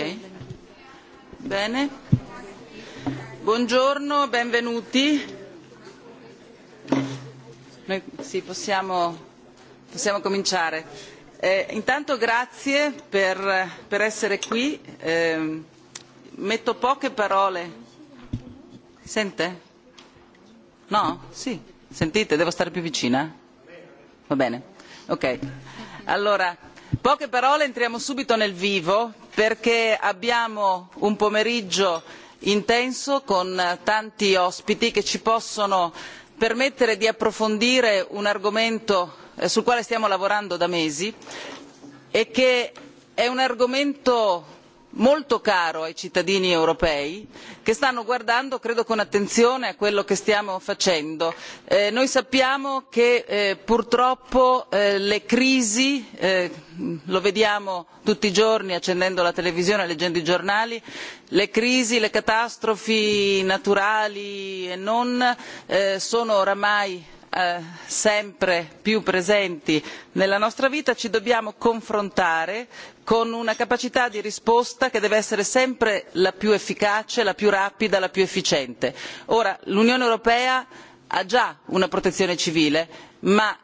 Ok. Bene. Buongiorno, benvenuti. Noi, sì, possiamo, possiamo cominciare. Eh, intanto grazie per, per essere qui. Eh, metto poche parole. Sente? No? Sì. Sentite, devo stare più vicina? Va bene. Ok. Allora, poche parole, entriamo subito nel vivo perché abbiamo un pomeriggio intenso con tanti ospiti che ci possono permettere di approfondire un argomento eh, sul quale stiamo lavorando da mesi e che è un argomento molto caro ai cittadini europei che stanno guardando credo con attenzione a quello che stiamo facendo. Eh, noi sappiamo che eh, purtroppo le crisi lo vediamo tutti i giorni accendendo la televisione e leggendo i giornali le crisi le catastrofi naturali e non eh, sono oramai eh, sempre più presenti nella nostra vita ci dobbiamo confrontare con una capacità di risposta che deve essere sempre la più efficace la più rapida la più efficiente. ora l'unione europea ha già una protezione civile ma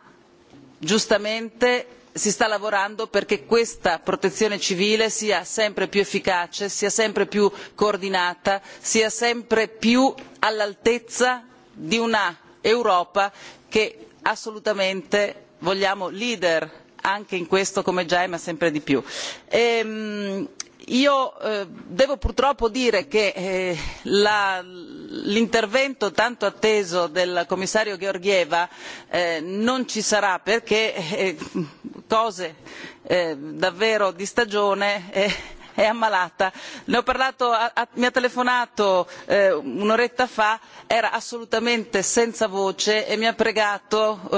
giustamente si sta lavorando perché questa protezione civile sia sempre più efficace sia sempre più coordinata sia sempre più all'altezza di un'europa che assolutamente vogliamo leader anche in questo come già è ma sempre di più. Ehm, io eh, devo purtroppo dire che eh, l'intervento tanto atteso del commissario georgieva eh, non ci sarà perché cose davvero di stagione è ammalata ne ho parlato mi ha telefonato un'oretta fa era assolutamente senza voce e mi ha pregato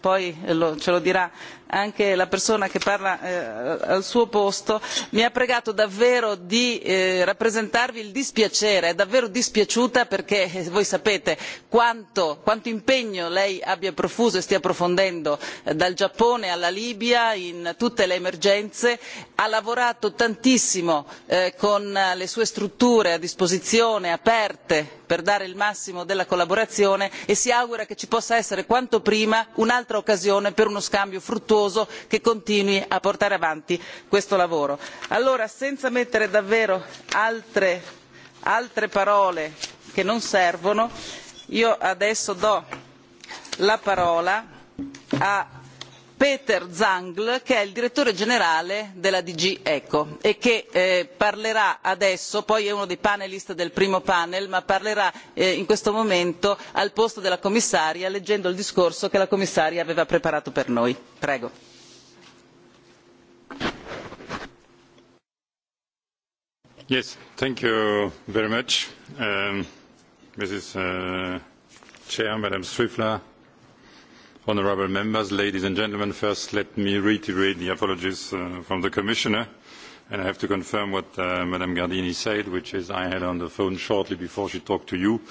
poi ce lo dirà anche la persona che parla eh, al suo posto mi ha pregato davvero di eh, rappresentarvi il dispiacere è davvero dispiaciuta perché eh, voi sapete quanto impegno lei abbia profuso e stia profondendo dal giappone alla libia in tutte le emergenze ha lavorato tantissimo con le sue strutture a disposizione aperte per dare il massimo della collaborazione e si augura che ci possa essere quanto prima un'altra occasione per uno scambio fruttuoso che continui a portare avanti questo lavoro. allora senza mettere davvero altre, parole che non servono io adesso do la parola peter zangl che è il direttore generale della dg eco e che eh, parlerà adesso poi è uno dei panelist del primo panel ma parlerà eh, in questo momento al posto della commissaria leggendo il discorso che la commissaria aveva preparato per noi. Prego. Yes, thank you very much, Mrs. Um, uh, Chair, Madam honourable members, ladies and gentlemen, first let me reiterate the apologies uh, from the Commissioner. And I have to confirm what uh, Madame Gardini said, which is I had on the phone shortly before she talked to you.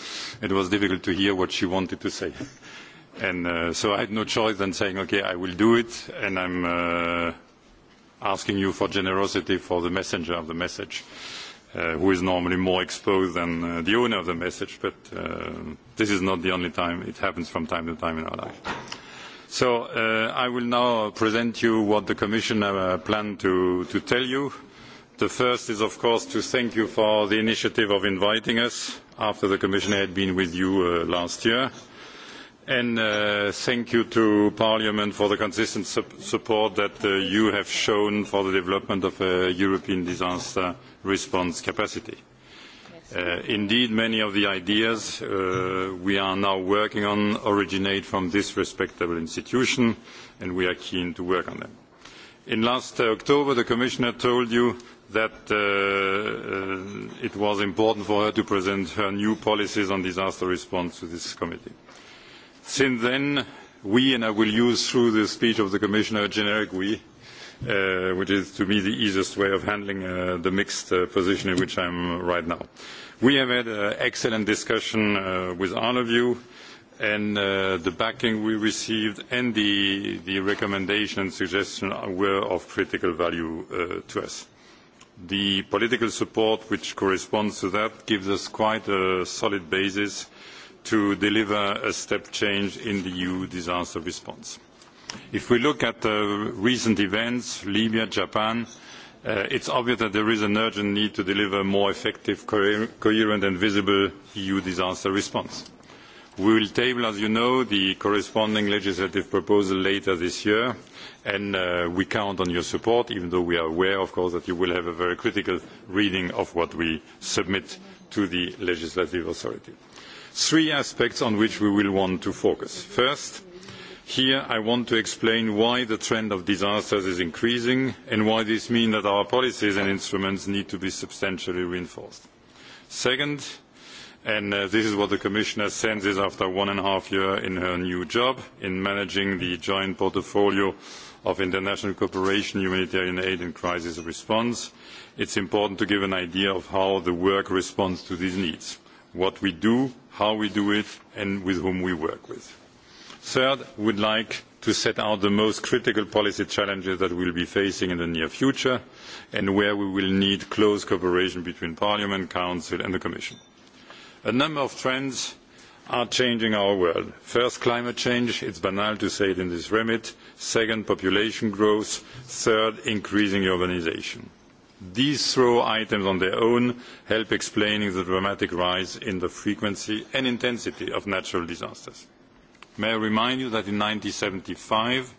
It was difficult to hear what she wanted to say. and uh, so I had no choice than saying, OK, I will do it, and I'm uh, asking you for generosity for the messenger of the message, uh, who is normally more exposed than uh, the owner of the message, but uh, this is not the only time. It happens from time to time in our life. So uh, I will now present you what the Commission uh, planned to, tell you. The first is, of course, to thank you for the initiative of inviting us after the Commissioner had been with you uh, last year. And uh, thank you to Parliament for the consistent support that you have shown for the development of a European disaster response capacity. Uh, indeed, many of the ideas uh, we are now working on originate from this respectable institution, and we are keen to work on them. In last uh, October, the Commissioner told you that it was important for her to present her new policies on disaster response to this committee. Since then, we, and I will use through the speech of the Commissioner a generic we, which is to me the easiest way of handling the mixed position in which I am right now. We have had an excellent discussion uh, with all of you, and uh, the backing we received and the, the recommendation and suggestion were of critical value uh, to us. The political support which corresponds to that gives us quite a solid basis to deliver a step change in the EU disaster response. If we look at the recent events, Libya, Japan, Uh, it's obvious that there is an urgent need to deliver a more effective, coherent and visible EU disaster response. We will table, as you know, the corresponding legislative proposal later this year, and uh, we count on your support, even though we are aware, of course, that you will have a very critical reading of what we submit to the legislative authority. Three aspects on which we will want to focus. firstly Here, I want to explain why the trend of disasters is increasing and why this means that our policies and instruments need to be substantially reinforced. Second, and uh, this is what the commissioner senses after one and a half year in her new job in managing the joint portfolio of international cooperation, humanitarian aid, and crisis response, it's important to give an idea of how the work responds to these needs, what we do, how we do it, and with whom we work with. Third, we would like to set out the most critical policy challenges that we will be facing in the near future and where we will need close cooperation between Parliament, Council and the Commission. A number of trends are changing our world. First, climate change. It's banal to say it in this remit. Second, population growth. Third, increasing urbanisation. These three items on their own help explaining the dramatic rise in the frequency and intensity of natural disasters. May I remind you that in 1975,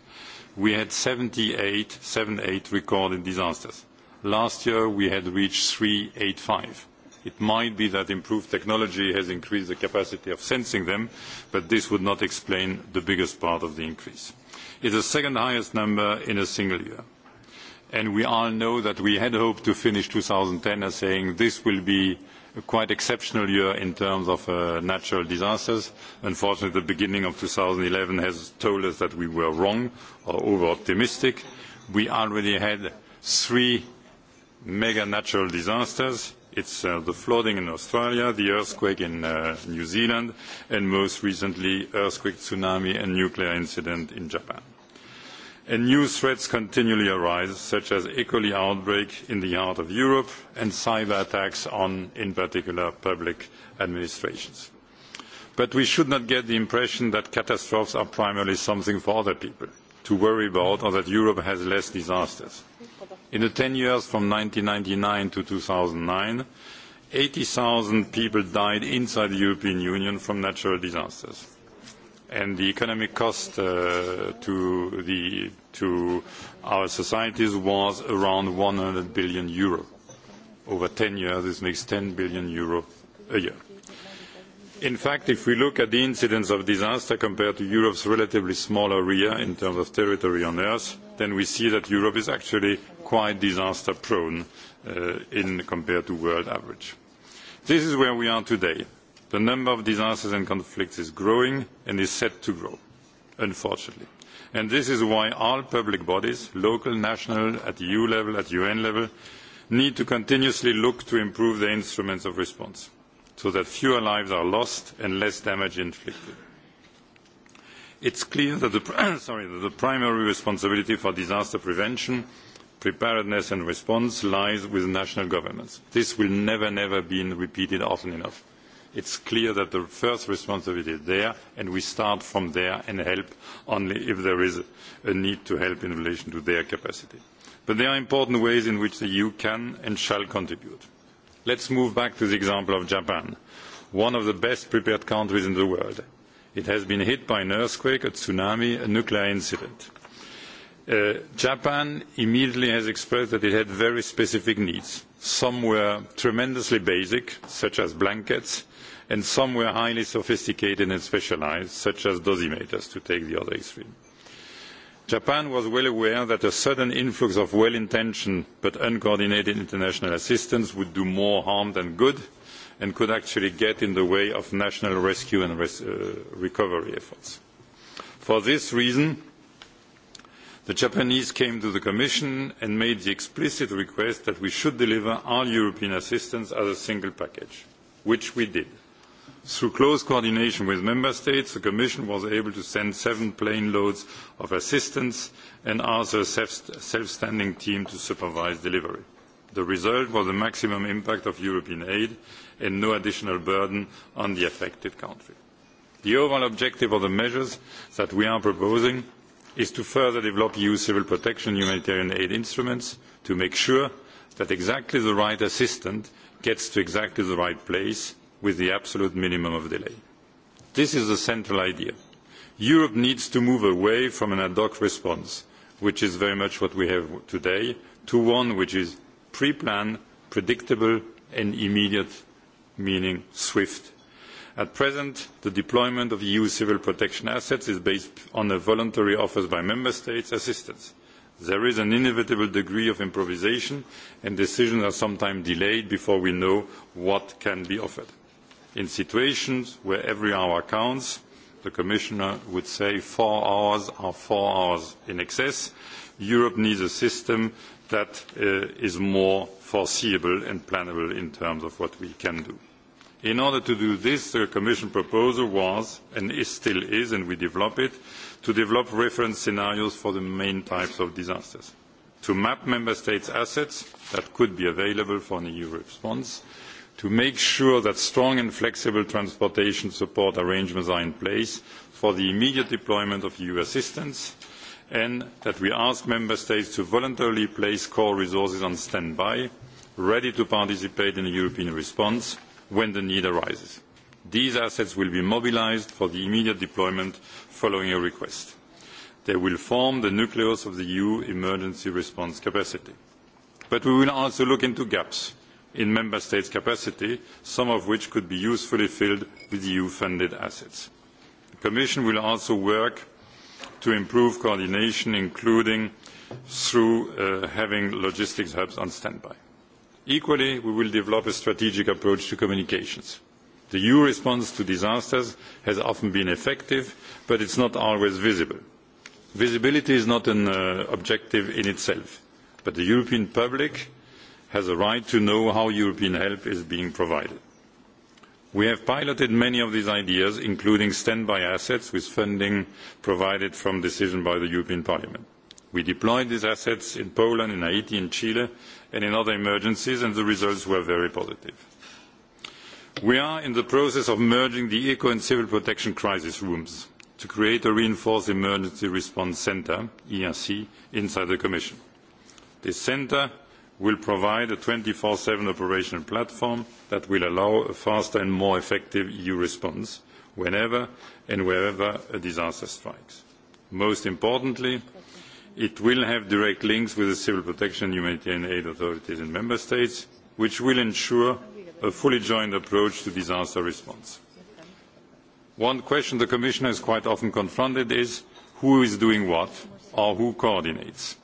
we had 78, 78 recorded disasters. Last year, we had reached 385. It might be that improved technology has increased the capacity of sensing them, but this would not explain the biggest part of the increase. It is the second highest number in a single year. And we all know that we had hoped to finish 2010 as saying this will be quite exceptional year in terms of uh, natural disasters. Unfortunately, the beginning of 2011 has told us that we were wrong or over-optimistic. We already had three mega natural disasters. It's uh, the flooding in Australia, the earthquake in uh, New Zealand, and most recently, earthquake, tsunami, and nuclear incident in Japan and new threats continually arise, such as E. coli outbreak in the heart of Europe and cyber attacks on, in particular, public administrations. But we should not get the impression that catastrophes are primarily something for other people to worry about or that Europe has less disasters. In the ten years from one thousand nine hundred and ninety nine to two thousand and nine eighty zero people died inside the European Union from natural disasters and the economic cost uh, to, the, to our societies was around 100 billion euro. Over 10 years, this makes 10 billion euro a year. In fact, if we look at the incidence of disaster compared to Europe's relatively small area in terms of territory on Earth, then we see that Europe is actually quite disaster prone uh, in compared to world average. This is where we are today the number of disasters and conflicts is growing and is set to grow unfortunately and this is why all public bodies local national at eu level at un level need to continuously look to improve their instruments of response so that fewer lives are lost and less damage inflicted. it is clear that the, sorry, that the primary responsibility for disaster prevention preparedness and response lies with national governments. this will never never be repeated often enough it's clear that the first responsibility is there, and we start from there and help only if there is a need to help in relation to their capacity. But there are important ways in which the EU can and shall contribute. Let's move back to the example of Japan, one of the best prepared countries in the world. It has been hit by an earthquake, a tsunami, a nuclear incident. Uh, Japan immediately has expressed that it had very specific needs. Some were tremendously basic, such as blankets, and some were highly sophisticated and specialised, such as dosimeters, to take the other extreme. Japan was well aware that a sudden influx of well-intentioned but uncoordinated international assistance would do more harm than good and could actually get in the way of national rescue and res uh, recovery efforts. For this reason, the Japanese came to the Commission and made the explicit request that we should deliver all European assistance as a single package, which we did Through close coordination with member states, the Commission was able to send seven plane loads of assistance and also a self-standing team to supervise delivery. The result was a maximum impact of European aid and no additional burden on the affected country. The overall objective of the measures that we are proposing is to further develop EU civil protection humanitarian aid instruments to make sure that exactly the right assistance gets to exactly the right place with the absolute minimum of delay. This is the central idea. Europe needs to move away from an ad hoc response, which is very much what we have today, to one which is pre-planned, predictable and immediate, meaning swift. At present, the deployment of EU civil protection assets is based on a voluntary offers by member states assistance. There is an inevitable degree of improvisation, and decisions are sometimes delayed before we know what can be offered in situations where every hour counts the commissioner would say four hours are four hours in excess europe needs a system that uh, is more foreseeable and plannable in terms of what we can do. in order to do this the commission proposal was and is, still is and we develop it to develop reference scenarios for the main types of disasters to map member states' assets that could be available for an eu response to make sure that strong and flexible transportation support arrangements are in place for the immediate deployment of eu assistance and that we ask member states to voluntarily place core resources on standby ready to participate in a european response when the need arises. these assets will be mobilised for the immediate deployment following a request. they will form the nucleus of the eu emergency response capacity. but we will also look into gaps in member states' capacity, some of which could be usefully filled with EU-funded assets. The Commission will also work to improve coordination, including through uh, having logistics hubs on standby. Equally, we will develop a strategic approach to communications. The EU response to disasters has often been effective, but it's not always visible. Visibility is not an uh, objective in itself, but the European public has a right to know how European help is being provided. We have piloted many of these ideas, including standby assets with funding provided from decision by the European Parliament. We deployed these assets in Poland, in Haiti, in Chile, and in other emergencies, and the results were very positive. We are in the process of merging the ECO and civil protection crisis rooms to create a reinforced emergency response centre, ERC, inside the Commission. This centre will provide a 24/7 operational platform that will allow a faster and more effective EU response whenever and wherever a disaster strikes. Most importantly, it will have direct links with the civil protection and humanitarian aid authorities in member states, which will ensure a fully joined approach to disaster response. One question the Commission is quite often confronted is who is doing what or who coordinates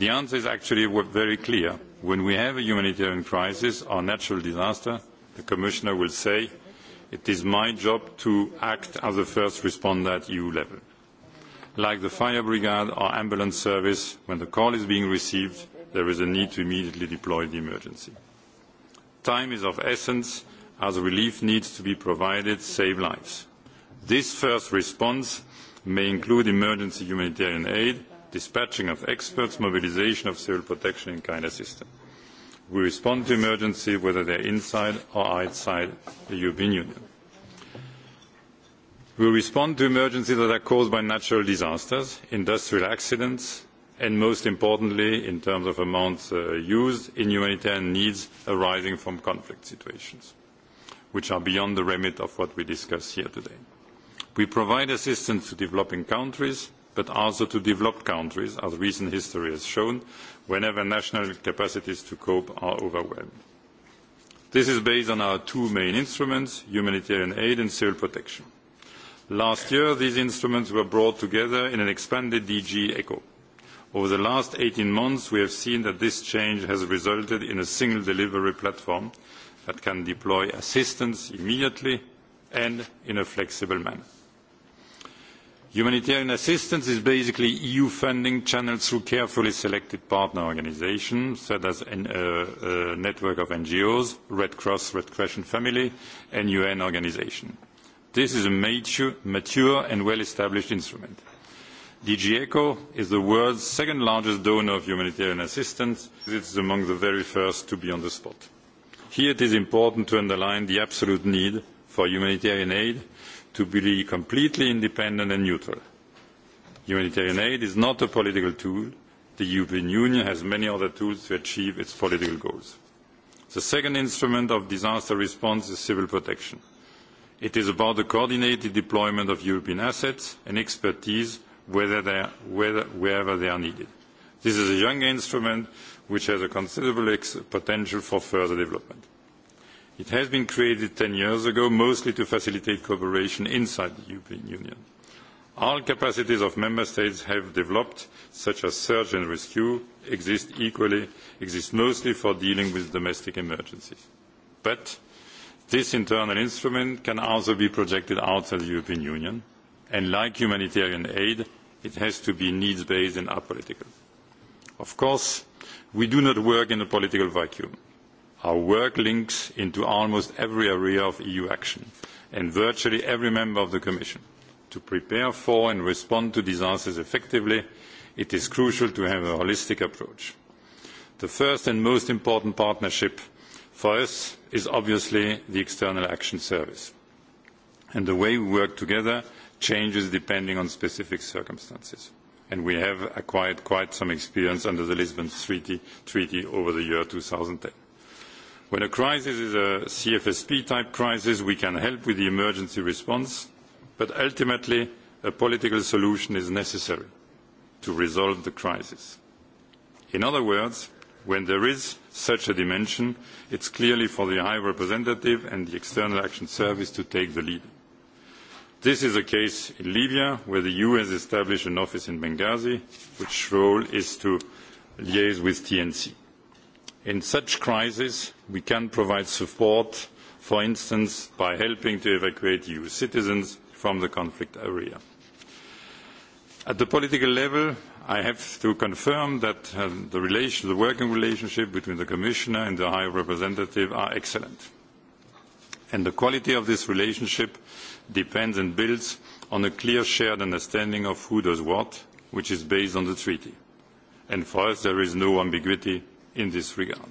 the answer is actually very clear when we have a humanitarian crisis or natural disaster the commissioner will say it is my job to act as a first responder at eu level like the fire brigade or ambulance service when the call is being received there is a need to immediately deploy the emergency time is of essence as relief needs to be provided to save lives. this first response may include emergency humanitarian aid dispatching of experts, mobilisation of civil protection in kind system. We respond to emergency whether they are inside or outside the European Union. We respond to emergencies that are caused by natural disasters, industrial accidents, and most importantly, in terms of amounts uh, used, in humanitarian needs arising from conflict situations, which are beyond the remit of what we discuss here today. We provide assistance to developing countries, but also to developed countries, as recent history has shown, whenever national capacities to cope are overwhelmed. This is based on our two main instruments, humanitarian aid and civil protection. Last year, these instruments were brought together in an expanded DG ECHO. Over the last 18 months, we have seen that this change has resulted in a single delivery platform that can deploy assistance immediately and in a flexible manner humanitarian assistance is basically eu funding channeled through carefully selected partner organisations such as a uh, uh, network of ngos red cross red crescent family and un organisations. this is a mature, and well established instrument. dg echo is the world's second largest donor of humanitarian assistance. and it is among the very first to be on the spot. here it is important to underline the absolute need for humanitarian aid to be completely independent and neutral. Humanitarian aid is not a political tool. The European Union has many other tools to achieve its political goals. The second instrument of disaster response is civil protection. It is about the coordinated deployment of European assets and expertise whether they are, whether, wherever they are needed. This is a young instrument which has a considerable potential for further development. It has been created 10 years ago mostly to facilitate cooperation inside the European Union. All capacities of member states have developed, such as search and rescue, exist equally, exist mostly for dealing with domestic emergencies. But this internal instrument can also be projected outside the European Union, and like humanitarian aid, it has to be needs-based and apolitical. Of course, we do not work in a political vacuum Our work links into almost every area of EU action and virtually every member of the Commission. To prepare for and respond to disasters effectively, it is crucial to have a holistic approach. The first and most important partnership for us is obviously the External Action Service, and the way we work together changes depending on specific circumstances. And we have acquired quite some experience under the Lisbon Treaty, treaty over the year 2010. When a crisis is a CFSP-type crisis, we can help with the emergency response, but ultimately, a political solution is necessary to resolve the crisis. In other words, when there is such a dimension, it's clearly for the High Representative and the External Action Service to take the lead. This is the case in Libya, where the EU has established an office in Benghazi, which role is to liaise with TNC in such crises we can provide support for instance by helping to evacuate eu citizens from the conflict area. at the political level i have to confirm that um, the, relation, the working relationship between the commissioner and the high representative are excellent and the quality of this relationship depends and builds on a clear shared understanding of who does what which is based on the treaty and for us there is no ambiguity in this regard.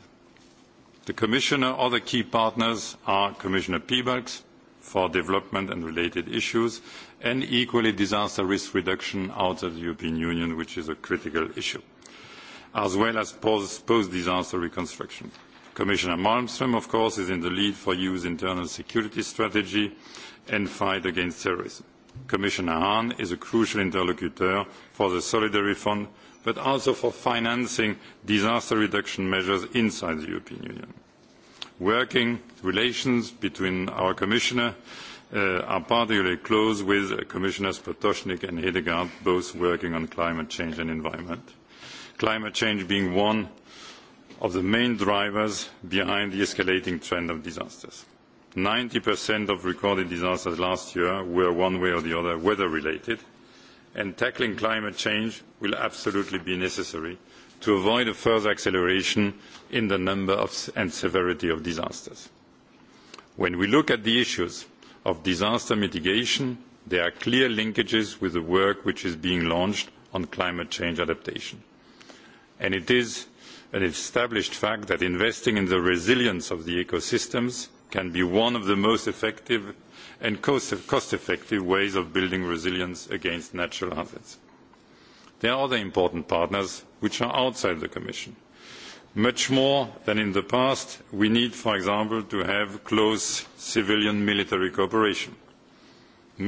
The Commissioner, other key partners are Commissioner Piebalgs for development and related issues, and equally disaster risk reduction out of the European Union, which is a critical issue, as well as post-disaster reconstruction. Commissioner Malmström, of course, is in the lead for EU's internal security strategy and fight against terrorism. Commissioner Hahn is a crucial interlocutor for the Solidarity Fund, but also for financing disaster reduction measures inside the European Union. Working relations between our Commissioner uh, are particularly close with Commissioners Potocnik and Hedegaard, both working on climate change and environment. Climate change being one of the main drivers behind the escalating trend of disasters. 90% of recorded disasters last year were one way or the other weather related, and tackling climate change will absolutely be necessary to avoid a further acceleration in the number of, and severity of disasters. When we look at the issues of disaster mitigation, there are clear linkages with the work which is being launched on climate change adaptation. And it is an established fact that investing in the resilience of the ecosystems can be one of the most effective and cost effective ways of building resilience against natural hazards. there are other important partners which are outside the commission. much more than in the past we need for example to have close civilian military cooperation.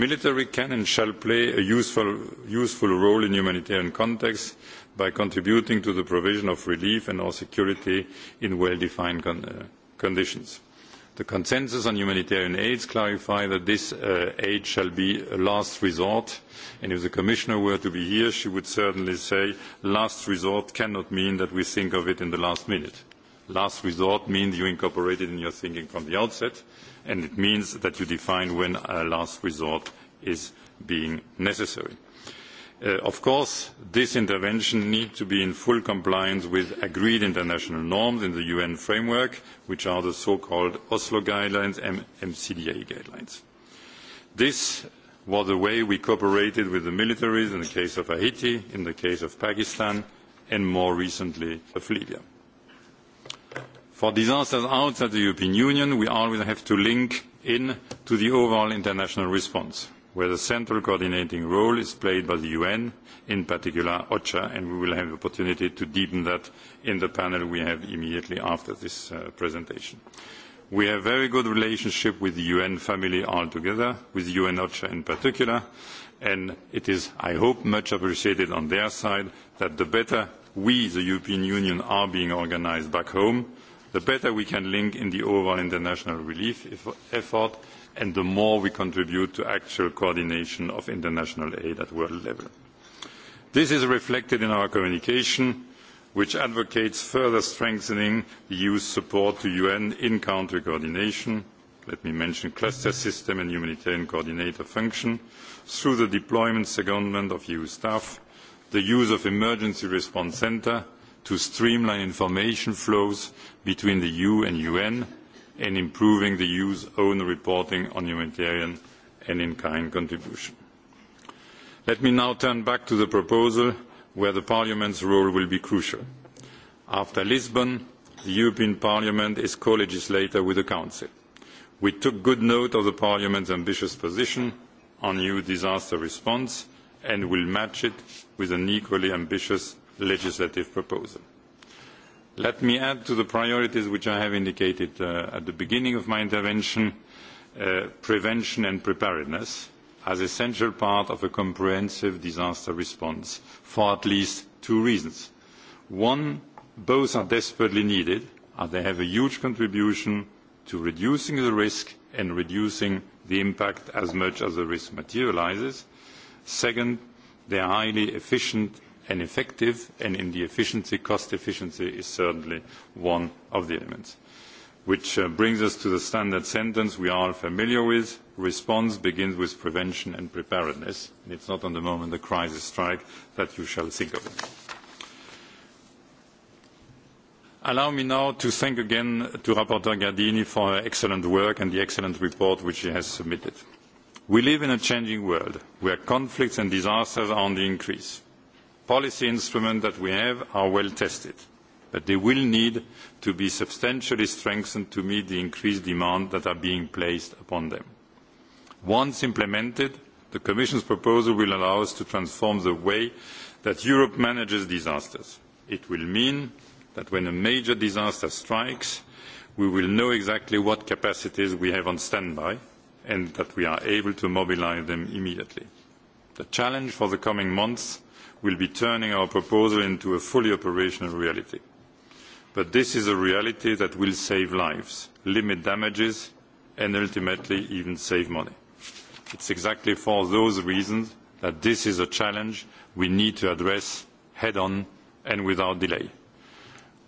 military can and shall play a useful, role in humanitarian contexts by contributing to the provision of relief and or security in well defined uh, conditions The consensus on humanitarian aid clarifies that this uh, aid shall be a last resort, and if the Commissioner were to be here, she would certainly say last resort cannot mean that we think of it in the last minute. Last resort means you incorporate it in your thinking from the outset, and it means that you define when a last resort is being necessary. Uh, of course this intervention needs to be in full compliance with agreed international norms in the un framework which are the so called oslo guidelines and mcda guidelines. this was the way we cooperated with the militaries in the case of haiti in the case of pakistan and more recently of libya. for disasters outside the european union we always have to link in to the overall international response where the central coordinating role is played by the UN, in particular OCHA, and we will have the opportunity to deepen that in the panel we have immediately after this uh, presentation. We have a very good relationship with the UN family altogether, with UN OCHA in particular, and it is, I hope, much appreciated on their side that the better we, the European Union, are being organised back home, the better we can link in the overall international relief effort, and the more we contribute to actual coordination of international aid at world level. This is reflected in our communication, which advocates further strengthening the EU's support to UN in-country coordination, let me mention cluster system and humanitarian coordinator function, through the deployment secondment of EU staff, the use of emergency response centre to streamline information flows between the EU and UN, and improving the EU's own reporting on humanitarian and in-kind contribution. Let me now turn back to the proposal where the Parliament's role will be crucial. After Lisbon, the European Parliament is co-legislator with the Council. We took good note of the Parliament's ambitious position on EU disaster response and will match it with an equally ambitious legislative proposal. Let me add to the priorities which I have indicated uh, at the beginning of my intervention, uh, prevention and preparedness as essential part of a comprehensive disaster response for at least two reasons. One, both are desperately needed as they have a huge contribution to reducing the risk and reducing the impact as much as the risk materialises. Second, they are highly efficient and effective, and in the efficiency, cost efficiency is certainly one of the elements. Which uh, brings us to the standard sentence we are familiar with. Response begins with prevention and preparedness. And it's not on the moment the crisis strike that you shall think of it. Allow me now to thank again to Rapporteur Gardini for her excellent work and the excellent report which she has submitted. We live in a changing world where conflicts and disasters are on the increase policy instruments that we have are well tested, but they will need to be substantially strengthened to meet the increased demand that are being placed upon them. Once implemented, the Commission's proposal will allow us to transform the way that Europe manages disasters. It will mean that when a major disaster strikes, we will know exactly what capacities we have on standby and that we are able to mobilise them immediately. The challenge for the coming months will be turning our proposal into a fully operational reality. But this is a reality that will save lives, limit damages, and ultimately even save money. It's exactly for those reasons that this is a challenge we need to address head-on and without delay.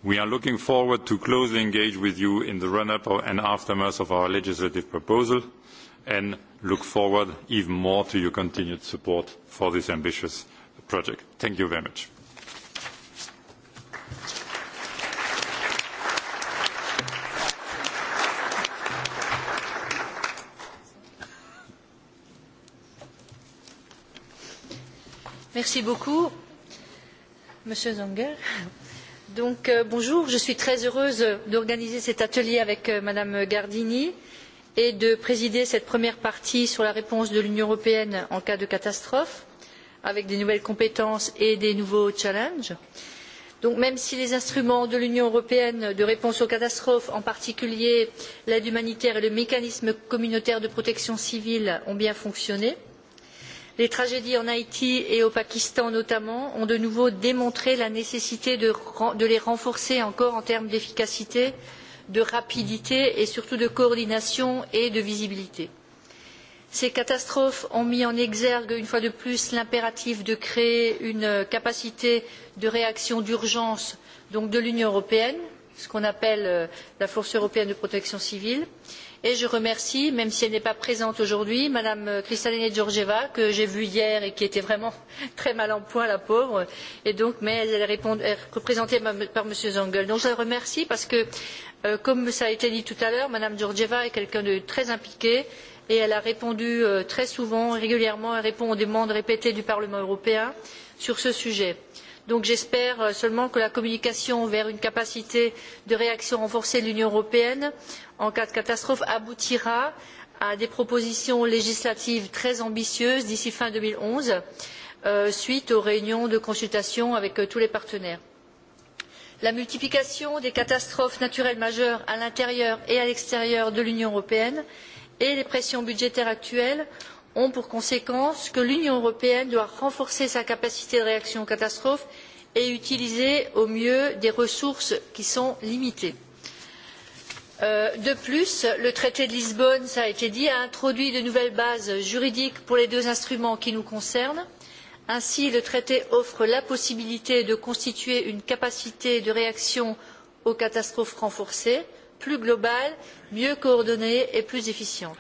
We are looking forward to closely engage with you in the run-up and aftermath of our legislative proposal, and look forward even more to your continued support for this ambitious project. Thank you very much. Merci beaucoup, Monsieur Zonger. Donc, euh, bonjour, je suis très heureuse d'organiser cet atelier avec euh, Madame Gardini et de présider cette première partie sur la réponse de l'Union européenne en cas de catastrophe avec des nouvelles compétences et des nouveaux challenges. Donc, même si les instruments de l'union européenne de réponse aux catastrophes en particulier l'aide humanitaire et le mécanisme communautaire de protection civile ont bien fonctionné les tragédies en haïti et au pakistan notamment ont de nouveau démontré la nécessité de, de les renforcer encore en termes d'efficacité de rapidité et surtout de coordination et de visibilité. Ces catastrophes ont mis en exergue une fois de plus l'impératif de créer une capacité de réaction d'urgence de l'Union européenne, ce qu'on appelle euh, la Force européenne de protection civile. Et je remercie, même si elle n'est pas présente aujourd'hui, Madame Kristalina Georgieva, que j'ai vue hier et qui était vraiment très mal en point, la pauvre. Et donc, mais elle est représentée par Monsieur Zangel. Donc je la remercie parce que, euh, comme cela a été dit tout à l'heure, Madame Georgieva est quelqu'un de très impliqué et elle a répondu euh, très souvent, régulièrement, elle répond aux demandes répétées du Parlement européen sur ce sujet. Donc j'espère euh, seulement que la communication vers une capacité de réaction renforcée de l'Union européenne en cas de catastrophe aboutira à des propositions législatives très ambitieuses d'ici fin 2011 euh, suite aux réunions de consultation avec euh, tous les partenaires. La multiplication des catastrophes naturelles majeures à l'intérieur et à l'extérieur de l'Union européenne et les pressions budgétaires actuelles ont pour conséquence que l'union européenne doit renforcer sa capacité de réaction aux catastrophes et utiliser au mieux des ressources qui sont limitées. Euh, de plus le traité de lisbonne cela a été dit a introduit de nouvelles bases juridiques pour les deux instruments qui nous concernent. ainsi le traité offre la possibilité de constituer une capacité de réaction aux catastrophes renforcée plus globale, mieux coordonnée et plus efficiente.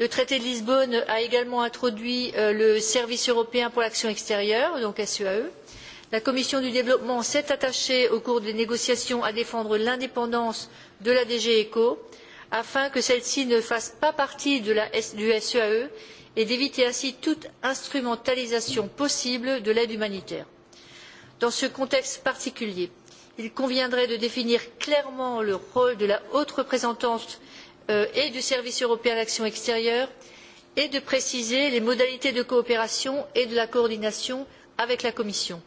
Le traité de Lisbonne a également introduit euh, le Service européen pour l'action extérieure, donc SEAE. E. La Commission du développement s'est attachée au cours des négociations à défendre l'indépendance de la DG ECO afin que celle-ci ne fasse pas partie de la, du SEAE e et d'éviter ainsi toute instrumentalisation possible de l'aide humanitaire. Dans ce contexte particulier, il conviendrait de définir clairement le rôle de la haute représentante euh, et du service européen pour l'action extérieure et de préciser les modalités de coopération et de coordination avec la commission.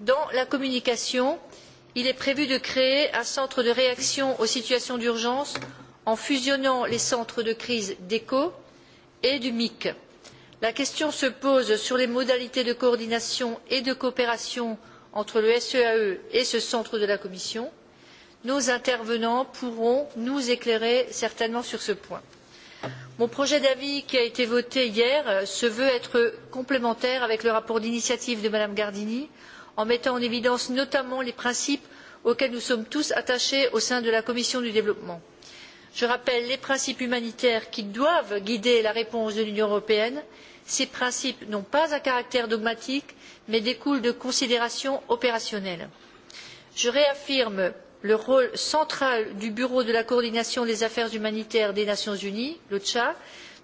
dans la communication il est prévu de créer un centre de réaction aux situations d'urgence en fusionnant les centres de crise d'echo et du mic. la question se pose sur les modalités de coordination et de coopération entre le SEAE e et ce centre de la Commission, nos intervenants pourront nous éclairer certainement sur ce point. Mon projet d'avis qui a été voté hier euh, se veut être complémentaire avec le rapport d'initiative de Mme Gardini en mettant en évidence notamment les principes auxquels nous sommes tous attachés au sein de la Commission du développement. Je rappelle les principes humanitaires qui doivent guider la réponse de l'Union européenne ces principes n'ont pas un caractère dogmatique mais découlent de considérations opérationnelles. je réaffirme le rôle central du bureau de la coordination des affaires humanitaires des nations unies dans,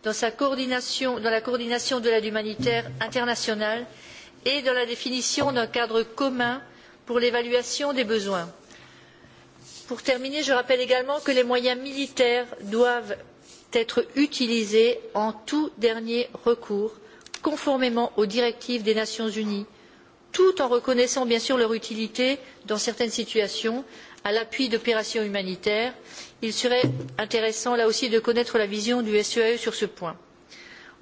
dans la coordination de l'aide humanitaire internationale et dans la définition d'un cadre commun pour l'évaluation des besoins. pour terminer je rappelle également que les moyens militaires doivent puissent être utilisées en tout dernier recours, conformément aux directives des Nations unies, tout en reconnaissant bien sûr leur utilité dans certaines situations à l'appui d'opérations humanitaires. Il serait intéressant là aussi de connaître la vision du SEAE e sur ce point.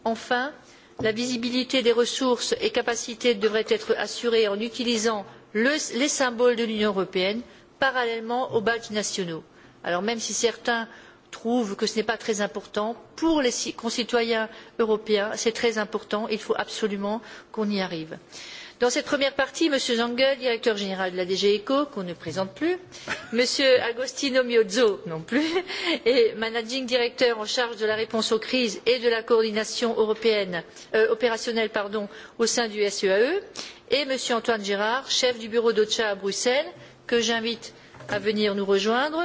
Enfin, la visibilité des ressources et capacités devrait être assurée en utilisant le, les symboles de l'Union européenne parallèlement aux badges nationaux. Alors même si certains trouve que ce n'est pas très important. Pour les concitoyens européens, c'est très important. Il faut absolument qu'on y arrive. Dans cette première partie, M. Zangel, directeur général de la DG ECO, qu'on ne présente plus, M. Agostino Miozzo non plus, et managing director en charge de la réponse aux crises et de la coordination européenne, euh, opérationnelle pardon, au sein du SEAE, e, et M. Antoine Gérard, chef du bureau d'OCHA à Bruxelles, que j'invite à venir nous rejoindre,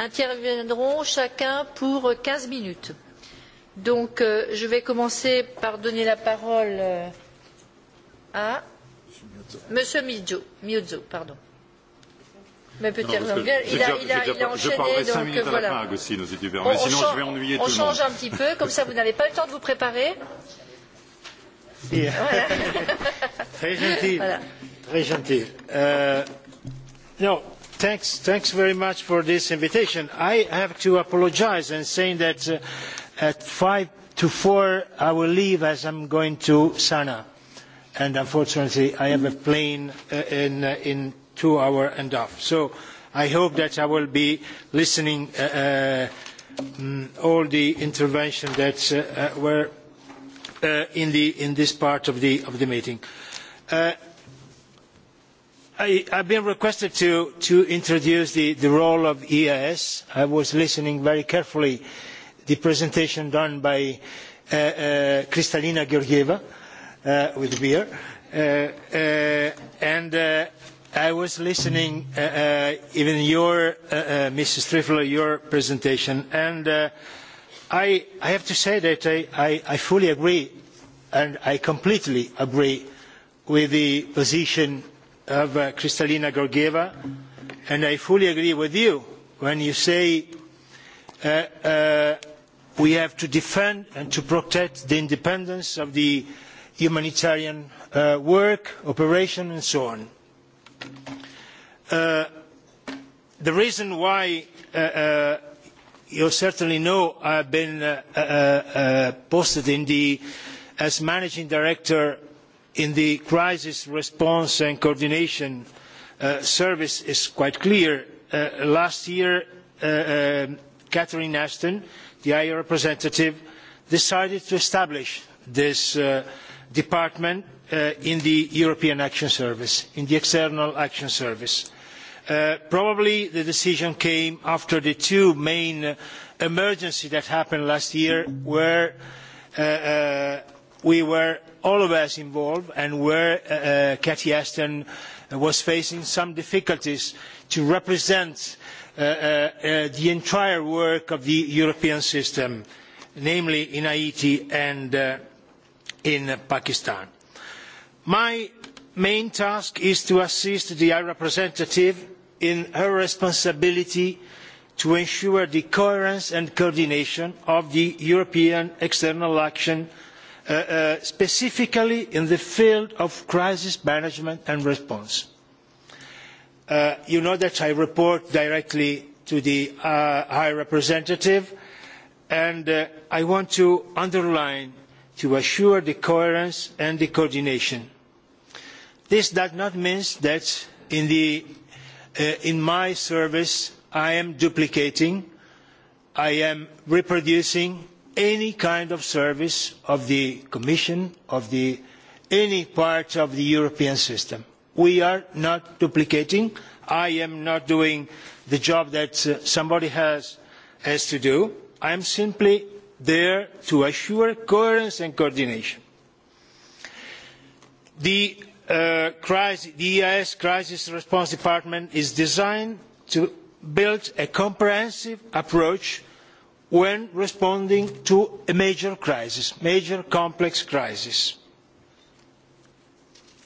interviendront chacun pour quinze minutes. Donc, euh, je vais commencer par donner la parole euh, à Monsieur Mizzo. Mizzo pardon. Mais peut-être non, bien, il, a, il, a, il a enchaîné. Je parlerai cinq minutes à la fin, Agostino, si tu veux. Mais on, sinon, change, je vais ennuyer tout le monde. On change un petit peu, comme ça, vous n'avez pas le temps de vous préparer. Si. Voilà. Très gentil. Voilà. Très gentil. Euh, non, Thanks, thanks very much for this invitation. I have to apologise and saying that uh, at five to four I will leave as I'm going to Sana, and unfortunately I have a plane uh, in uh, in two hour and a half. So I hope that I will be listening uh, um, all the interventions that uh, uh, were uh, in the in this part of the of the meeting. Uh, I, I've been requested to, introduce the, role of eeas. I was listening very carefully the presentation done by uh, uh, Kristalina Georgieva uh, with beer, and I was listening even your Mrs. Strifler, your presentation, and I, have to say that I fully agree, and I completely agree with the position of uh, Kristalina Georgieva, and I fully agree with you when you say uh, uh, we have to defend and to protect the independence of the humanitarian uh, work, operation, and so on. Uh, the reason why uh, uh, you certainly know I've been uh, uh, uh, posted in the as managing director in the crisis response and coordination uh, service is quite clear. Uh, last year, uh, um, Catherine Ashton, the high representative, decided to establish this uh, department uh, in the European Action Service, in the External Action Service. Uh, probably the decision came after the two main emergencies that happened last year where we were all of us involved and where uh, uh, Cathy Ashton was facing some difficulties to represent uh, uh, uh, the entire work of the European system, namely in Haiti and uh, in Pakistan. My main task is to assist the High Representative in her responsibility to ensure the coherence and coordination of the European external action Service Uh, uh, specifically in the field of crisis management and response. Uh, you know that I report directly to the High Representative and I want to underline to assure the coherence and the coordination. This does not mean that in, my service I am duplicating, I am reproducing any kind of service of the Commission, of any part of the European system. We are not duplicating. I am not doing the job that uh, somebody has, has to do. I am simply there to assure coherence and coordination. The, eeas uh, crisis, the EIS Crisis Response Department is designed to build a comprehensive approach when responding to a major crisis, major complex crisis.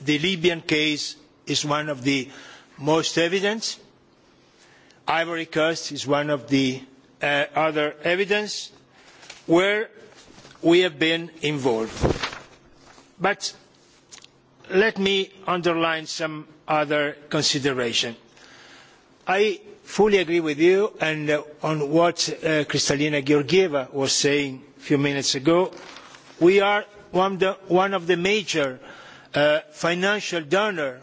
The Libyan case is one of the most evident. Ivory Coast is one of the uh, other evidence where we have been involved. But let me underline some other consideration. I fully agree with you and uh, on what uh, Kristalina Georgieva was saying a few minutes ago. We are one, the, one of the major uh, financial donors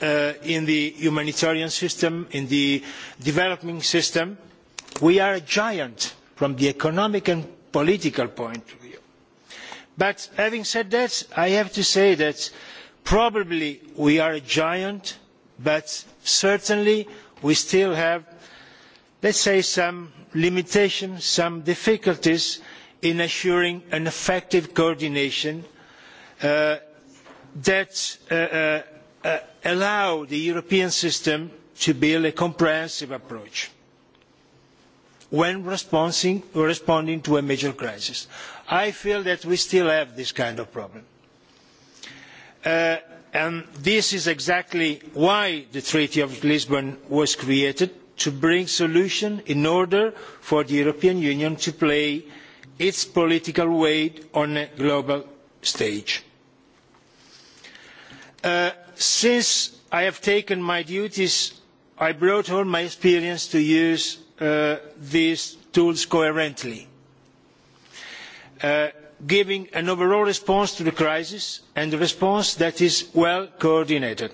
uh, in the humanitarian system, in the developing system. We are a giant from the economic and political point of view. But having said that, I have to say that probably we are a giant, but certainly we still have let us say some limitations some difficulties in assuring an effective coordination uh, that uh, uh, uh, allow the european system to build a comprehensive approach when responding, responding to a major crisis. i feel that we still have this kind of problem. Uh, and this is exactly why the treaty of lisbon was created to bring solutions in order for the european union to play its political weight on a global stage. Uh, since i have taken my duties i brought all my experience to use uh, these tools coherently. Uh, giving an overall response to the crisis and a response that is well coordinated.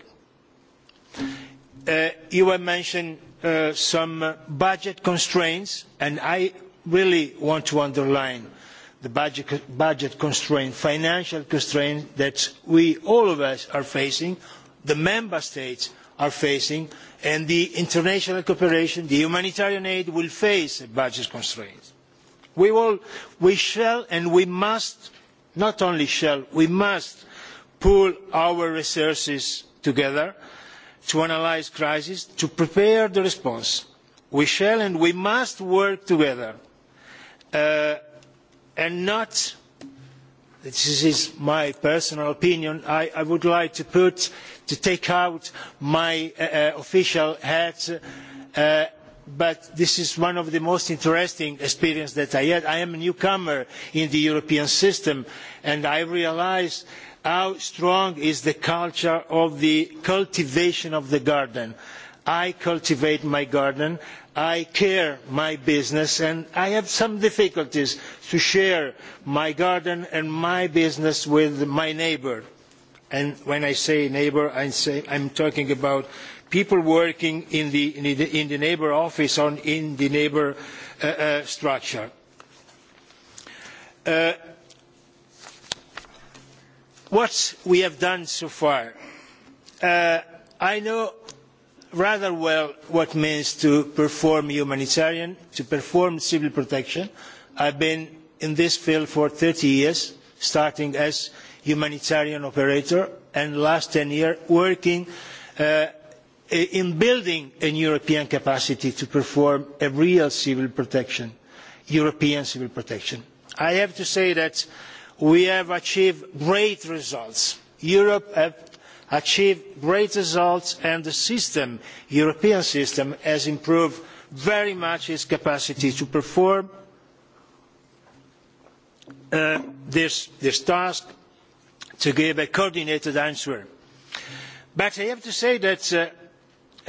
Uh, you have mentioned uh, some budget constraints and i really want to underline the budget, budget constraint financial constraint that we all of us are facing the member states are facing and the international cooperation the humanitarian aid will face budget constraints We, will, we shall and we must, not only shall, we must pool our resources together to analyse crises, to prepare the response. We shall and we must work together uh, and not this is my personal opinion I, would like to put to take out my uh, uh, official hat but this is one of the most interesting experiences that I had. I am a newcomer in the European system, and I realised how strong the culture of the cultivation of the garden. is. I cultivate my garden, I care for my business, and I have some difficulties to share my garden and my business with my neighbour. And when I say neighbour, I am talking about people working in the, in the, neighbor office or in the neighbor uh, uh, structure. Uh, what we have done so far, uh, I know rather well what means to perform humanitarian, to perform civil protection. I've been in this field for 30 years, starting as humanitarian operator and last 10 years working uh, in building a European capacity to perform a real civil protection, European civil protection. I have to say that we have achieved great results. Europe has achieved great results and the system, European system, has improved very much its capacity to perform uh, this, task to give a coordinated answer. But I have to say that uh,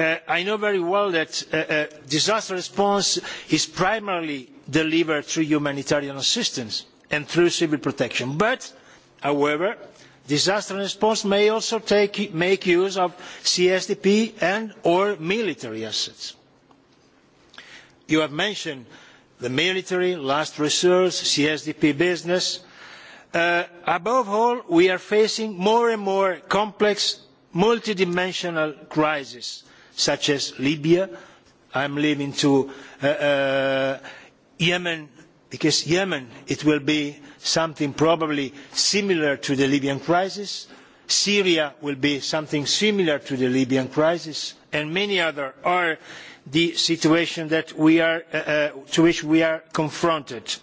Uh, I know very well that uh, uh, disaster response is primarily delivered through humanitarian assistance and through civil protection. But, however, disaster response may also take, make use of CSDP and or military assets. You have mentioned the military, last resort, CSDP business. Uh, above all, we are facing more and more complex, multidimensional crises such as Libya. I'm leaving to uh, uh, Yemen, because Yemen, it will be something probably similar to the Libyan crisis. Syria will be something similar to the Libyan crisis, and many other are the situation that we are, uh, uh to which we are confronted.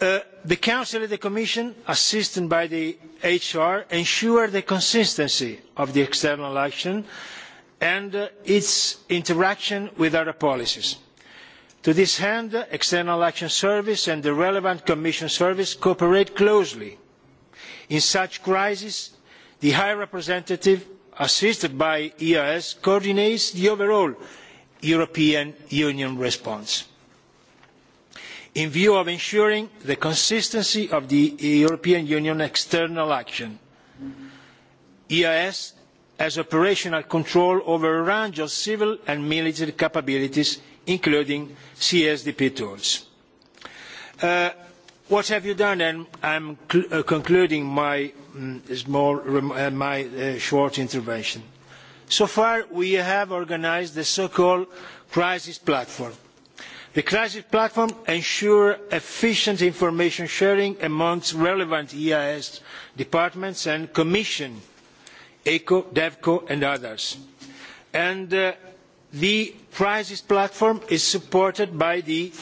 Uh, the council and the commission assisted by the hr ensure the consistency of the external action and uh, its interaction with other policies. To this end, the uh, External Action Service and the relevant Commission service cooperate closely. In such crises, the High Representative, assisted by EAS, coordinates the overall European Union response. In view of ensuring the consistency of the European Union external action, EAS has operational control over a range of civil and military capabilities, including CSDP tools. Uh, what have you done? And I'm cl- uh, concluding my, mm, small, uh, my uh, short intervention. So far, we have organized the so-called crisis platform. The crisis platform ensures efficient information sharing amongst relevant EIS departments and Commission ECO, DEVCO and others. And uh, the crisis platform is supported by the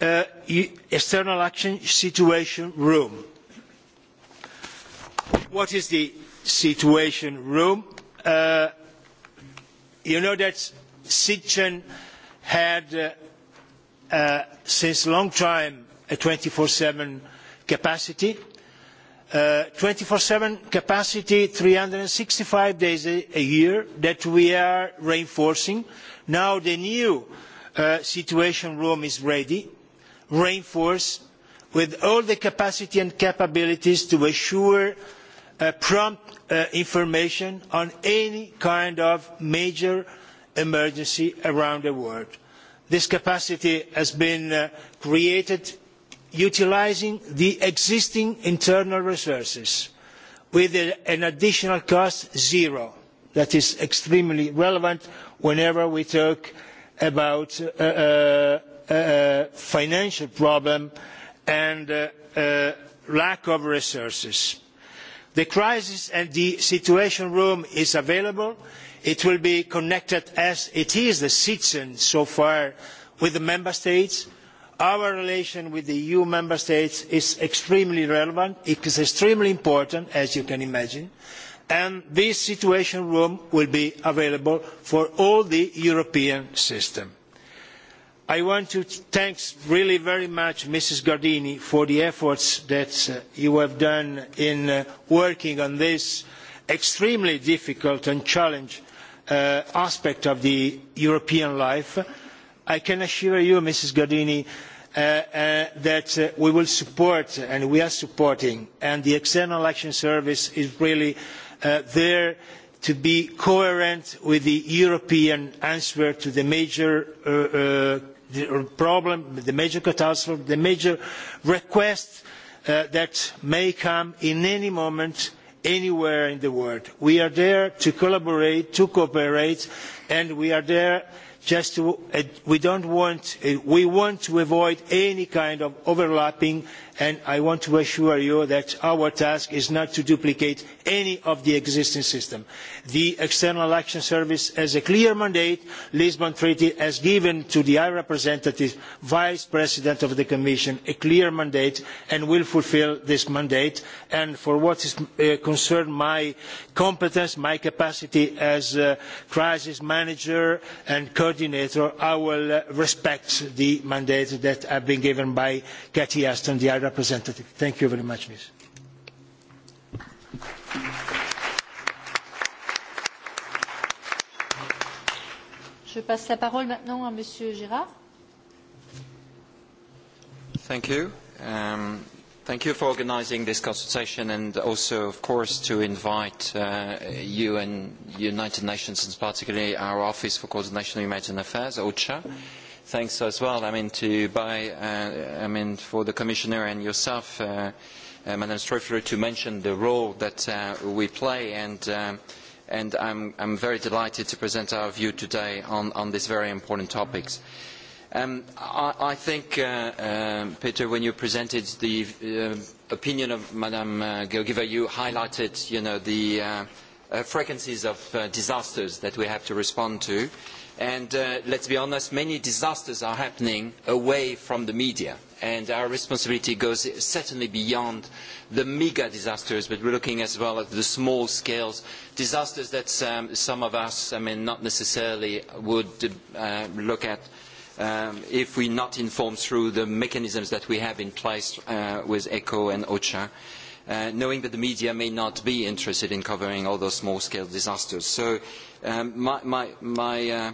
uh, e, External Action Situation Room. What is the Situation Room? Uh, you know that Sitchin had uh, a since long time a 24-7 capacity Uh, twenty four seven capacity three hundred and sixty five days a year that we are reinforcing. now the new uh, situation room is ready reinforced with all the capacity and capabilities to assure uh, prompt information on any kind of major emergency around the world. this capacity has been created utilising the existing internal resources with an additional cost zero. That is extremely relevant whenever we talk about a uh, uh, uh, financial problem and uh, lack of resources. The crisis and the situation room is available. It will be connected as it is the citizen so far with the member states our relation with the eu member states is extremely relevant it is extremely important as you can imagine and this situation room will be available for all the european system. i want to thank really very much mrs gardini for the efforts that uh, you have made in uh, working on this extremely difficult and challenging uh, aspect of european life. i can assure you mrs gardini Uh, uh, that uh, we will support and we are supporting and the external action service is really there to be coherent with the european answer to the major problem the major catastrophe the major request that may come in any moment anywhere in the world. we are there to collaborate to cooperate and we are there just uh, we don't want uh, we want to avoid any kind of overlapping and i want to assure you that our task is not to duplicate any of the existing systems. the external action service has a clear mandate the lisbon treaty has given to the high representative vice president of the commission a clear mandate and will fulfil this mandate and for what is, uh, concerns my competence my capacity as uh, crisis manager and coordinator i will uh, respect the mandate that has been given by cathy ashton the high representative. Thank you very much, Ms. Je passe la parole maintenant à Monsieur Gérard. Thank you. Um, thank you for organizing this consultation and also, of course, to invite uh, you and United Nations, and particularly our Office for Coordination of Humanitarian Affairs, OCHA. Mm -hmm thanks as well, I mean, to by, uh, I mean, for the Commissioner and yourself, uh, uh, Madam Streifler, to mention the role that uh, we play and um, and I'm, I'm very delighted to present our view today on, on these very important topics. Um, I, I think, uh, uh, Peter, when you presented the uh, opinion of Madam uh, Georgieva, you highlighted you know, the uh, uh, frequencies of uh, disasters that we have to respond to. Uh, And uh, let's be honest, many disasters are happening away from the media. And our responsibility goes certainly beyond the mega disasters, but we're looking as well at the small scales, disasters that um, some of us, I mean, not necessarily would uh, look at um, if we're not informed through the mechanisms that we have in place uh, with ECHO and OCHA uh, knowing that the media may not be interested in covering all those small-scale disasters. So um, my, my, my, uh,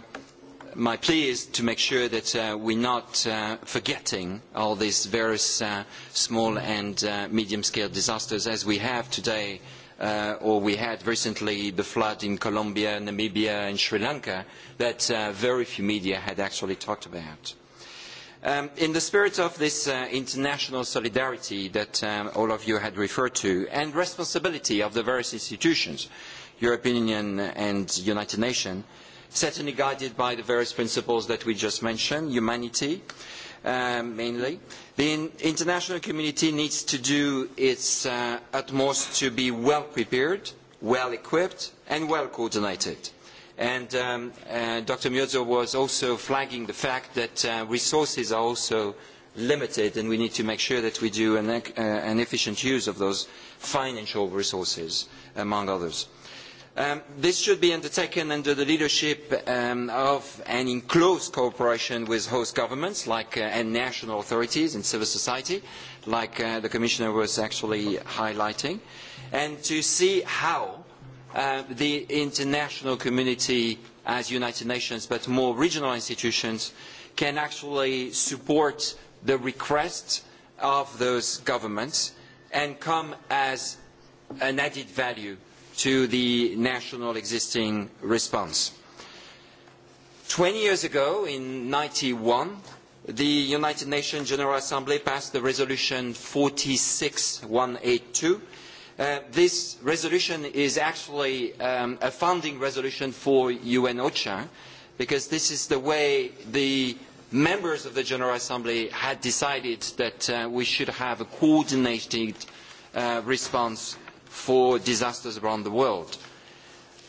my plea is to make sure that uh, we're not uh, forgetting all these various uh, small and uh, medium-scale disasters as we have today uh, or we had recently the flood in Colombia, Namibia and Sri Lanka that uh, very few media had actually talked about. Um, in the spirit of this uh, international solidarity that um, all of you had referred to and responsibility of the various institutions, European Union and United Nations, certainly guided by the various principles that we just mentioned, humanity um, mainly, the in international community needs to do its uh, utmost to be well prepared, well equipped and well coordinated And um, uh, Dr. Mürzer was also flagging the fact that uh, resources are also limited and we need to make sure that we do an, uh, an efficient use of those financial resources, among others. Um, this should be undertaken under the leadership um, of and in close cooperation with host governments like, uh, and national authorities and civil society, like uh, the Commissioner was actually highlighting, and to see how Uh, the international community as United Nations, but more regional institutions, can actually support the requests of those governments and come as an added value to the national existing response. Twenty years ago, in 1991, the United Nations General Assembly passed the Resolution 46182, Uh, this resolution is actually um, a funding resolution for UN OCHA because this is the way the members of the General Assembly had decided that uh, we should have a coordinated uh, response for disasters around the world.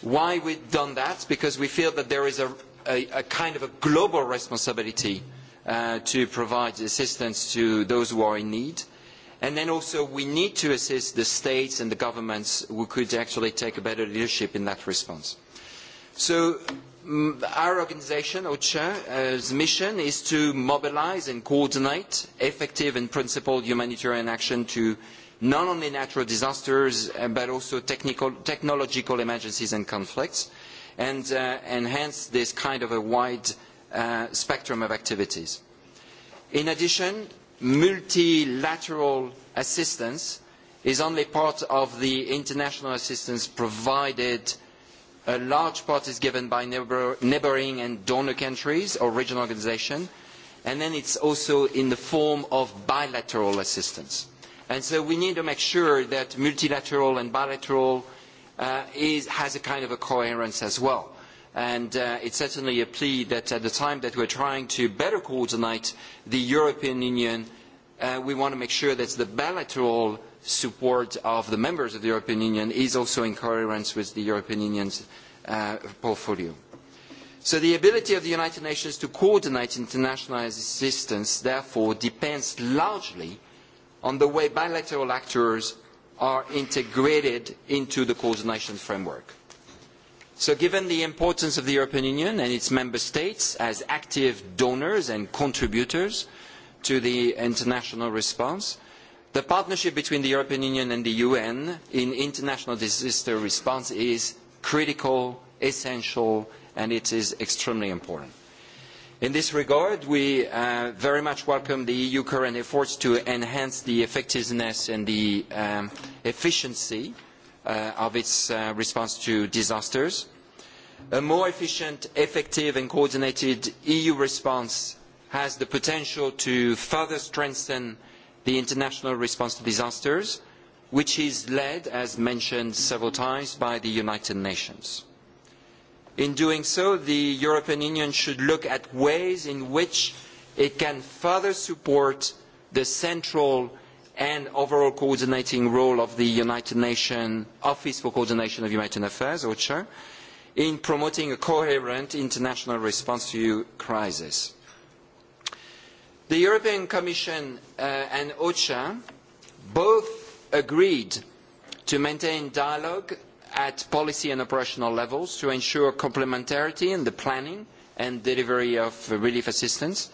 Why we've done that? Because we feel that there is a, a, a kind of a global responsibility uh, to provide assistance to those who are in need. Uh, And then also we need to assist the states and the governments who could actually take a better leadership in that response. So mm, our organisation, OCHA's uh, mission is to mobilise and coordinate effective and principled humanitarian action to not only natural disasters uh, but also technical, technological emergencies and conflicts and uh, enhance this kind of a wide uh, spectrum of activities. In addition, multilateral assistance is only part of the international assistance provided a large part is given by neighbouring and donor countries or regional organisations, and then it's also in the form of bilateral assistance. And so we need to make sure that multilateral and bilateral uh, is, has a kind of a coherence as well and uh, it's certainly a plea that at the time that we're trying to better coordinate the European Union, uh, we want to make sure that the bilateral support of the members of the European Union is also in coherence with the European Union's uh, portfolio. So the ability of the United Nations to coordinate international assistance, therefore, depends largely on the way bilateral actors are integrated into the coordination framework. So given the importance of the European Union and its member states as active donors and contributors to the international response, the partnership between the European Union and the UN in international disaster response is critical, essential, and it is extremely important. In this regard, we uh, very much welcome the EU current efforts to enhance the effectiveness and the um, efficiency Uh, of its uh, response to disasters. A more efficient, effective and coordinated EU response has the potential to further strengthen the international response to disasters, which is led, as mentioned several times, by the United Nations. In doing so, the European Union should look at ways in which it can further support the central and overall coordinating role of the United Nations Office for Coordination of Humanitarian Affairs, OCHA, in promoting a coherent international response to crisis. The European Commission uh, and OCHA both agreed to maintain dialogue at policy and operational levels to ensure complementarity in the planning and delivery of relief assistance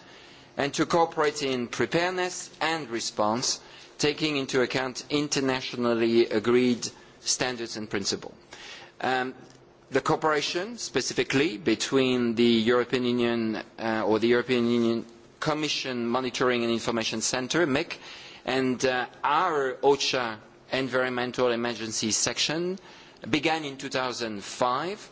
and to cooperate in preparedness and response taking into account internationally agreed standards and principles. Um, the cooperation specifically between the European Union uh, or the European Union Commission Monitoring and Information Centre, MIC, and uh, our OCHA Environmental Emergency Section began in 2005.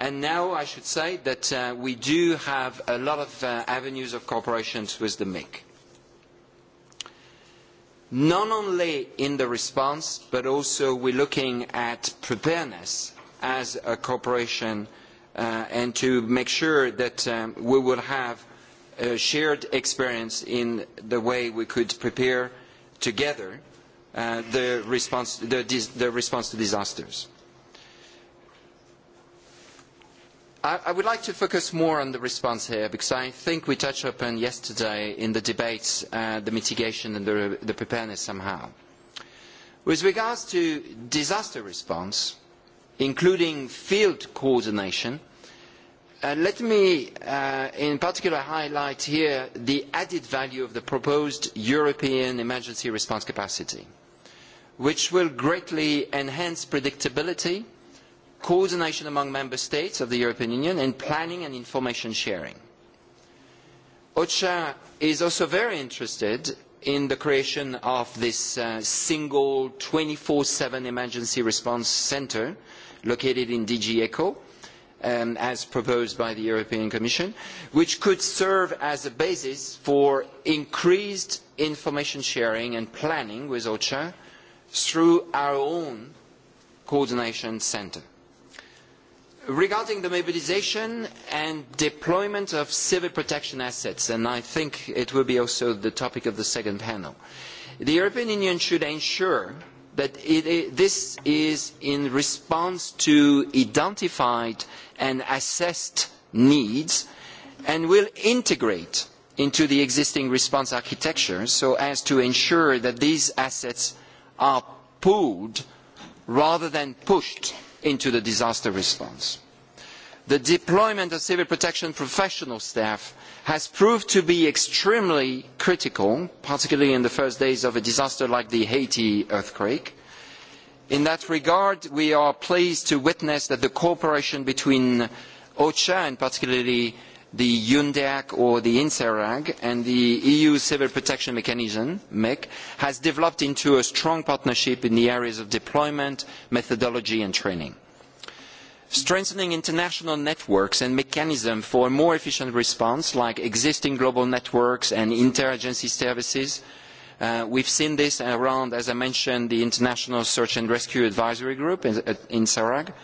And now I should say that uh, we do have a lot of uh, avenues of cooperation with the MIC not only in the response, but also we're looking at preparedness as a corporation uh, and to make sure that um, we will have a shared experience in the way we could prepare together uh, the, response, the, the response to disasters. I, would like to focus more on the response here because I think we touched upon yesterday in the debates uh, the mitigation and the, the preparedness somehow. With regards to disaster response, including field coordination, Uh, let me uh, in particular highlight here the added value of the proposed European emergency response capacity, which will greatly enhance predictability coordination among member states of the European Union and planning and information sharing. OCHA is also very interested in the creation of this uh, single 24-7 emergency response centre located in DG ECHO, um, as proposed by the European Commission, which could serve as a basis for increased information sharing and planning with OCHA through our own coordination centre. Regarding the mobilisation and deployment of civil protection assets, and I think it will be also the topic of the second panel, the European Union should ensure that it, this is in response to identified and assessed needs and will integrate into the existing response architecture so as to ensure that these assets are pooled rather than pushed into the disaster response. The deployment of civil protection professional staff has proved to be extremely critical, particularly in the first days of a disaster like the Haiti earthquake. In that regard, we are pleased to witness that the cooperation between OCHA and particularly the UNDEAC or the INSERAG and the EU Civil Protection Mechanism, MEC, has developed into a strong partnership in the areas of deployment, methodology and training. Strengthening international networks and mechanisms for a more efficient response, like existing global networks and interagency services, Uh, we've seen this around, as I mentioned, the International Search and Rescue Advisory Group in, uh, in Sarag,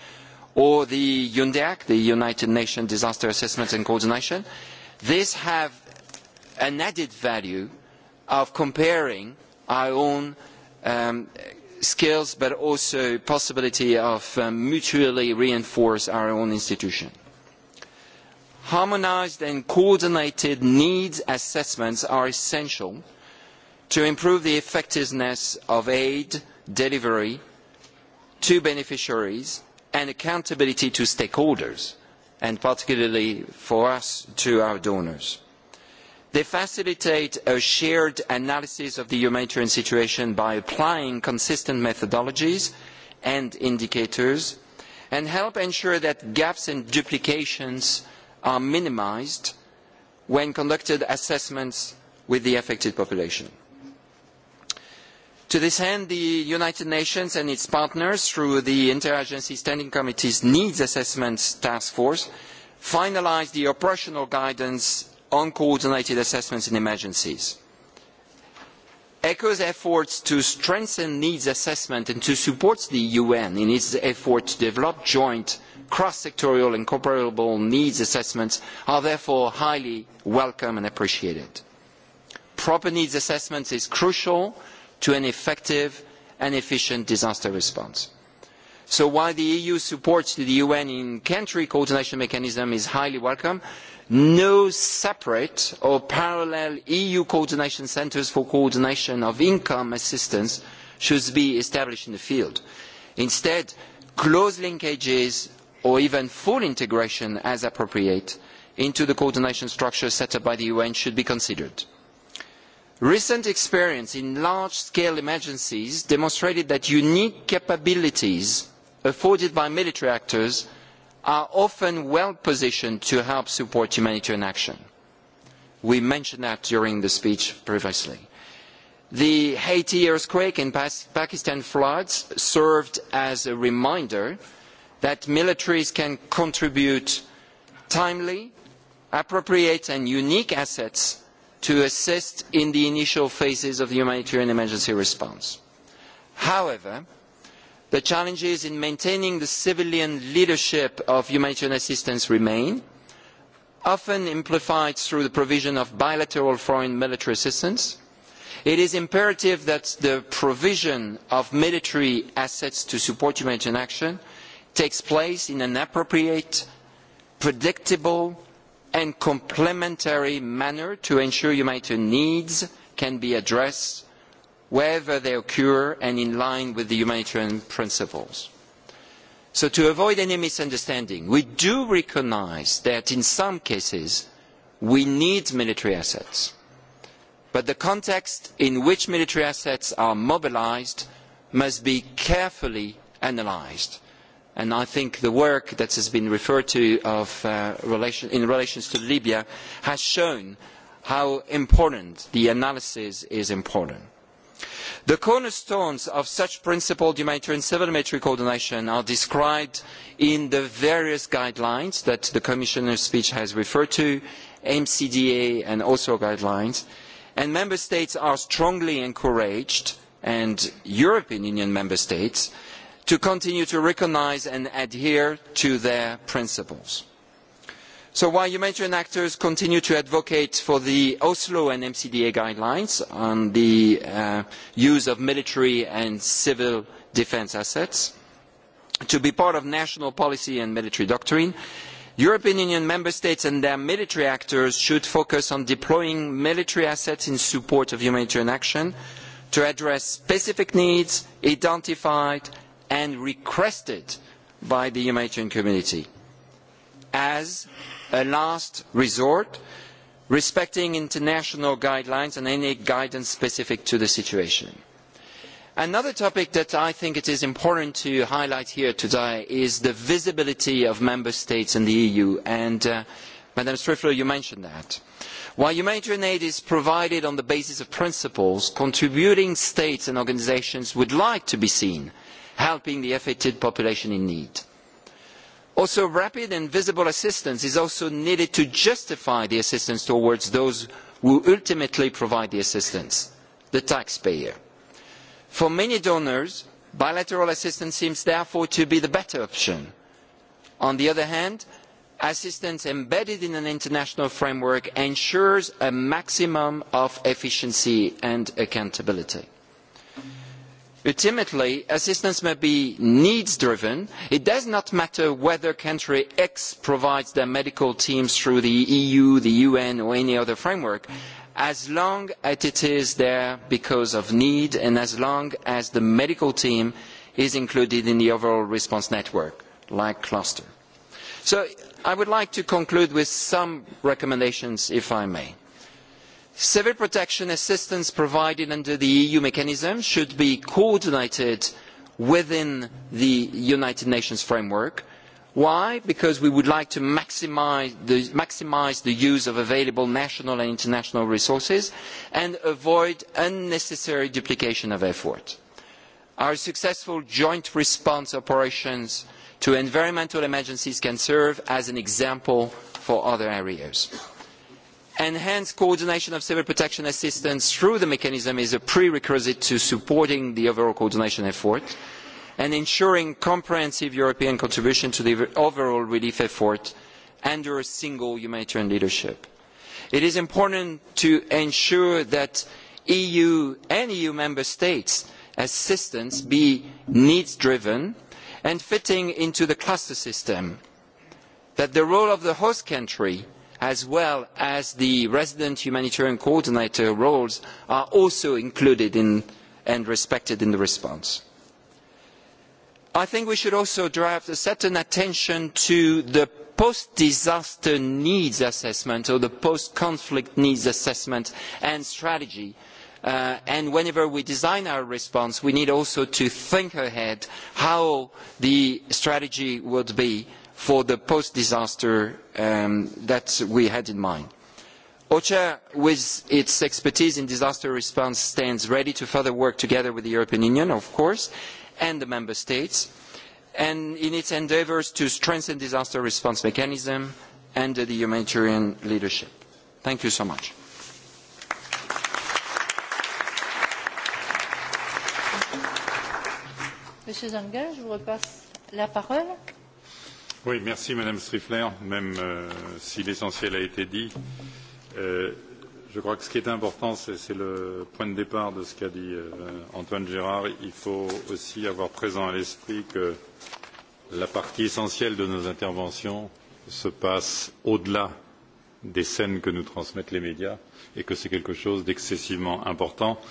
or the UNDEAC, the United Nations Disaster Assessment and Coordination, these have an added value of comparing our own um, skills but also possibility of um, mutually reinforce our own institution. Harmonised and coordinated needs assessments are essential to improve the effectiveness of aid delivery to beneficiaries and accountability to stakeholders, and particularly for us to our donors. They facilitate a shared analysis of the humanitarian situation by applying consistent methodologies and indicators and help ensure that gaps and duplications are minimized when conducted assessments with the affected population. To this end, the United Nations and its partners, through the Interagency Standing Committee's Needs Assessment Task Force, finalised the operational guidance on coordinated assessments in emergencies. ECHO's efforts to strengthen needs assessment and to support the UN in its effort to develop joint cross-sectorial and comparable needs assessments are therefore highly welcome and appreciated. Proper needs assessment is crucial to an effective and efficient disaster response. So while the EU support to the UN in-country coordination mechanism is highly welcome, no separate or parallel EU coordination centres for coordination of income assistance should be established in the field. Instead, close linkages or even full integration as appropriate into the coordination structure set up by the UN should be considered. Recent experience in large-scale emergencies demonstrated that unique capabilities afforded by military actors are often well-positioned to help support humanitarian action. We mentioned that during the speech previously. The Haiti earthquake and Pakistan floods served as a reminder that militaries can contribute timely, appropriate and unique assets to assist in the initial phases of the humanitarian emergency response. However, the challenges in maintaining the civilian leadership of humanitarian assistance remain, often amplified through the provision of bilateral foreign military assistance. It is imperative that the provision of military assets to support humanitarian action takes place in an appropriate, predictable and complementary manner to ensure humanitarian needs can be addressed wherever they occur and in line with the humanitarian principles. So to avoid any misunderstanding, we do recognise that in some cases we need military assets. But the context in which military assets are mobilised must be carefully analysed and I think the work that has been referred to of, uh, relation, in relation to Libya has shown how important the analysis is important. The cornerstones of such principled humanitarian civil military coordination are described in the various guidelines that the Commissioner's speech has referred to, MCDA and also guidelines, and Member States are strongly encouraged, and European Union Member States, uh, to continue to recognise and adhere to their principles. So while humanitarian actors continue to advocate for the Oslo and MCDA guidelines on the uh, use of military and civil defence assets to be part of national policy and military doctrine, European Union member states and their military actors should focus on deploying military assets in support of humanitarian action to address specific needs identified and requested by the humanitarian community as a last resort, respecting international guidelines and any guidance specific to the situation. Another topic that I think it is important to highlight here today is the visibility of member states and the EU, and uh, Madam Striffler, you mentioned that. While humanitarian aid is provided on the basis of principles, contributing states and organisations would like to be seen helping the affected population in need. Also, rapid and visible assistance is also needed to justify the assistance towards those who ultimately provide the assistance, the taxpayer. For many donors, bilateral assistance seems therefore to be the better option. On the other hand, assistance embedded in an international framework ensures a maximum of efficiency and accountability. Ultimately, assistance may be needs-driven. It does not matter whether country X provides their medical teams through the EU, the UN, or any other framework, as long as it is there because of need and as long as the medical team is included in the overall response network, like cluster. So I would like to conclude with some recommendations, if I may. Civil protection assistance provided under the EU mechanism should be coordinated within the United Nations framework. Why? Because we would like to maximize the, maximize the use of available national and international resources and avoid unnecessary duplication of effort. Our successful joint response operations to environmental emergencies can serve as an example for other areas enhanced coordination of civil protection assistance through the mechanism is a prerequisite to supporting the overall coordination effort and ensuring comprehensive European contribution to the overall relief effort under a single humanitarian leadership. It is important to ensure that EU and EU member states assistance be needs driven and fitting into the cluster system, that the role of the host country as well as the resident humanitarian coordinator roles are also included in, and respected in the response. I think we should also draft a certain attention to the post-disaster needs assessment or the post-conflict needs assessment and strategy. Uh, and whenever we design our response, we need also to think ahead how the strategy would be uh, for the post-disaster um, that we had in mind. OCHA, with its expertise in disaster response, stands ready to further work together with the European Union, of course, and the member states, and in its endeavours to strengthen disaster response mechanism and the humanitarian leadership. Thank you so much. Monsieur Zanger, je vous repasse la parole. Oui, merci Madame Striffler. Même euh, si l'essentiel a été dit, euh, je crois que ce qui est important, c'est le point de départ de ce qu'a dit euh, Antoine Gérard. Il faut aussi avoir présent à l'esprit que la partie essentielle de nos interventions se passe au-delà des scènes que nous transmettent les médias et que c'est quelque chose d'excessivement important. Euh,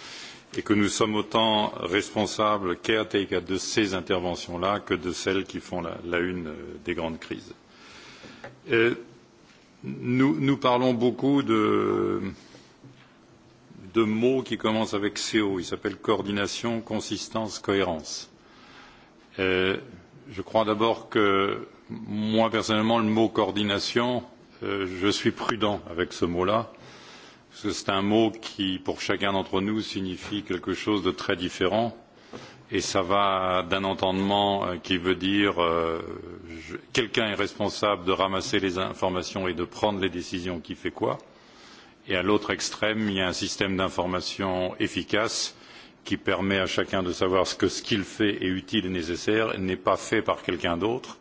et que nous sommes autant responsables caretakers de ces interventions là que de celles qui font la, la une euh, des grandes crises. Euh, nous, nous parlons beaucoup de, de mots qui commencent avec CO. Ils s'appellent coordination, consistance, cohérence. Euh, je crois d'abord que moi personnellement, le mot coordination, euh, je suis prudent avec ce mot-là c'est un mot qui, pour chacun d'entre nous, signifie quelque chose de très différent. Et ça va d'un entendement euh, qui veut dire euh, quelqu'un est responsable de ramasser les informations et de prendre les décisions qui fait quoi. Et à l'autre extrême, il y a un système d'information efficace qui permet à chacun de savoir ce que ce qu'il fait est utile et nécessaire et n'est pas fait par quelqu'un d'autre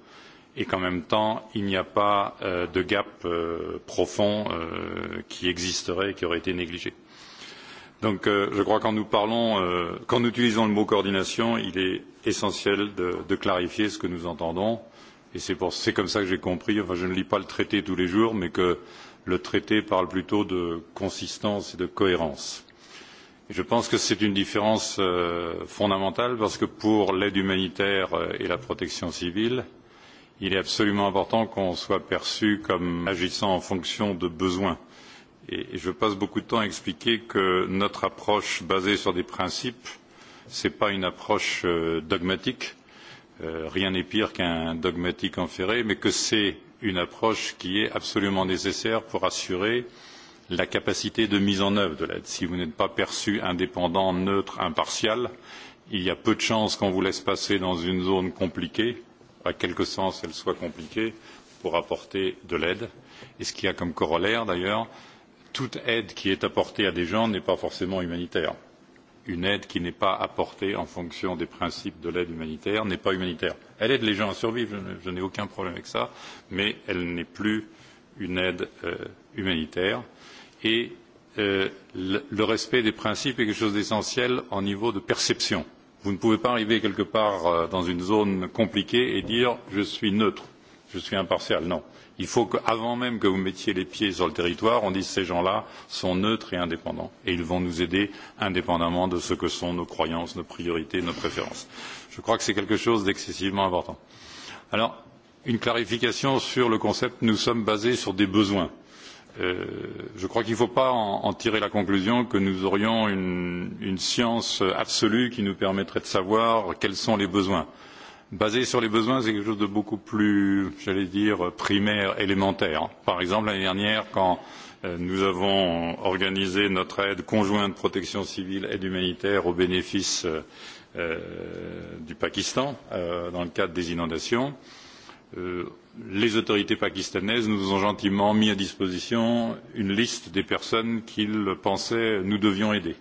et qu'en même temps, il n'y a pas euh, de gap euh, profond euh, qui existerait et qui aurait été négligé. Donc euh, je crois que quand nous parlons, euh, quand nous utilisons le mot coordination, il est essentiel de, de clarifier ce que nous entendons. Et c'est comme ça que j'ai compris, enfin je ne lis pas le traité tous les jours, mais que le traité parle plutôt de consistance et de cohérence. Et je pense que c'est une différence euh, fondamentale parce que pour l'aide humanitaire euh, et la protection civile, euh, il est absolument important qu'on soit perçu comme agissant en fonction de besoins. Et je passe beaucoup de temps à expliquer que notre approche basée sur des principes, ce n'est pas une approche euh, dogmatique. Euh, rien n'est pire qu'un dogmatique enferré, mais que c'est une approche qui est absolument nécessaire pour assurer la capacité de mise en œuvre de l'aide. Si vous n'êtes pas perçu indépendant, neutre, impartial, il y a peu de chances qu'on vous laisse passer dans une zone compliquée à quelque sens elle soit compliquée, pour apporter de l'aide. Et ce qui a comme corollaire d'ailleurs, toute aide qui est apportée à des gens n'est pas forcément humanitaire. Une aide qui n'est pas apportée en fonction des principes de l'aide humanitaire n'est pas humanitaire. Elle aide les gens à survivre, je n'ai aucun problème avec ça, mais elle n'est plus une aide euh, humanitaire. Et euh, le, le respect des principes est quelque chose d'essentiel au niveau de perception vous ne pouvez pas arriver quelque part euh, dans une zone compliquée et dire je suis neutre je suis impartial non il faut qu'avant même que vous mettiez les pieds sur le territoire on dise ces gens là sont neutres et indépendants et ils vont nous aider indépendamment de ce que sont nos croyances nos priorités nos préférences. je crois que c'est quelque chose d'excessivement important. alors une clarification sur le concept nous sommes basés sur des besoins. Euh, je crois qu'il ne faut pas en, en tirer la conclusion que nous aurions une, une science absolue qui nous permettrait de savoir quels sont les besoins. Basé sur les besoins, c'est quelque chose de beaucoup plus, j'allais dire, primaire, élémentaire. Par exemple, l'année dernière, quand euh, nous avons organisé notre aide conjointe protection civile aide humanitaire au bénéfice euh, euh, du Pakistan euh, dans le cadre des inondations. Euh, les autorités pakistanaises nous ont gentiment mis à disposition une liste des personnes qu'ils pensaient nous devions aider.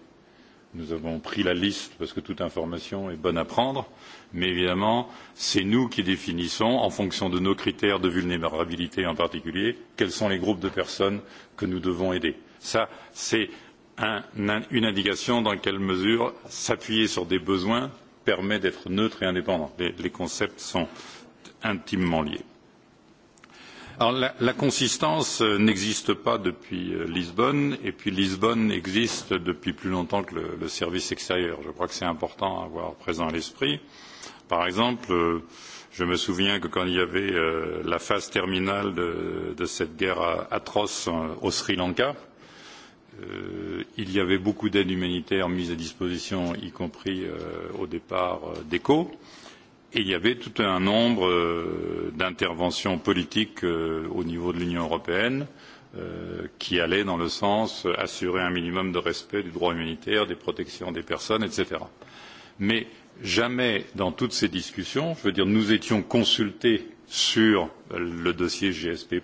Nous avons pris la liste parce que toute information est bonne à prendre, mais évidemment, c'est nous qui définissons, en fonction de nos critères de vulnérabilité en particulier, quels sont les groupes de personnes que nous devons aider. Ça, c'est un, une indication dans quelle mesure s'appuyer sur des besoins permet d'être neutre et indépendant. Les, les concepts sont intimement liés la, consistance euh, n'existe pas depuis euh, Lisbonne, et puis Lisbonne existe depuis plus longtemps que le, le service extérieur. Je crois que c'est important à avoir présent à l'esprit. Par exemple, euh, je me souviens que quand il y avait la phase terminale de, de cette guerre atroce au Sri Lanka, euh, il y avait beaucoup d'aide humanitaire mise à disposition, y compris euh, au départ euh, d'ECO. Et il y avait tout un nombre euh, d'interventions politiques euh, au niveau de l'Union européenne euh, qui allaient dans le sens euh, assurer un minimum de respect du droit humanitaire, des protections des personnes, etc. Mais jamais dans toutes ces discussions, je veux dire, nous étions consultés sur le dossier GSP+,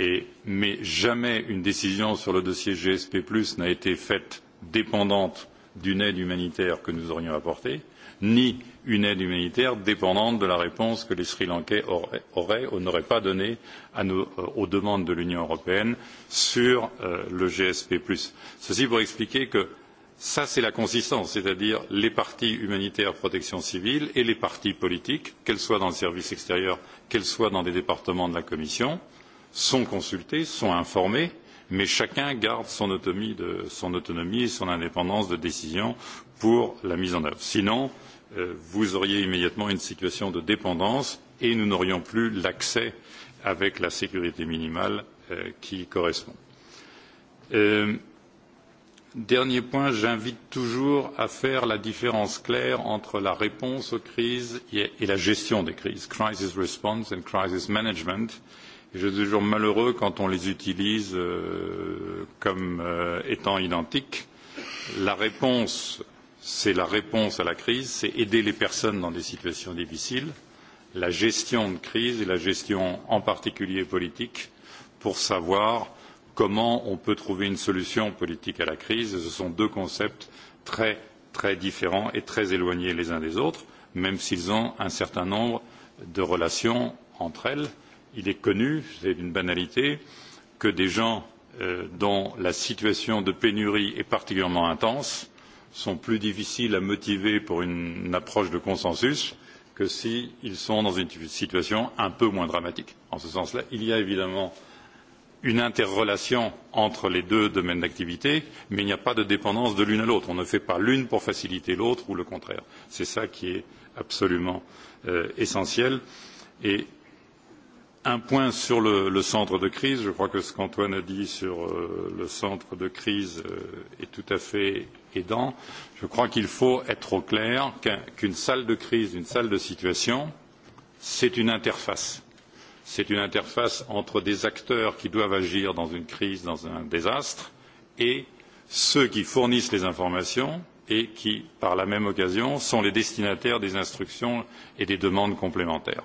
et, mais jamais une décision sur le dossier GSP+, n'a été faite dépendante d'une aide humanitaire que nous aurions apportée ni une aide humanitaire dépendante de la réponse que les sri lankais auraient, ou n'auraient pas donnée euh, aux demandes de l'union européenne sur euh, le gsp. ceci pour expliquer que ça c'est la consistance c'est à dire les partis humanitaires protection civile et les partis politiques qu'elles soient dans le service extérieur qu'elles soient dans des départements de la commission sont consultés sont informés mais chacun garde son autonomie, de, son autonomie et son indépendance de décision pour la mise en œuvre. sinon euh, Euh, vous auriez immédiatement une situation de dépendance et nous n'aurions plus l'accès avec la sécurité minimale euh, qui y correspond. Euh, dernier point j'invite toujours à faire la différence claire entre la réponse aux crises et la gestion des crises crisis response and crisis management et je suis toujours malheureux quand on les utilise euh, comme euh, étant identiques. la réponse c'est la réponse à la crise, c'est aider les personnes dans des situations difficiles, la gestion de crise et la gestion en particulier politique pour savoir comment on peut trouver une solution politique à la crise. Ce sont deux concepts très très différents et très éloignés les uns des autres, même s'ils ont un certain nombre de relations entre elles. Il est connu, c'est une banalité, que des gens euh, dont la situation de pénurie est particulièrement intense sont plus difficiles à motiver pour une approche de consensus que s'ils sont dans une situation un peu moins dramatique. En ce sens-là, il y a évidemment une interrelation entre les deux domaines d'activité, mais il n'y a pas de dépendance de l'une à l'autre. On ne fait pas l'une pour faciliter l'autre ou le contraire. C'est ça qui est absolument euh, essentiel. Et un point sur le, le centre de crise. Je crois que ce qu'Antoine a dit sur euh, le centre de crise euh, est tout à fait aidant, je crois qu'il faut être au clair qu'une salle de crise, une salle de situation, c'est une interface. C'est une interface entre des acteurs qui doivent agir dans une crise, dans un désastre, et ceux qui fournissent les informations et qui, par la même occasion, sont les destinataires des instructions et des demandes complémentaires.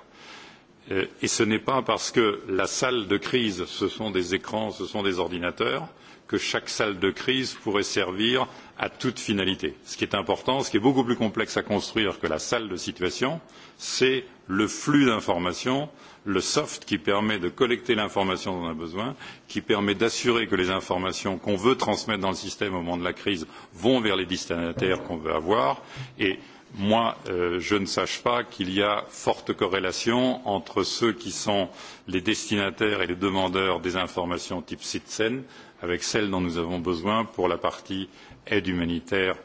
Euh, et ce n'est pas parce que la salle de crise, ce sont des écrans, ce sont des ordinateurs, que chaque salle de crise pourrait servir à toute finalité. Ce qui est important, ce qui est beaucoup plus complexe à construire que la salle de situation, c'est le flux d'informations, le soft qui permet de collecter l'information dont on a besoin, qui permet d'assurer que les informations qu'on veut transmettre dans le système au moment de la crise vont vers les destinataires qu'on veut avoir. Et moi, euh, je ne sache pas qu'il y a forte corrélation entre ceux qui sont les destinataires et les demandeurs des informations type CITSEN avec celle dont nous avons besoin pour la partie aide humanitaire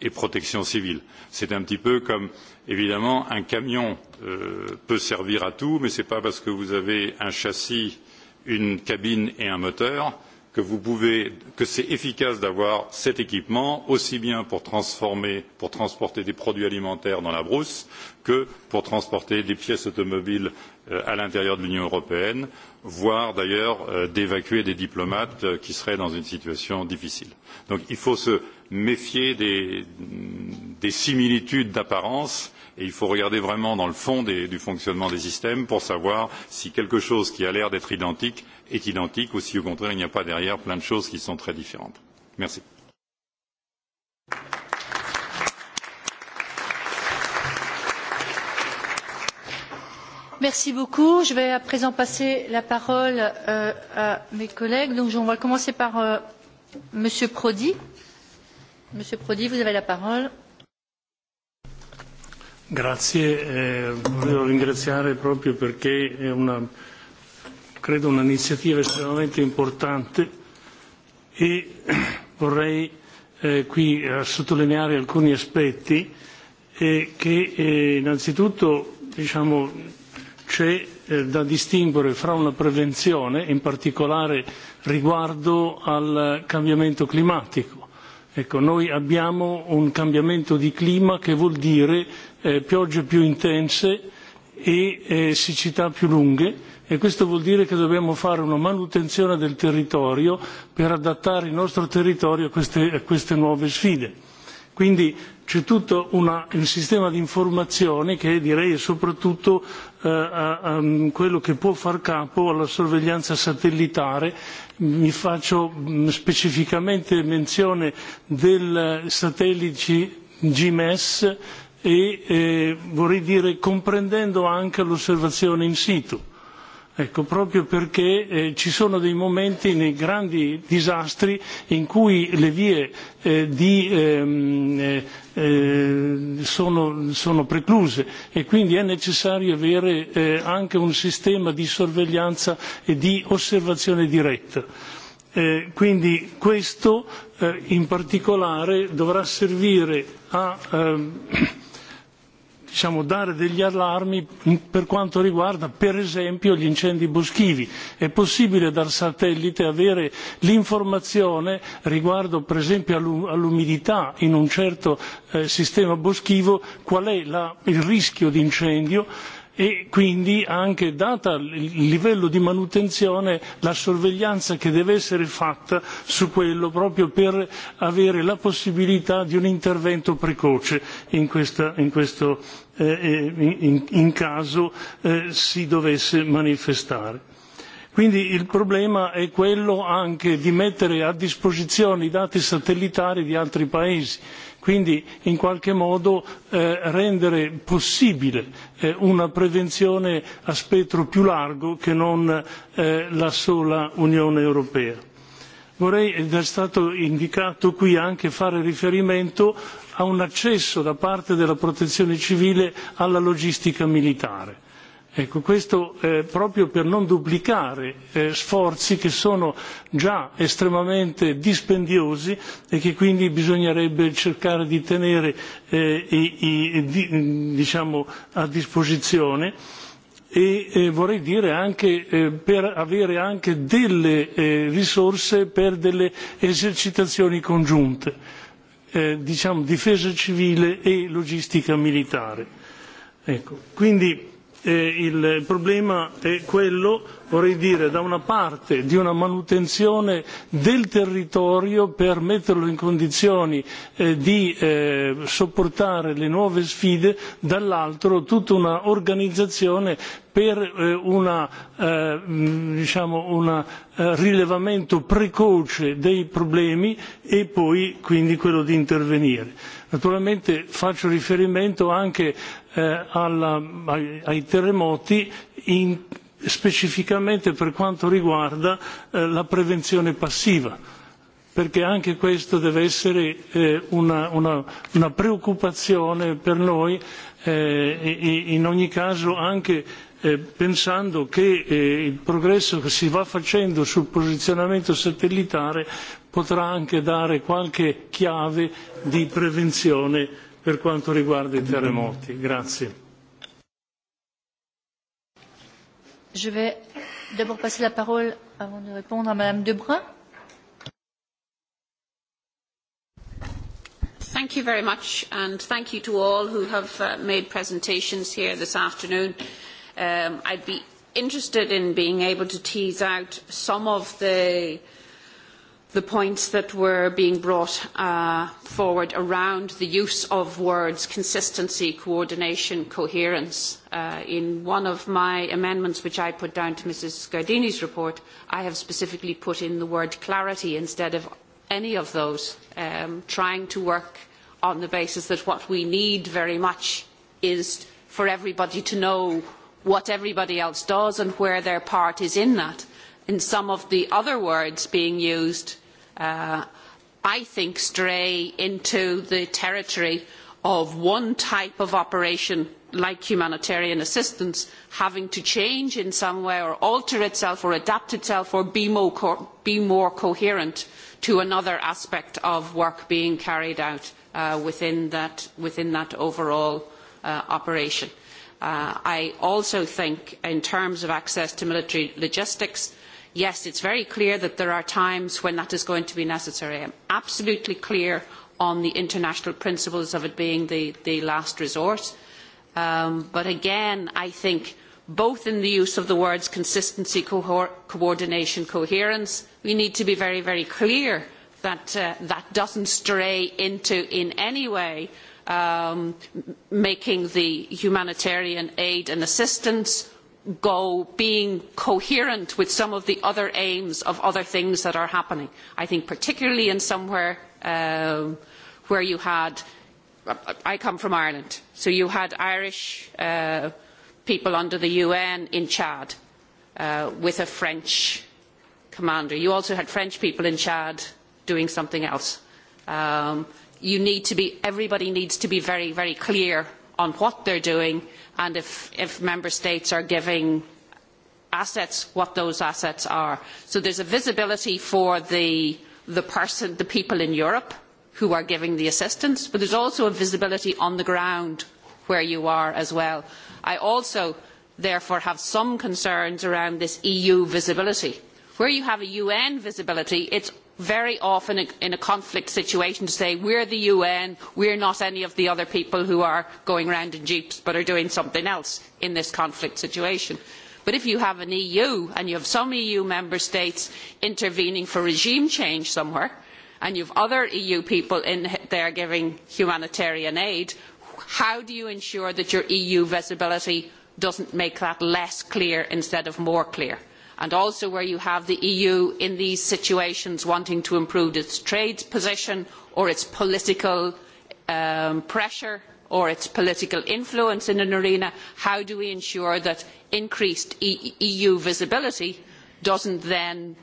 et protection civile. C'est un petit peu comme, évidemment, un camion euh, peut servir à tout, mais ce n'est pas parce que vous avez un châssis, une cabine et un moteur que, c'est efficace d'avoir cet équipement aussi bien pour, transporter des produits alimentaires dans la brousse que pour transporter des pièces automobiles euh, à l'intérieur de l'Union européenne, voire d'ailleurs euh, d'évacuer des diplomates euh, qui seraient dans une situation difficile. Donc il faut se méfier des, des similitudes d'apparence et il faut regarder vraiment dans le fond des, du fonctionnement des systèmes pour savoir si quelque chose qui a l'air d'être identique est identique ou si au contraire il n'y a pas derrière plein de choses qui sont très différentes. Merci. Merci beaucoup. Je vais à présent passer la parole euh, à mes collègues. Donc, on va commencer par euh, Monsieur Prodi. Monsieur Prodi, vous avez la parole. Grazie, eh, volevo ringraziare proprio perché è una, credo un'iniziativa estremamente importante e vorrei eh, qui eh, sottolineare alcuni aspetti eh, che eh, innanzitutto diciamo, c'è eh, da distinguere fra una prevenzione, in particolare riguardo al cambiamento climatico Ecco, noi abbiamo un cambiamento di clima che vuol dire eh, piogge più intense e eh, siccità più lunghe e questo vuol dire che dobbiamo fare una manutenzione del territorio per adattare il nostro territorio a queste, a queste nuove sfide. Quindi c'è tutto una, un sistema di informazioni che direi è e soprattutto Eh, mm, quello che può far capo alla sorveglianza satellitare mi faccio mm, specificamente menzione del satellite GMS e, e eh, vorrei dire comprendendo anche l'osservazione in situ. Ecco, proprio perché eh, ci sono dei momenti nei grandi disastri in cui le vie eh, di, ehm, eh, eh, sono, sono precluse e quindi è necessario avere eh, anche un sistema di sorveglianza e di osservazione diretta. Eh, quindi questo eh, in particolare dovrà servire a ehm, diciamo, dare degli allarmi per quanto riguarda per esempio gli incendi boschivi. È possibile dal satellite avere l'informazione riguardo per esempio all'umidità in un certo eh, sistema boschivo qual è la, il rischio di incendio e quindi anche dato il livello di manutenzione la sorveglianza che deve essere fatta su quello proprio per avere la possibilità di un intervento precoce in, questa, in questo eh, eh in, in caso eh, si dovesse manifestare. Quindi il problema è quello anche di mettere a disposizione i dati satellitari di altri paesi quindi in qualche modo eh, rendere possibile eh, una prevenzione a spettro più largo che non eh, la sola unione europea. vorrei ed è stato indicato qui anche fare riferimento a un accesso da parte della protezione civile alla logistica militare Ecco, questo eh, proprio per non duplicare eh, sforzi che sono già estremamente dispendiosi e che quindi bisognerebbe cercare di tenere eh, i, i, di, diciamo, a disposizione e eh, vorrei dire anche eh, per avere anche delle eh, risorse per delle esercitazioni congiunte, eh, diciamo difesa civile e logistica militare. Ecco, quindi eh, il problema è quello vorrei dire da una parte di una manutenzione del territorio per metterlo in condizioni eh, di eh, sopportare le nuove sfide dall'altro tutta una organizzazione per eh, una, eh, diciamo un eh, rilevamento precoce dei problemi e poi quindi quello di intervenire. naturalmente faccio riferimento anche eh, alla, ai, ai terremoti in, specificamente per quanto riguarda eh, la prevenzione passiva perché anche questo deve essere eh, una, una, una preoccupazione per noi eh, e, e in ogni caso anche Eh, pensando che eh, il progresso che si va facendo sul posizionamento satellitare potrà anche dare qualche chiave di prevenzione per quanto riguarda i terremoti. Grazie. Je vais d'abord passer la parole, avant de répondre, à Madame Debrun. Thank you very much, and thank you to all who have uh, made presentations here this afternoon. Um, I'd be interested in being able to tease out some of the uh, the points that were being brought uh, forward around the use of words consistency, coordination, coherence. Uh, in one of my amendments, which I put down to Mrs. Gardini's report, I have specifically put in the word clarity instead of any of those, um, trying to work on the basis that what we need very much is for everybody to know what everybody else does and where their part is in that in some of the other words being used, uh, I think stray into the territory of one type of operation like humanitarian assistance having to change in some way or alter itself or adapt itself or be more, co be more coherent to another aspect of work being carried out uh, within, that, within, that, overall uh, operation. Uh, I also think in terms of access to military logistics, yes, it's very clear that there are times when that is going to be necessary. I'm absolutely clear on the international principles of it being the, the last resort. Um, but again, I think both in the use of the words consistency, co coordination, coherence, we need to be very, very clear that uh, that doesn't stray into in any way um, making the humanitarian aid and assistance go being coherent with some of the other aims of other things that are happening. I think particularly in somewhere um, where you had, I come from Ireland, so you had Irish uh, people under the UN in Chad uh, with a French commander. You also had French people in Chad doing something else. Um, you need to be, everybody needs to be very, very clear on what they're doing and if, if member states are giving assets, what those assets are. So there's a visibility for the, the person, the people in Europe who are giving the assistance, but there's also a visibility on the ground where you are as well. I also therefore have some concerns around this EU visibility. Where you have a UN visibility, it's very often in a conflict situation to say we're the UN, we're not any of the other people who are going around in jeeps but are doing something else in this conflict situation. But if you have an EU and you have some EU member states intervening for regime change somewhere, and you have other EU people in there giving humanitarian aid, how do you ensure that your EU visibility doesn't make that less clear instead of more clear? and also where you have the EU in these situations wanting to improve its trade position or its political um, pressure or its political influence in an arena, how do we ensure that increased e EU visibility doesn't then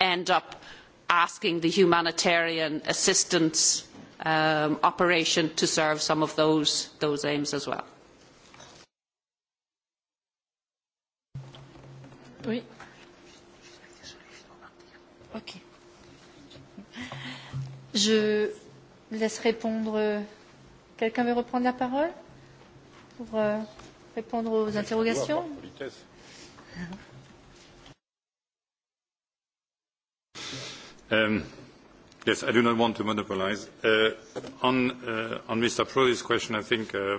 end up asking the humanitarian assistance um, operation to serve some of those, those aims as well? Oui. Ok. Je laisse répondre. Quelqu'un veut reprendre la parole pour euh, répondre aux interrogations um, Yes, I do not want to monopolize. Uh, on, uh, on Mr. Prodi's question, I think uh,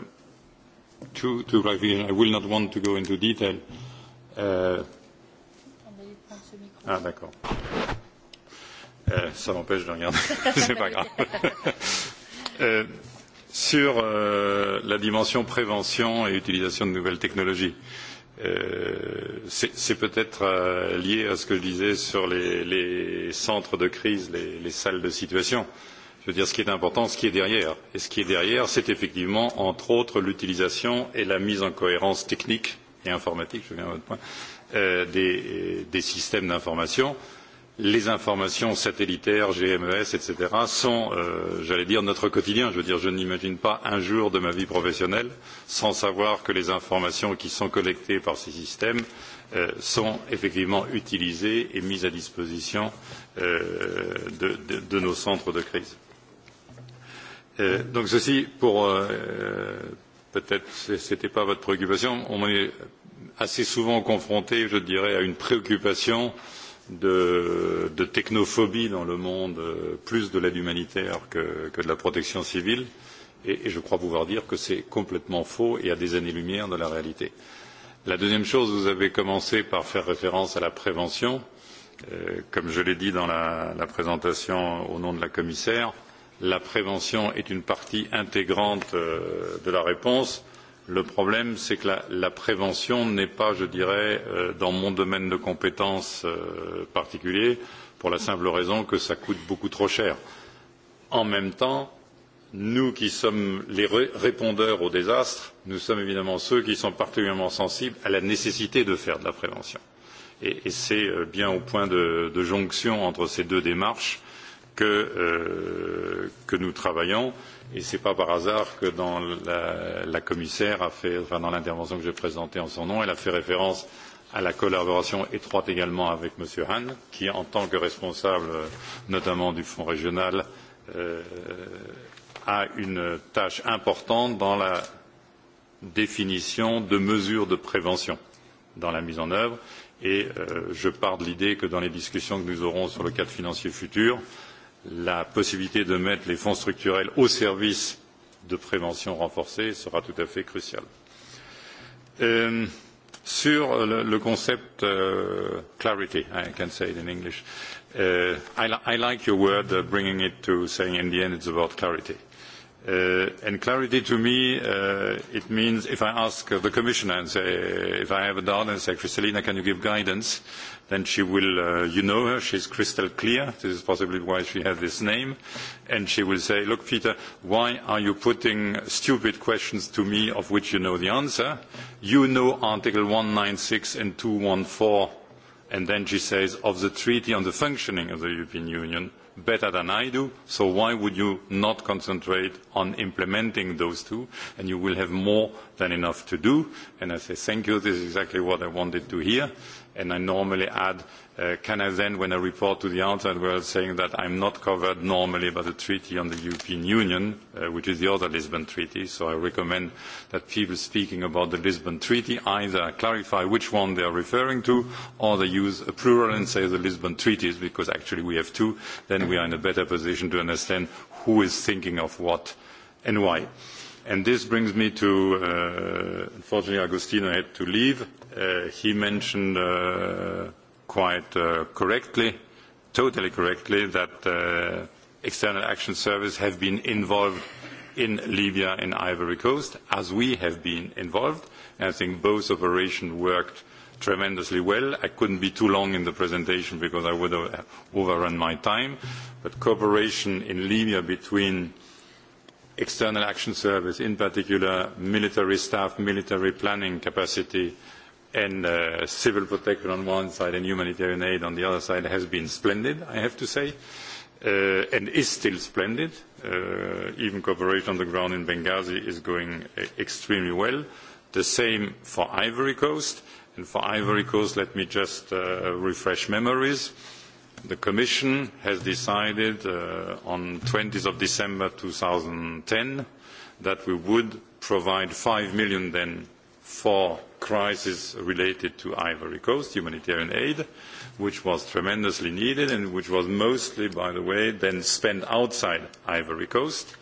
to, to I will not want to go into detail. Uh, Ah d'accord. Euh, ça m'empêche de regarder, c'est pas grave. euh, sur euh, la dimension prévention et utilisation de nouvelles technologies, euh, c'est peut-être euh, lié à ce que je disais sur les, les centres de crise, les, les salles de situation. Je veux dire, ce qui est important, ce qui est derrière. Et ce qui est derrière, c'est effectivement, entre autres, l'utilisation et la mise en cohérence technique et informatique, je viens à votre point, Euh, des, euh, des systèmes d'information. Les informations satellitaires, GMES, etc. sont, euh, j'allais dire, notre quotidien. Je veux dire, je n'imagine pas un jour de ma vie professionnelle sans savoir que les informations qui sont collectées par ces systèmes euh, sont effectivement utilisées et mises à disposition euh, de, de, de nos centres de crise. Euh, donc ceci pour euh, peut-être c'était pas votre préoccupation, on est assez souvent confronté je dirais, à une préoccupation de, de technophobie dans le monde, euh, plus de l'aide humanitaire que, que de la protection civile. Et, et je crois pouvoir dire que c'est complètement faux et à des années-lumière de la réalité. La deuxième chose, vous avez commencé par faire référence à la prévention. Euh, comme je l'ai dit dans la, la présentation au nom de la commissaire, la prévention est une partie intégrante euh, de la réponse Le problème, c'est que la, la prévention n'est pas, je dirais, euh, dans mon domaine de compétences euh, particulier, pour la simple raison que ça coûte beaucoup trop cher. En même temps, nous qui sommes les ré répondeurs au désastre, nous sommes évidemment ceux qui sont particulièrement sensibles à la nécessité de faire de la prévention. Et, et c'est euh, bien au point de, de jonction entre ces deux démarches que, euh, que nous travaillons. Et c'est pas par hasard que dans la, la commissaire a fait, enfin dans l'intervention que j'ai présentée en son nom, elle a fait référence à la collaboration étroite également avec M. Hahn, qui en tant que responsable notamment du fonds régional euh, a une tâche importante dans la définition de mesures de prévention dans la mise en œuvre. Et euh, je pars de l'idée que dans les discussions que nous aurons sur le cadre financier futur, euh, la possibilité de mettre les fonds structurels au service de prévention renforcée sera tout à fait cruciale. Euh, sur le, le concept uh, clarity, I can say it in English. Uh, I, I like your word, uh, bringing it to saying in the end it's about clarity. Uh, and clarity to me, uh, it means if I ask the commissioner and say, if I have a doubt and say, Kristalina, can you give guidance? then she will, uh, you know her, she's crystal clear. This is possibly why she has this name. And she will say, look, Peter, why are you putting stupid questions to me of which you know the answer? You know Article 196 and 214. And then she says, of the Treaty on the Functioning of the European Union, better than I do, so why would you not concentrate on implementing those two? And you will have more than enough to do. And I say, thank you, this is exactly what I wanted to hear and I normally add, uh, can I then, when I report to the outside world, saying that I'm not covered normally by the Treaty on the European Union, uh, which is the other Lisbon Treaty. So I recommend that people speaking about the Lisbon Treaty either clarify which one they are referring to, or they use a plural and say the Lisbon Treaties, because actually we have two. Then we are in a better position to understand who is thinking of what and why. And this brings me to, uh, unfortunately, Agostino had to leave Uh, he mentioned uh, quite uh, correctly, totally correctly, that uh, external action service have been involved in Libya and Ivory Coast, as we have been involved. And I think both operations worked tremendously well. I couldn't be too long in the presentation because I would have overrun my time. But cooperation in Libya between External Action Service, in particular military staff, military planning capacity, and uh, civil protection on one side and humanitarian aid on the other side has been splendid, I have to say, uh, and is still splendid. Uh, even cooperation on the ground in Benghazi is going uh, extremely well. The same for Ivory Coast. And for Ivory Coast, let me just uh, refresh memories. The Commission has decided uh, on 20th of December 2010 that we would provide 5 million then for crisis related to Ivory Coast, humanitarian aid, which was tremendously needed and which was mostly, by the way, then spent outside Ivory Coast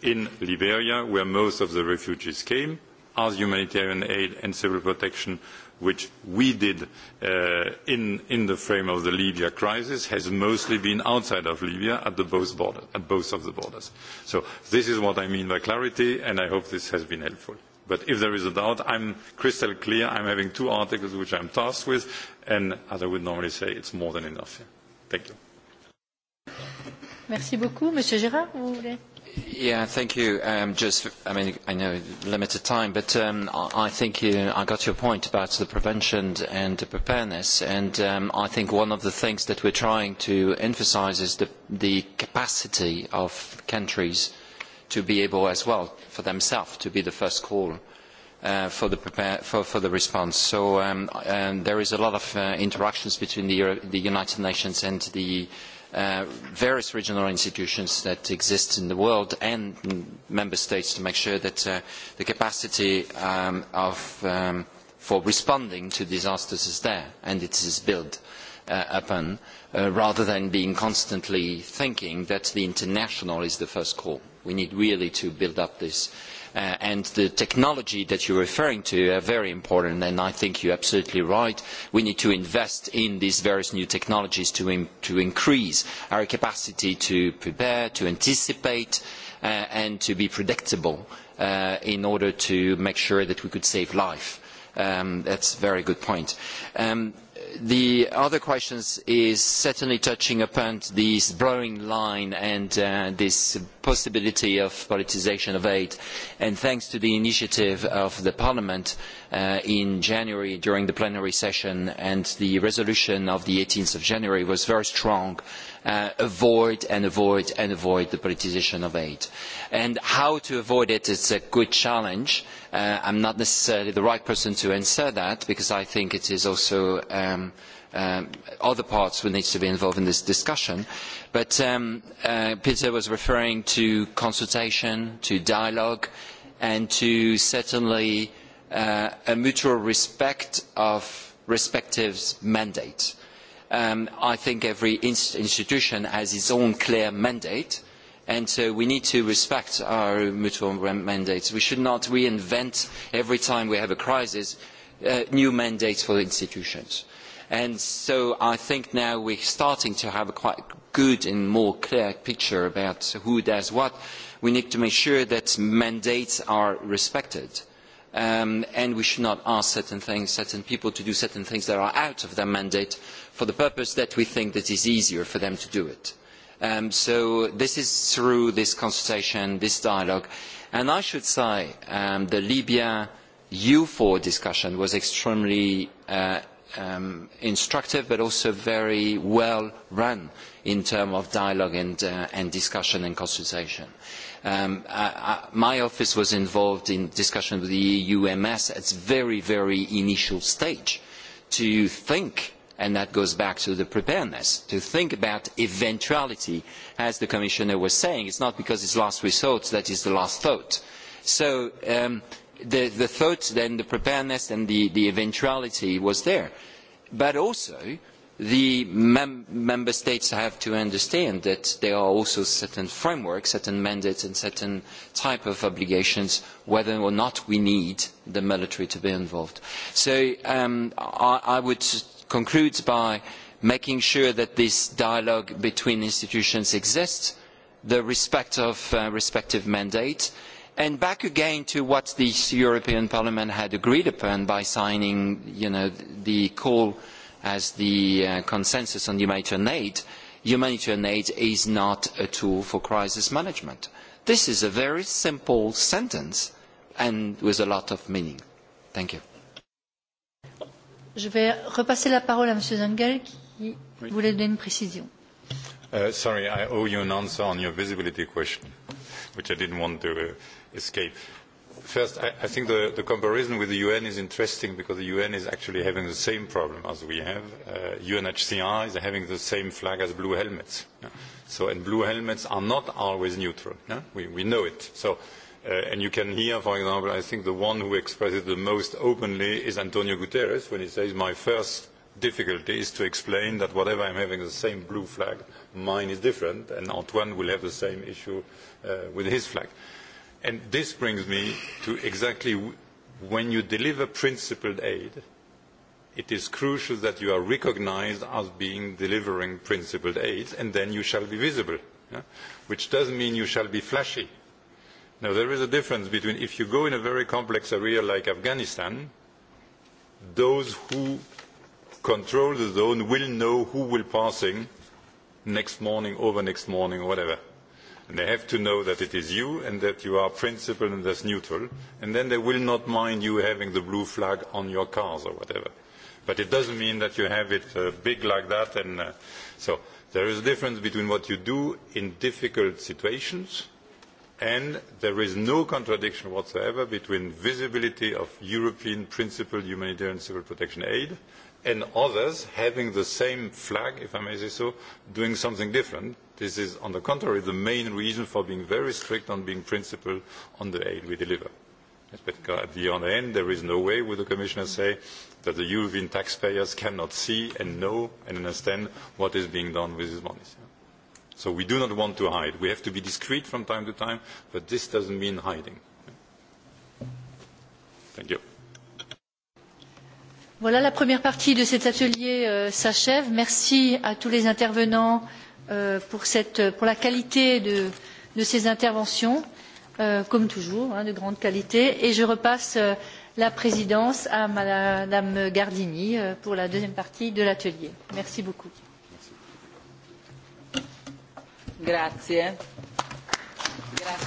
in Liberia, where most of the refugees came, as humanitarian aid and civil protection, which we did uh, in, in the frame of the Libya crisis, has mostly been outside of Libya at, the both, border, at both of the borders. So this is what I mean by clarity, and I hope this has been helpful. But if there is a doubt, I'm crystal clear. I'm having two articles which I'm tasked with, and as I would normally say, it's more than enough. Thank you. Merci beaucoup. Monsieur Gérard, vous voulez? Yeah, thank you. Um, just, I mean, I know limited time, but um, I think you, I got your point about the prevention and the preparedness. And um, I think one of the things that we're trying to emphasise is the, the capacity of countries to be able as well for themselves to be the first call uh, for, the prepare, for, for the response. So um, and there is a lot of uh, interactions between the, Euro the United Nations and the uh, various regional institutions that exist in the world and member states to make sure that uh, the capacity um, of, um, for responding to disasters is there and it is built uh, upon uh, rather than being constantly thinking that the international is the first call. We need really to build up this. Uh, and the technology that you're referring to are very important, and I think you're absolutely right. We need to invest in these various new technologies to, to increase our capacity to prepare, to anticipate, uh, and to be predictable uh, in order to make sure that we could save life. Um, that's a very good point. Um, the other questions is certainly touching upon this blurring line and uh, this possibility of politicisation of aid. And thanks to the initiative of the Parliament, uh, in January during the plenary session and the resolution of the 18th of January was very strong, uh, avoid and avoid and avoid the politicization of aid. And how to avoid it is a good challenge. Uh, I'm not necessarily the right person to answer that because I think it is also um, um, other parts who needs to be involved in this discussion. But um, uh, Peter was referring to consultation, to dialogue, and to certainly uh, a mutual respect of respective mandates. Um, I think every institution has its own clear mandate, and so we need to respect our mutual mandates. We should not reinvent every time we have a crisis uh, new mandates for institutions. And so I think now we're starting to have a quite good and more clear picture about who does what. We need to make sure that mandates are respected um, and we should not ask certain things, certain people to do certain things that are out of their mandate for the purpose that we think that is easier for them to do it. Um, so this is through this consultation, this dialogue. And I should say um, the Libya U4 discussion was extremely uh, um, instructive but also very well run in terms of dialogue and, uh, and discussion and consultation. Uh, Um, I, I, my office was involved in discussion with the EUMS at very, very initial stage to think and that goes back to the preparedness, to think about eventuality, as the Commissioner was saying. It's not because it's last resort that is the last thought. So um, the, the thought, then the preparedness and the, the eventuality was there. But also, the mem member states have to understand that there are also certain frameworks, certain mandates and certain type of obligations whether or not we need the military to be involved. So um, I, I would conclude by making sure that this dialogue between institutions exists, the respect of uh, respective mandates, and back again to what the European Parliament had agreed upon by signing you know, the call as the uh, consensus on humanitarian aid, humanitarian aid is not a tool for crisis management. This is a very simple sentence and with a lot of meaning. Thank you. Je vais repasser la parole à M. Zengel qui oui. voulait donner une précision. Uh, sorry, I owe you an answer on your visibility question, which I didn't want to uh, escape. First, I, I think the, the comparison with the UN is interesting because the UN is actually having the same problem as we have. Uh, UNHCR is having the same flag as blue helmets. Yeah? So, and blue helmets are not always neutral. Yeah? We, we know it. So, uh, and you can hear, for example, I think the one who expressed it the most openly is Antonio Guterres when he says, my first difficulty is to explain that whatever I'm having the same blue flag, mine is different, and Antoine will have the same issue uh, with his flag. Uh, And this brings me to exactly when you deliver principled aid, it is crucial that you are recognized as being delivering principled aid, and then you shall be visible. Yeah? Which doesn't mean you shall be flashy. Now, there is a difference between if you go in a very complex area like Afghanistan, those who control the zone will know who will passing next morning, over next morning, or whatever They have to know that it is you and that you are principled and that's neutral. And then they will not mind you having the blue flag on your cars or whatever. But it doesn't mean that you have it uh, big like that. And uh, so there is a difference between what you do in difficult situations and there is no contradiction whatsoever between visibility of European principled humanitarian civil protection aid and others having the same flag, if I may say so, doing something different This is, on the contrary, the main reason for being very strict on being principled on the aid we deliver. But at the other end, there is no way, would the Commissioner say, that the European taxpayers cannot see and know and understand what is being done with these monies. So we do not want to hide. We have to be discreet from time to time, but this does not mean hiding. Thank you. Voilà, la première partie de cet atelier euh, s'achève. Merci à tous les intervenants Euh, pour, cette, pour la qualité de, de ces interventions, euh, comme toujours, hein, de grande qualité. Et je repasse euh, la présidence à Madame Gardini euh, pour la deuxième partie de l'atelier. Merci beaucoup. Grazie. Grazie a tutti. Grazie.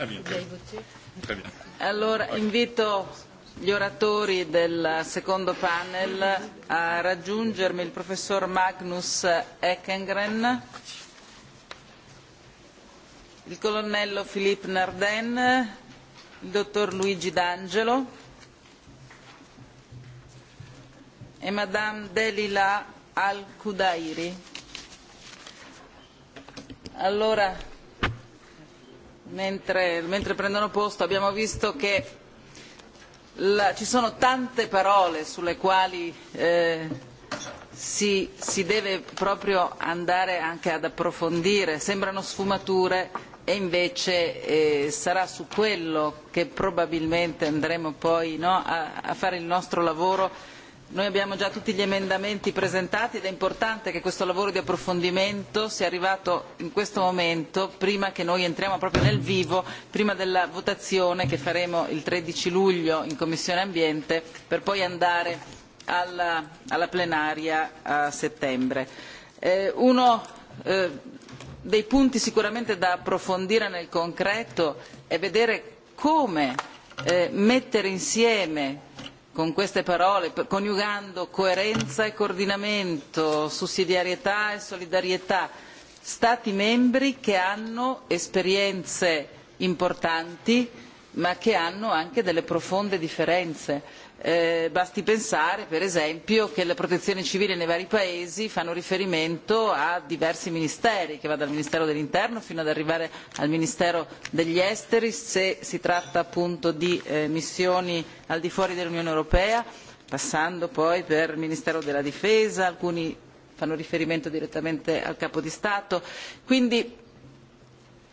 Ah bien. Très bien. Allora invito gli oratori del secondo panel a raggiungermi il professor Magnus Eckengren, il colonnello Philippe Nardin, il dottor Luigi D'Angelo e madame Delila Al-Kudairi. Allora, mentre, mentre prendono posto abbiamo visto che la, ci sono tante parole sulle quali eh, si, si deve proprio andare anche ad approfondire, sembrano sfumature e invece eh, sarà su quello che probabilmente andremo poi no, a, a fare il nostro lavoro Noi abbiamo già tutti gli emendamenti presentati ed è importante che questo lavoro di approfondimento sia arrivato in questo momento, prima che noi entriamo proprio nel vivo, prima della votazione che faremo il tredici luglio in Commissione Ambiente, per poi andare alla, alla plenaria a settembre. Eh, uno eh, dei punti sicuramente da approfondire nel concreto è vedere come eh, mettere insieme con queste parole, coniugando coerenza e coordinamento, sussidiarietà e solidarietà, Stati membri che hanno esperienze importanti ma che hanno anche delle profonde differenze Eh, basti pensare per esempio che la protezione civile nei vari paesi fanno riferimento a diversi ministeri che va dal ministero dell'interno fino ad arrivare al ministero degli esteri se si tratta appunto di eh, missioni al di fuori dell'unione europea passando poi per il ministero della difesa alcuni fanno riferimento direttamente al capo di stato quindi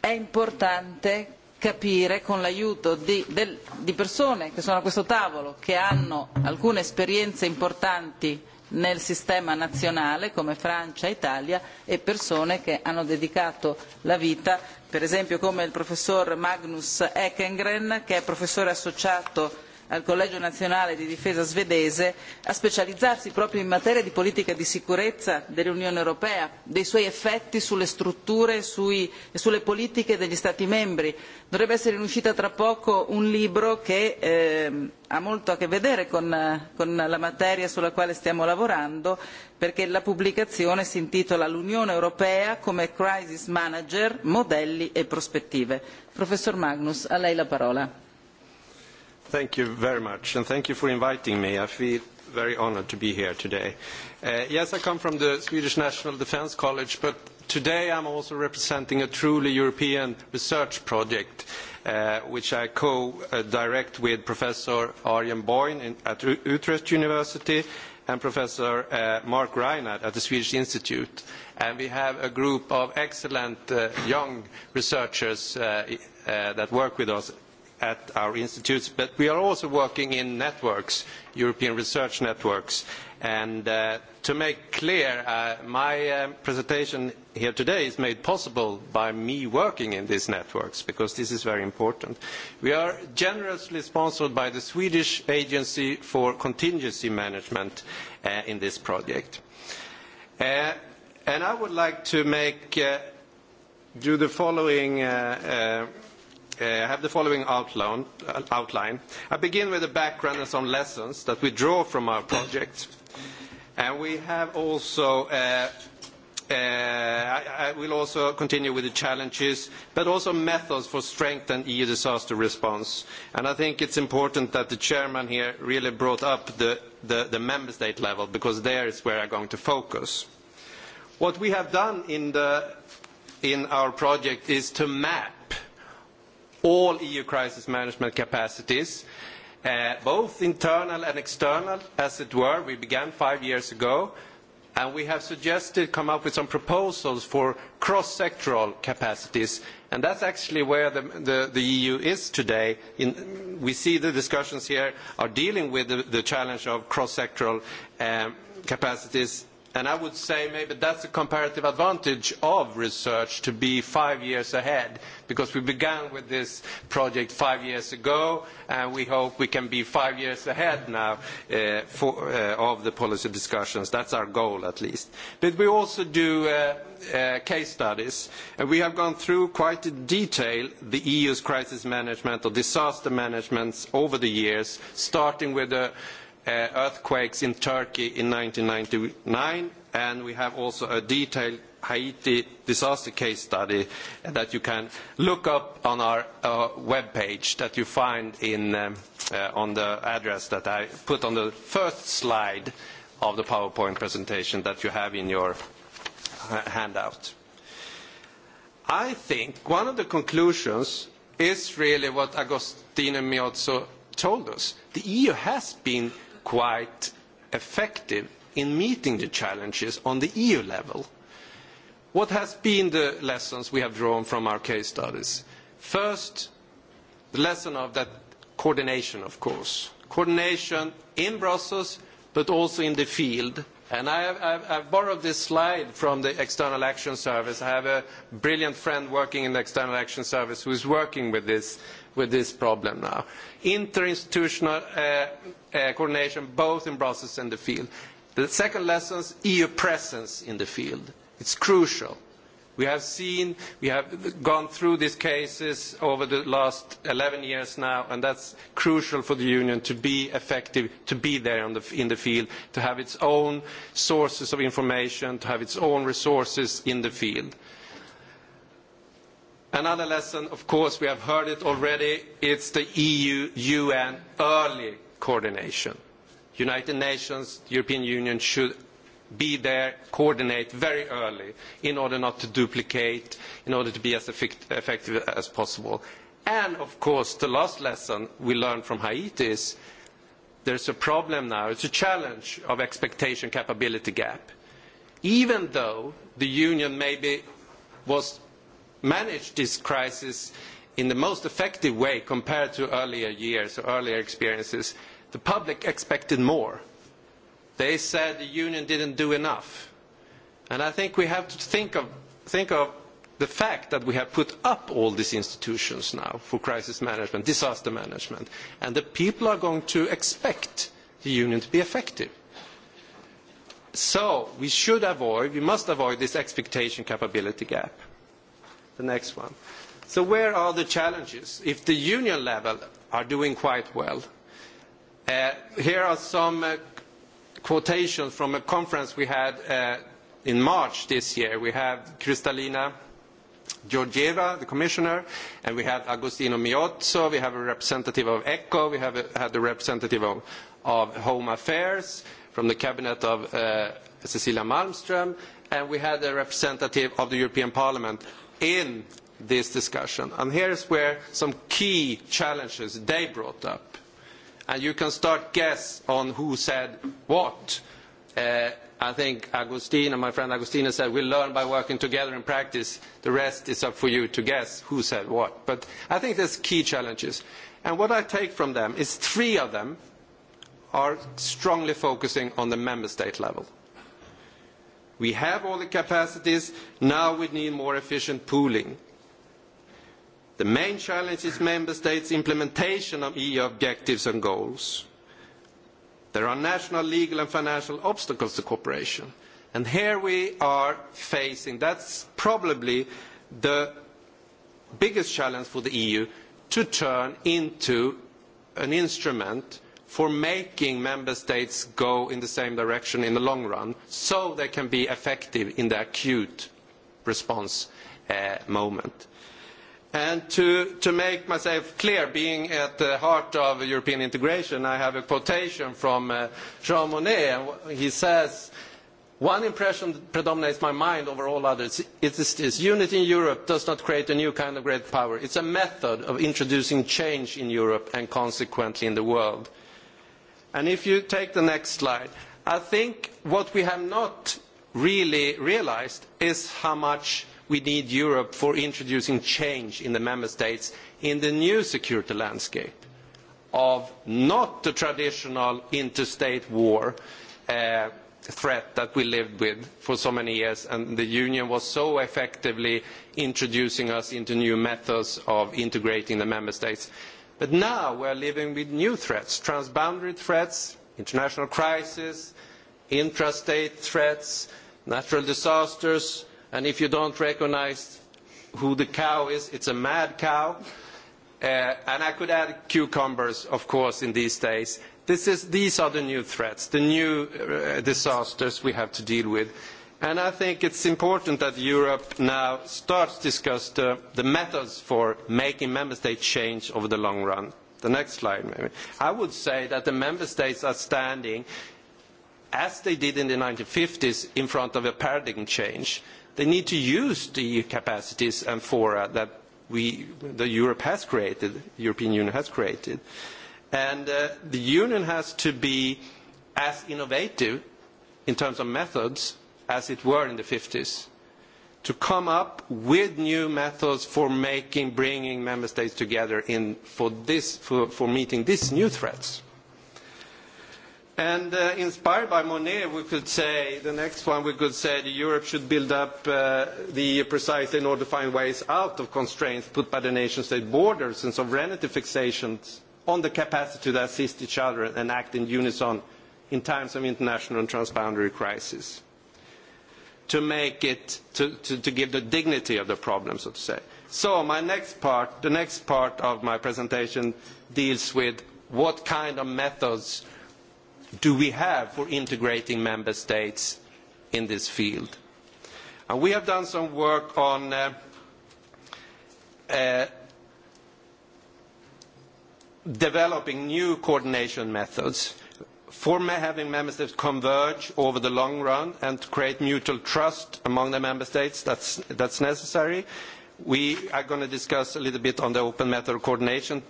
è importante capire con l'aiuto di, persone che sono a questo tavolo che hanno alcune esperienze importanti nel sistema nazionale come Francia e Italia e persone che hanno dedicato la vita per esempio come il professor Magnus Ekengren che è professore associato al Collegio nazionale di difesa svedese a specializzarsi proprio in materia di politica di sicurezza dell'Unione europea, dei suoi effetti sulle strutture sui, e sulle politiche degli Stati membri. Dovrebbe essere in uscita tra poco un libro che eh, ha molto a che vedere con, con la materia sulla quale stiamo lavorando, perché la pubblicazione si intitola L'Unione europea come crisis manager, modelli e prospettive. Professor Magnus, a lei la parola. Thank you very much, and thank you for inviting me. I feel very honored to be here today. Uh, yes, I come from the Swedish National Defence College, but today I'm also representing a truly European research project, uh, which I co-direct with Professor Arjen Bojn in, at Utrecht University and Professor uh, Mark Reinhardt at the Swedish Institute. And we have a group of excellent young researchers that work with us at our institutes, but we are also working in networks, European research networks. And uh, to make clear, uh, my uh, presentation here today is made possible by me working in these networks, because this is very important. We are generously sponsored by the Swedish Agency for Contingency Management in this project. and I would like to make, do the following Uh, I have the following uh, outline. I begin with the background and some lessons that we draw from our project. we have also. Uh, I will also continue with the challenges, but also methods for strengthening EU disaster response. And I think it's important that the chairman here really brought up the, member state level, because there is where I'm going to focus. What we have done in our project is to map all EU crisis management capacities, uh, both internal and external, as it were. We began five years ago, and we have suggested, come up with some proposals for cross-sectoral capacities, and that's actually where the, EU e is today. we see the discussions here are dealing with the, challenge of cross-sectoral um, capacities And I would say maybe that's a comparative advantage of research to be five years ahead, because we began with this project five years ago, and we hope we can be five years ahead now uh, uh, of the policy discussions. That's our goal, at least. But we also do uh, case studies, and we have gone through quite in detail the EU's crisis management or disaster management over the years, starting with Uh, earthquakes in Turkey in 1999, and we have also a detailed Haiti disaster case study that you can look up on our web uh, webpage that you find in, um, uh, on the address that I put on the first slide of the PowerPoint presentation that you have in your handout. I think one of the conclusions is really what Agostino Miozzo told us. The EU has been quite effective in meeting the challenges on the EU level. What has been the lessons we have drawn from our case studies? First, the lesson of that coordination, of course. Coordination in Brussels, but also in the field. And I have, I've borrowed this slide from the External Action Service. I have a brilliant friend working in the External Action Service who is working with this with this problem now. Interinstitutional uh, uh, coordination both in Brussels and the field. The second lesson is EU presence in the field. It's crucial. We have seen, we have gone through these cases over the last 11 years now, and that's crucial for the Union to be effective, to be there the, in the field, to have its own sources of information, to have its own resources in the field. Another lesson, of course, we have heard it already, it's the EU-UN early coordination. United Nations, the European Union should be there, coordinate very early in order not to duplicate, in order to be as effective as possible. And of course, the last lesson we learned from Haiti is there's a problem now, it's a challenge of expectation capability gap. Even though the Union maybe was manage this crisis in the most effective way compared to earlier years or earlier experiences, the public expected more. They said the union didn't do enough. And I think we have to think of, think of the fact that we have put up all these institutions now for crisis management, disaster management, and the people are going to expect the union to be effective. So we should avoid, we must avoid this expectation capability gap the next one. So where are the challenges? If the union level are doing quite well, uh, here are some uh, quotations from a conference we had uh, in March this year. We have Kristalina Georgieva, the commissioner, and we had Agostino Miozzo, we have a representative of ECHO, we have a, had a representative of, of Home Affairs, from the cabinet of uh, Cecilia Malmström, and we had a representative of the European Parliament in this discussion. And here's where some key challenges they brought up. And you can start guess on who said what. Uh, I think Agustina, my friend Agustina said, we learn by working together in practice. The rest is up for you to guess who said what. But I think there's key challenges. And what I take from them is three of them are strongly focusing on the member state level. We have all the capacities. Now we need more efficient pooling. The main challenge is member states' implementation of EU objectives and goals. There are national legal and financial obstacles to cooperation. And here we are facing, that's probably the biggest challenge for the EU, to turn into an instrument for making member states go in the same direction in the long run so they can be effective in the acute response uh, moment. And to, to make myself clear, being at the heart of European integration, I have a quotation from uh, Jean Monnet. He says, one impression that predominates my mind over all others it is this unity in europe does not create a new kind of great power it is a method of introducing change in europe and consequently in the world if you take the next slide, I think what we have not really realized is how much we need Europe for introducing change in the member states in the new security landscape of not the traditional interstate war uh, threat that we lived with for so many years, and the Union was so effectively introducing us into new methods of integrating the member states. But now we are living with new threats, transboundary threats, international crisis, intrastate threats, natural disasters, and if you don't recognize who the cow is, it's a mad cow. Uh, and I could add cucumbers, of course, in these days. these are the new threats, the new uh, disasters we have to deal with And I think it's important that Europe now starts to discuss the, the methods for making member states change over the long run. The next slide, maybe. I would say that the member states are standing, as they did in the 1950s, in front of a paradigm change. They need to use the EU capacities and fora that we, the Europe has created, European Union has created. And uh, the Union has to be as innovative in terms of methods as it were in the 50s, to come up with new methods for making, bringing member states together in, for, this, for, for meeting these new threats. And uh, inspired by Monet, we could say, the next one we could say that Europe should build up uh, the EU precisely in order to find ways out of constraints put by the nation state borders and sovereignty fixations on the capacity to assist each other and act in unison in times of international and transboundary crisis to make it to, to, to give the dignity of the problem, so to say. So my next part, the next part of my presentation deals with what kind of methods do we have for integrating member states in this field. And we have done some work on uh, uh, developing new coordination methods for having member states converge over the long run and to create mutual trust among the member states that's that's necessary we are going to discuss a little bit on the open method of coordination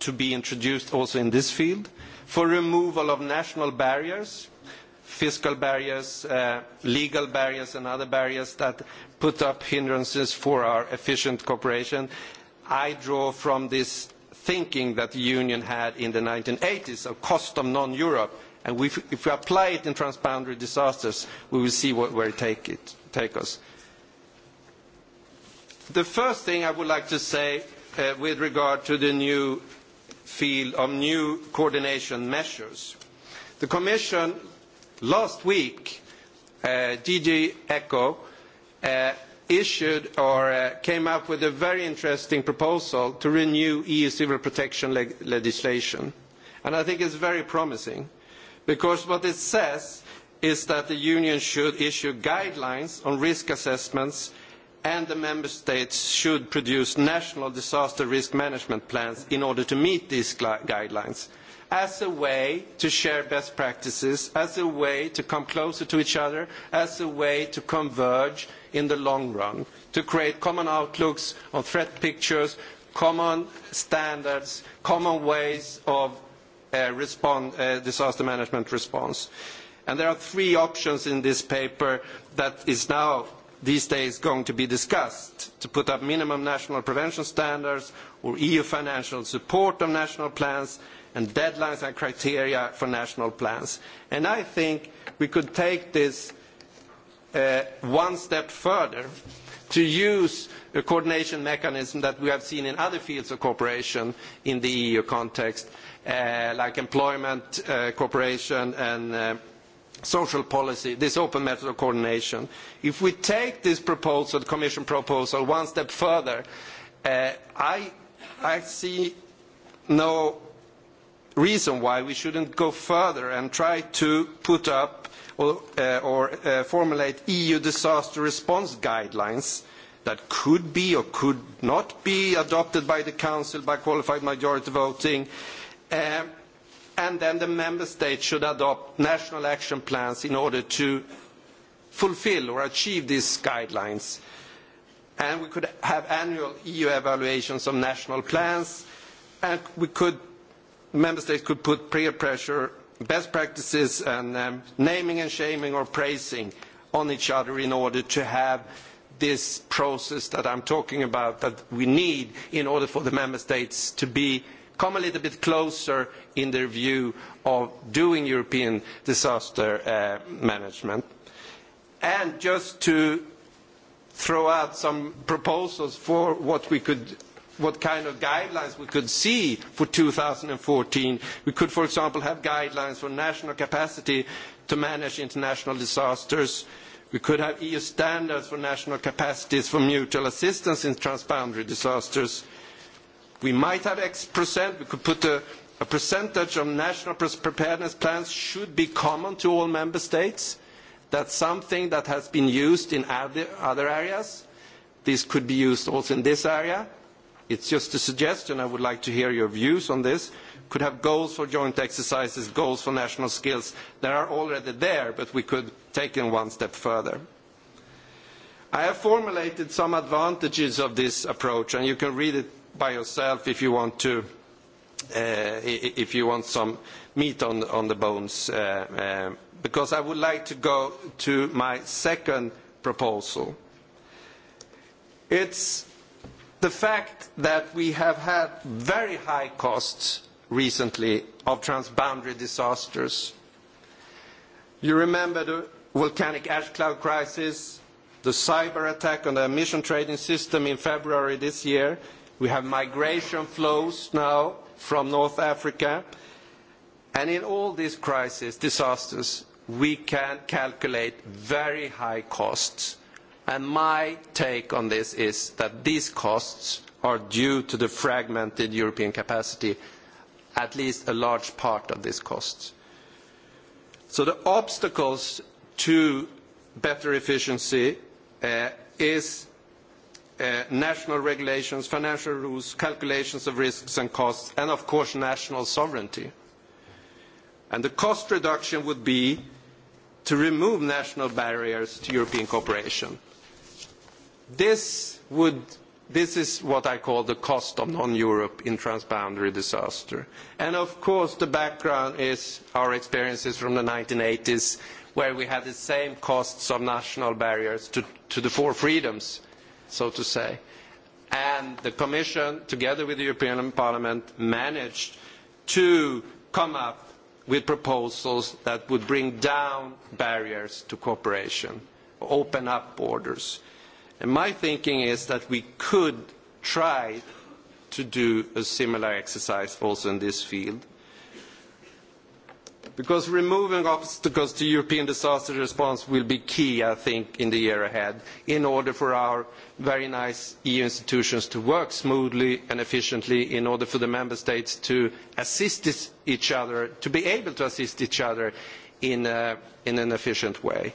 to be introduced also in this field for removal of national barriers fiscal barriers uh, legal barriers and other barriers that put up hindrances for our efficient cooperation i draw from this thinking that the union had in the 1980s of cost of non-Europe And if we apply it in transboundary disasters, we will see what, where it take, it take us. The first thing I would like to say uh, with regard to the new field of new coordination measures. The Commission last week, uh, DG ECHO, uh, issued or uh, came up with a very interesting proposal to renew EU civil protection leg legislation. And I think it's very promising because what it says is that the union should issue guidelines on risk assessments and the member states should produce national disaster risk management plans in order to meet these guidelines as a way to share best practices, as a way to come closer to each other, as a way to converge in the long run, to create common outlooks on threat pictures, common standards, common ways of Uh, uh, disaster management response. And there are three options in this paper that is now these days going to be discussed to put up minimum national prevention standards or EU financial support of national plans and deadlines and criteria for national plans. And I think we could take this uh, one step further to use a coordination mechanism that we have seen in other fields of cooperation in the EU context Uh, like employment, uh, cooperation, and uh, social policy, this open method of coordination. If we take this proposal, the Commission proposal, one step further, I, see no reason why we shouldn't go further and try to put up or, formulate EU disaster response guidelines that could be or could not be adopted by the Council by qualified majority voting. Uh, and then the member states should adopt national action plans in order to fulfil or achieve these guidelines. And we could have annual EU evaluations of national plans, and we could, member states could put peer pressure, best practices, and um, naming and shaming or praising on each other in order to have this process that I'm talking about that we need in order for the member states to be come a little bit closer in their view of doing European disaster uh, management. And just to throw out some proposals for what we could what kind of guidelines we could see for 2014. We could, for example, have guidelines for national capacity to manage international disasters. We could have EU standards for national capacities for mutual assistance in transboundary disasters. Uh, we might have X percent, we could put a, a percentage of national preparedness plans should be common to all member states. That's something that has been used in other areas. This could be used also in this area. It's just a suggestion. I would like to hear your views on this. Could have goals for joint exercises, goals for national skills that are already there, but we could take them one step further. I have formulated some advantages of this approach, and you can read it by yourself if you want to uh, if you want some meat on, on the bones, uh, uh, because I would like to go to my second proposal. It's the fact that we have had very high costs recently of transboundary disasters. You remember the volcanic ash cloud crisis, the cyber attack on the emission trading system in February this year, We have migration flows now from North Africa. and In all these crises, disasters, we can calculate very high costs. and My take on this is that these costs are due to the fragmented European capacity, at least a large part of these costs. So The obstacles to better efficiency uh, is Uh, national regulations, financial rules, calculations of risks and costs, and of course national sovereignty. And the cost reduction would be to remove national barriers to European cooperation. This, would, this is what I call the cost of non-Europe in transboundary disaster. And of course the background is our experiences from the 1980s where we had the same costs of national barriers to, to the four freedoms – so to say. And the Commission, together with the European Parliament, managed to come up with proposals that would bring down barriers to cooperation, open up borders. And my thinking is that we could try to do a similar exercise also in this field because removing obstacles to European disaster response will be key, I think, in the year ahead, in order for our very nice EU institutions to work smoothly and efficiently, in order for the member states to assist each other, to be able to assist each other in, a, uh, in an efficient way.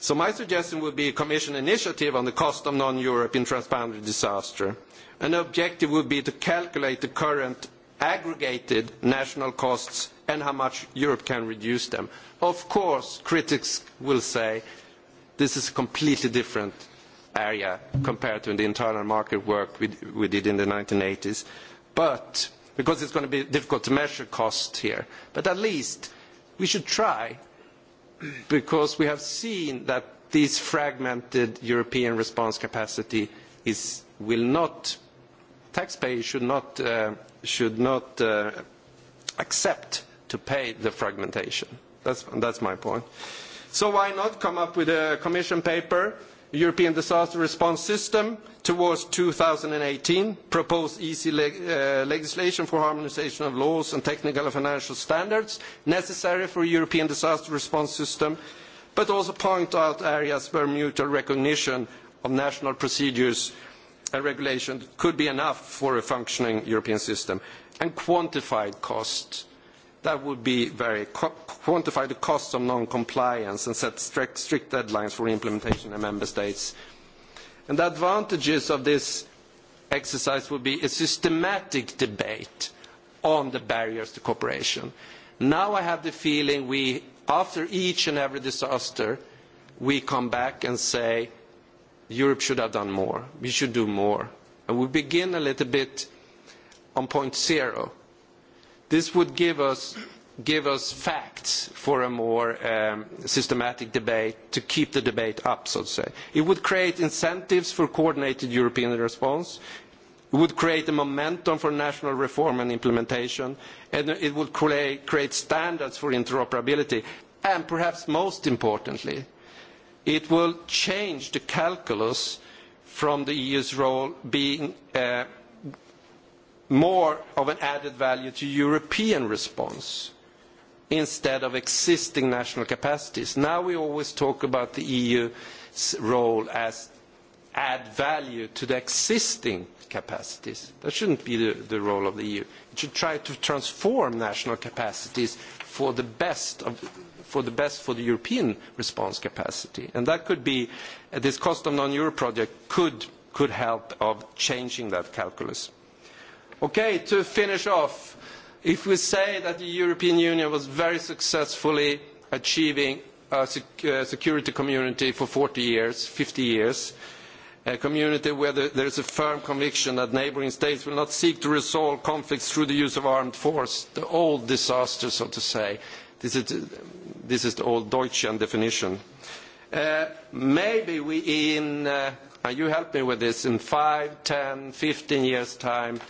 So my suggestion would be a Commission initiative on the cost of non-European transboundary disaster. An objective would be to calculate the current aggregated national costs and how much Europe can reduce them. Of course, critics will say this is a completely different area compared to the internal market work we, did in the 1980s. But because it's going to be difficult to measure costs here, but at least we should try because we have seen that this fragmented European response capacity is, will not taxpayers should not, uh, uh, accept to pay the fragmentation. That's, my point. So why not come up with a commission paper, European Disaster Response System towards 2018, propose easy uh, legislation for harmonization of laws and technical and financial standards necessary for European disaster response system, but also point out areas where mutual recognition of national procedures and regulation could be enough for a functioning European system. And quantified costs. That would be very quantify the cost of non-compliance and set strict, deadlines for implementation in member states. the advantages of this exercise would be a systematic debate on the barriers to cooperation. Now I have the feeling we, after each and every disaster, we come back and say, Europe should have done more. We should do more. And we begin a little bit on point zero. This would give us, give us facts for a more um, systematic debate to keep the debate up, so to say. It would create incentives for coordinated European response. It would create a momentum for national reform and implementation, and it would create standards for interoperability. And perhaps most importantly, It will change the calculus from the EU's role being uh, more of an added value to European response instead of existing national capacities. Now we always talk about the EU's role as add value to the existing capacities. That shouldn't be the, the role of the EU. It should try to transform national capacities for the best of for the best for the European response capacity. And that could be, uh, this cost of non-euro project could, could help of changing that calculus. Okay, to finish off, if we say that the European Union was very successfully achieving a uh, security community for 40 years, 50 years, a community where there is a firm conviction that neighbouring states will not seek to resolve conflicts through the use of armed force, the old disaster, so to say. This is this is the old Deutschian definition. Uh, maybe we in, uh, and you help me with this, in 5, 10, 15 years' time,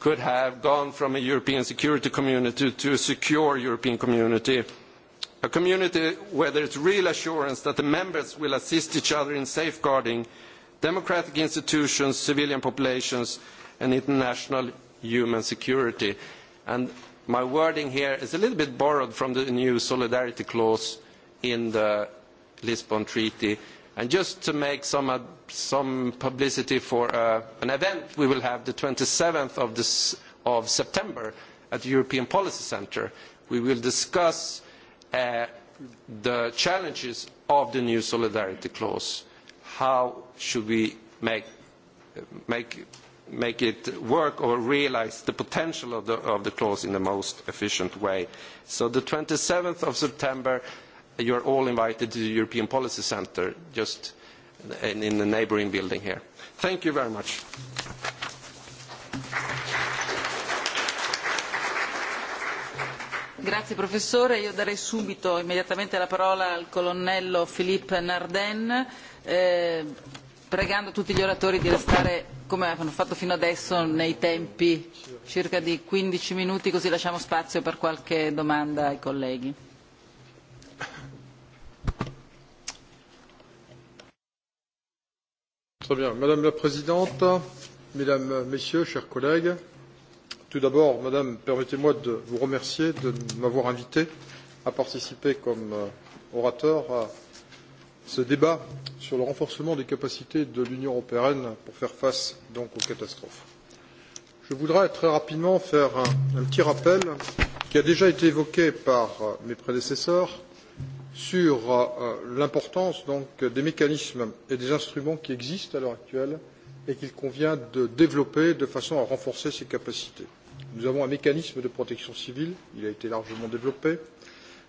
could have gone from a European security community to a secure European community. A community where there is real assurance that the members will assist each other in safeguarding democratic institutions, civilian populations, and international human security. And my wording here is a little bit borrowed from the new solidarity clause in the Lisbon Treaty. And just to make some, uh, some publicity for uh, an event we will have the 27th of, this, of September at the European Policy Centre, we will discuss uh, the challenges of the new solidarity clause. How should we make, uh, make make it work or realize the potential of the, clause in the most efficient way. So the 27th of September, you're all invited to the European Policy Center, just in, in the neighboring building here. Thank you very much. Grazie professore, io darei subito immediatamente la parola al colonnello Philippe Nardin. Eh, pregando tutti gli oratori di restare, come hanno fatto fino adesso, nei tempi circa di 15 minuti, così lasciamo spazio per qualche domanda ai colleghi. Très bien. Madame la Présidente, Mesdames, Messieurs, chers collègues, tout d'abord, Madame, permettez-moi de vous remercier de m'avoir invité à participer comme euh, orateur à ce débat sur le renforcement des capacités de l'Union européenne pour faire face donc aux catastrophes. Je voudrais très rapidement faire un, un petit rappel qui a déjà été évoqué par euh, mes prédécesseurs sur euh, euh, l'importance donc des mécanismes et des instruments qui existent à l'heure actuelle et qu'il convient de développer de façon à renforcer ces capacités. Nous avons un mécanisme de protection civile, il a été largement développé.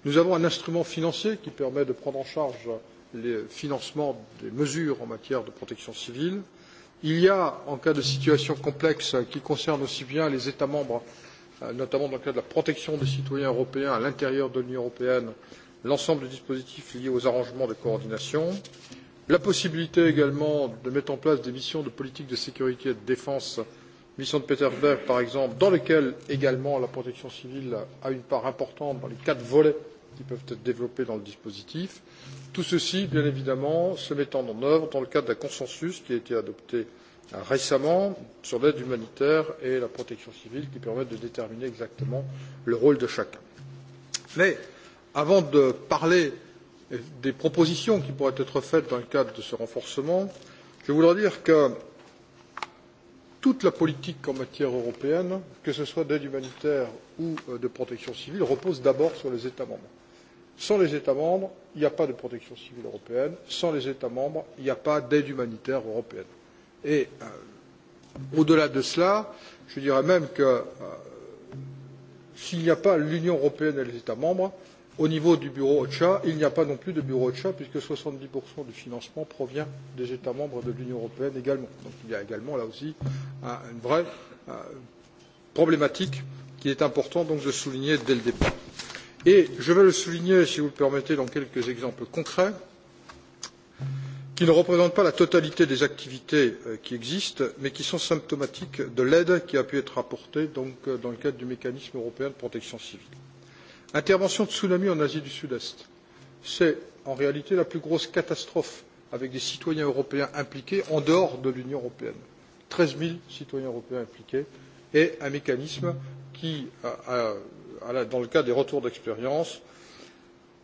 Nous avons un instrument financier qui permet de prendre en charge le financement des mesures en matière de protection civile. Il y a, en cas de situation complexe qui concerne aussi bien les États membres, euh, notamment dans le cas de la protection des citoyens européens à l'intérieur de l'Union européenne, l'ensemble des dispositifs liés aux arrangements de coordination, la possibilité également de mettre en place des missions de politique de sécurité et de défense, mission de Peterberg par exemple, dans lesquelles également la protection civile a une part importante dans les quatre volets qui peuvent être développées dans le dispositif. Tout ceci, bien évidemment, se mettant en œuvre dans le cadre d'un consensus qui a été adopté euh, récemment sur l'aide humanitaire et la protection civile qui permettent de déterminer exactement le rôle de chacun. Mais avant de parler des propositions qui pourraient être faites dans le cadre de ce renforcement, je voudrais dire que toute la politique en matière européenne, que ce soit d'aide humanitaire ou euh, de protection civile, repose d'abord sur les États membres. Sans les États membres, il n'y a pas de protection civile européenne. Sans les États membres, il n'y a pas d'aide humanitaire européenne. Et euh, au-delà de cela, je dirais même que euh, s'il n'y a pas l'Union européenne et les États membres, au niveau du bureau OCHA, il n'y a pas non plus de bureau OCHA puisque 70% du financement provient des États membres de l'Union européenne également. Donc il y a également là aussi un, une vraie euh, problématique qu'il est important donc de souligner dès le départ et je vais le souligner si vous le permettez dans quelques exemples concrets qui ne représentent pas la totalité des activités euh, qui existent mais qui sont symptomatiques de l'aide qui a pu être apportée donc, euh, dans le cadre du mécanisme européen de protection civile. intervention de tsunami en asie du sud est c'est en réalité la plus grosse catastrophe avec des citoyens européens impliqués en dehors de l'union européenne treize zéro citoyens européens impliqués et un mécanisme qui a, a dans le cadre des retours d'expérience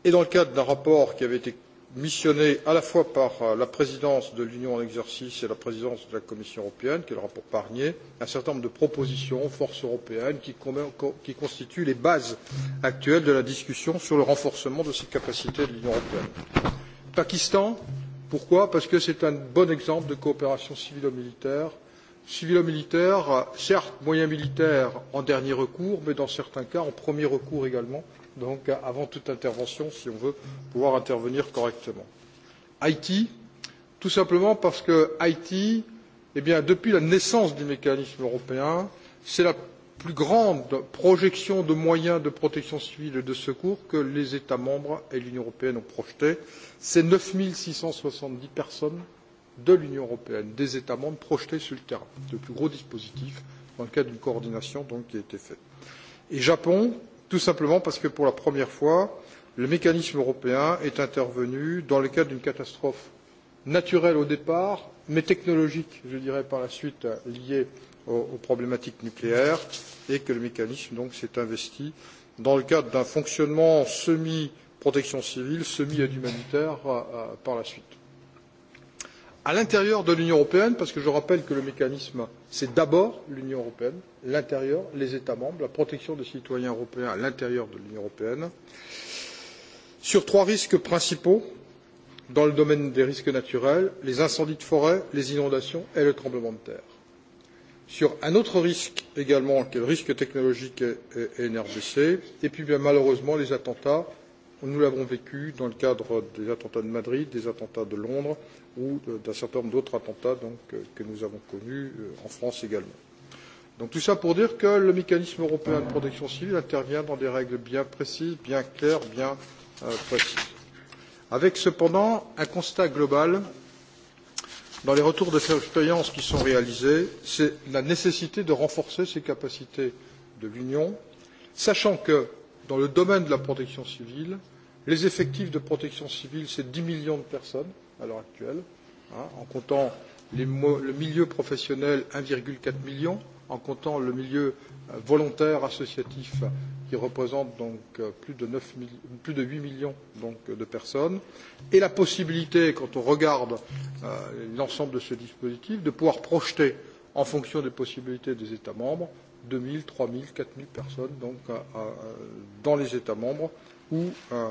et dans le cadre d'un rapport qui avait été missionné à la fois par euh, la présidence de l'union en exercice et la présidence de la commission européenne qui est le rapport barnier un certain nombre de propositions force européenne qui constituent les bases actuelles de la discussion sur le renforcement de cette capacités de l'union européenne. pakistan pourquoi? parce que c'est un bon exemple de coopération civilo militaire civilo militaire certes moyens militaires en dernier recours mais dans certains cas en premier recours également donc avant toute intervention si on veut pouvoir intervenir correctement. haïti tout simplement parce que haïti eh bien, depuis la naissance du mécanisme européen c'est la plus grande projection de moyens de protection civile et de secours que les états membres et l'union européenne ont projetés c'est neuf six cent soixante dix personnes de l'Union européenne, des États membres projetés sur le terrain, le plus gros dispositif dans le cadre d'une coordination donc, qui a été faite. Et Japon, tout simplement parce que pour la première fois, le mécanisme européen est intervenu dans le cadre d'une catastrophe naturelle au départ, mais technologique, je dirais, par la suite liée aux, aux problématiques nucléaires, et que le mécanisme donc s'est investi dans le cadre d'un fonctionnement semi-protection civile, semi-aide humanitaire euh, euh, par la suite à l'intérieur de l'Union européenne, parce que je rappelle que le mécanisme, c'est d'abord l'Union européenne, l'intérieur, les États membres, la protection des citoyens européens à l'intérieur de l'Union européenne, sur trois risques principaux dans le domaine des risques naturels, les incendies de forêt, les inondations et le tremblement de terre. Sur un autre risque également, qui est le risque technologique et, et, et puis bien malheureusement les attentats Nous l'avons vécu dans le cadre des attentats de Madrid, des attentats de Londres ou d'un certain nombre d'autres attentats donc, euh, que nous avons connus euh, en France également. Donc tout ça pour dire que le mécanisme européen de protection civile intervient dans des règles bien précises, bien claires, bien euh, précises. Avec cependant un constat global dans les retours de expérience qui sont réalisés, c'est la nécessité de renforcer ces capacités de l'Union, sachant que dans le domaine de la protection civile, les effectifs de protection civile, c'est 10 millions de personnes à l'heure actuelle, hein, en comptant les, le milieu professionnel 1,4 million, en comptant le milieu euh, volontaire associatif qui représente donc euh, plus de, 9 000, plus de 8 millions donc, de personnes, et la possibilité, quand on regarde euh, l'ensemble de ce dispositif, de pouvoir projeter, en fonction des possibilités des États membres, 2 000, 3 000, 4 000 personnes donc, à, dans les États membres ou à, euh,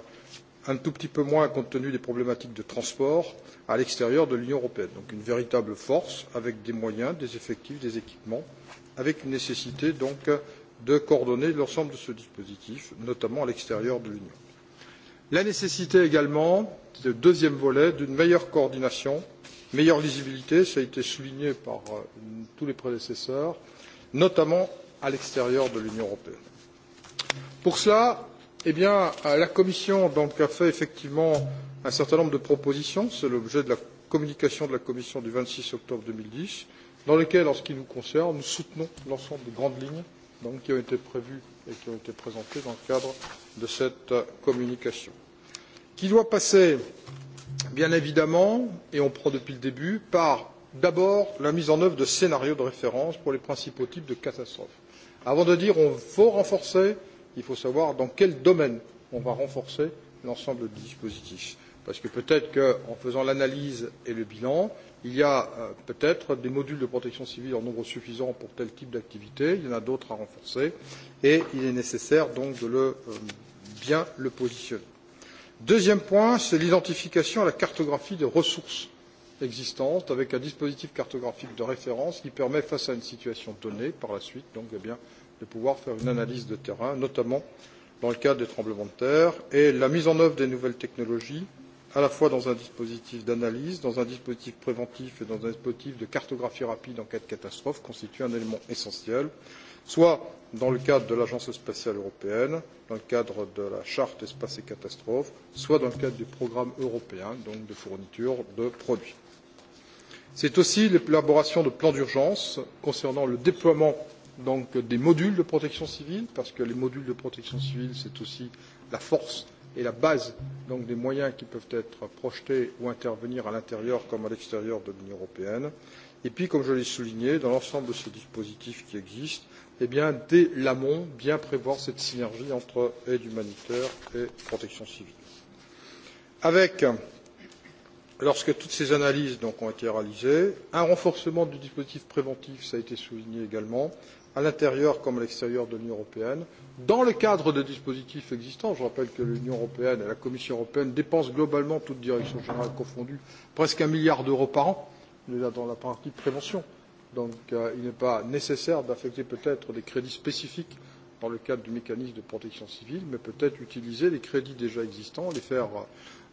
un tout petit peu moins compte tenu des problématiques de transport à l'extérieur de l'Union européenne. Donc une véritable force avec des moyens, des effectifs, des équipements, avec une nécessité donc de coordonner l'ensemble de ce dispositif, notamment à l'extérieur de l'Union. La nécessité également, c'est le deuxième volet, d'une meilleure coordination, meilleure lisibilité, ça a été souligné par euh, tous les prédécesseurs, notamment à l'extérieur de l'Union européenne. Pour cela, eh bien, la Commission donc, a fait effectivement un certain nombre de propositions. C'est l'objet de la communication de la Commission du 26 octobre 2010, dans laquelle, en ce qui nous concerne, nous soutenons l'ensemble des grandes lignes donc, qui ont été prévues et qui ont été présentées dans le cadre de cette communication, qui doit passer, bien évidemment, et on prend depuis le début, par d'abord la mise en œuvre de scénarios de référence pour les principaux types de catastrophes. Avant de dire on faut renforcer, il faut savoir dans quel domaine on va renforcer l'ensemble du dispositif. Parce que peut-être qu'en faisant l'analyse et le bilan, il y a euh, peut-être des modules de protection civile en nombre suffisant pour tel type d'activité, il y en a d'autres à renforcer, et il est nécessaire donc de le, euh, bien le positionner. Deuxième point, c'est l'identification à la cartographie des ressources existantes avec un dispositif cartographique de référence qui permet, face à une situation donnée, par la suite, donc, eh bien, de pouvoir faire une analyse de terrain, notamment dans le cadre des tremblements de terre, et la mise en œuvre des nouvelles technologies, à la fois dans un dispositif d'analyse, dans un dispositif préventif et dans un dispositif de cartographie rapide en cas de catastrophe, constitue un élément essentiel, soit dans le cadre de l'Agence spatiale européenne, dans le cadre de la charte espace et catastrophe, soit dans le cadre du programme européen donc de fourniture de produits. C'est aussi l'élaboration de plans d'urgence concernant le déploiement donc, des modules de protection civile, parce que les modules de protection civile, c'est aussi la force et la base donc, des moyens qui peuvent être projetés ou intervenir à l'intérieur comme à l'extérieur de l'Union européenne. Et puis, comme je l'ai souligné, dans l'ensemble de ces dispositifs qui existent, eh bien, dès l'amont, bien prévoir cette synergie entre aide humanitaire et protection civile. Avec lorsque toutes ces analyses donc, ont été réalisées, un renforcement du dispositif préventif, ça a été souligné également, à l'intérieur comme à l'extérieur de l'Union européenne, dans le cadre de dispositifs existants. Je rappelle que l'Union européenne et la Commission européenne dépensent globalement, toutes directions générales confondues, presque un milliard d'euros par an. On est là dans la partie prévention. Donc euh, il n'est pas nécessaire d'affecter peut-être des crédits spécifiques dans le cadre du mécanisme de protection civile, mais peut-être utiliser les crédits déjà existants, les faire euh,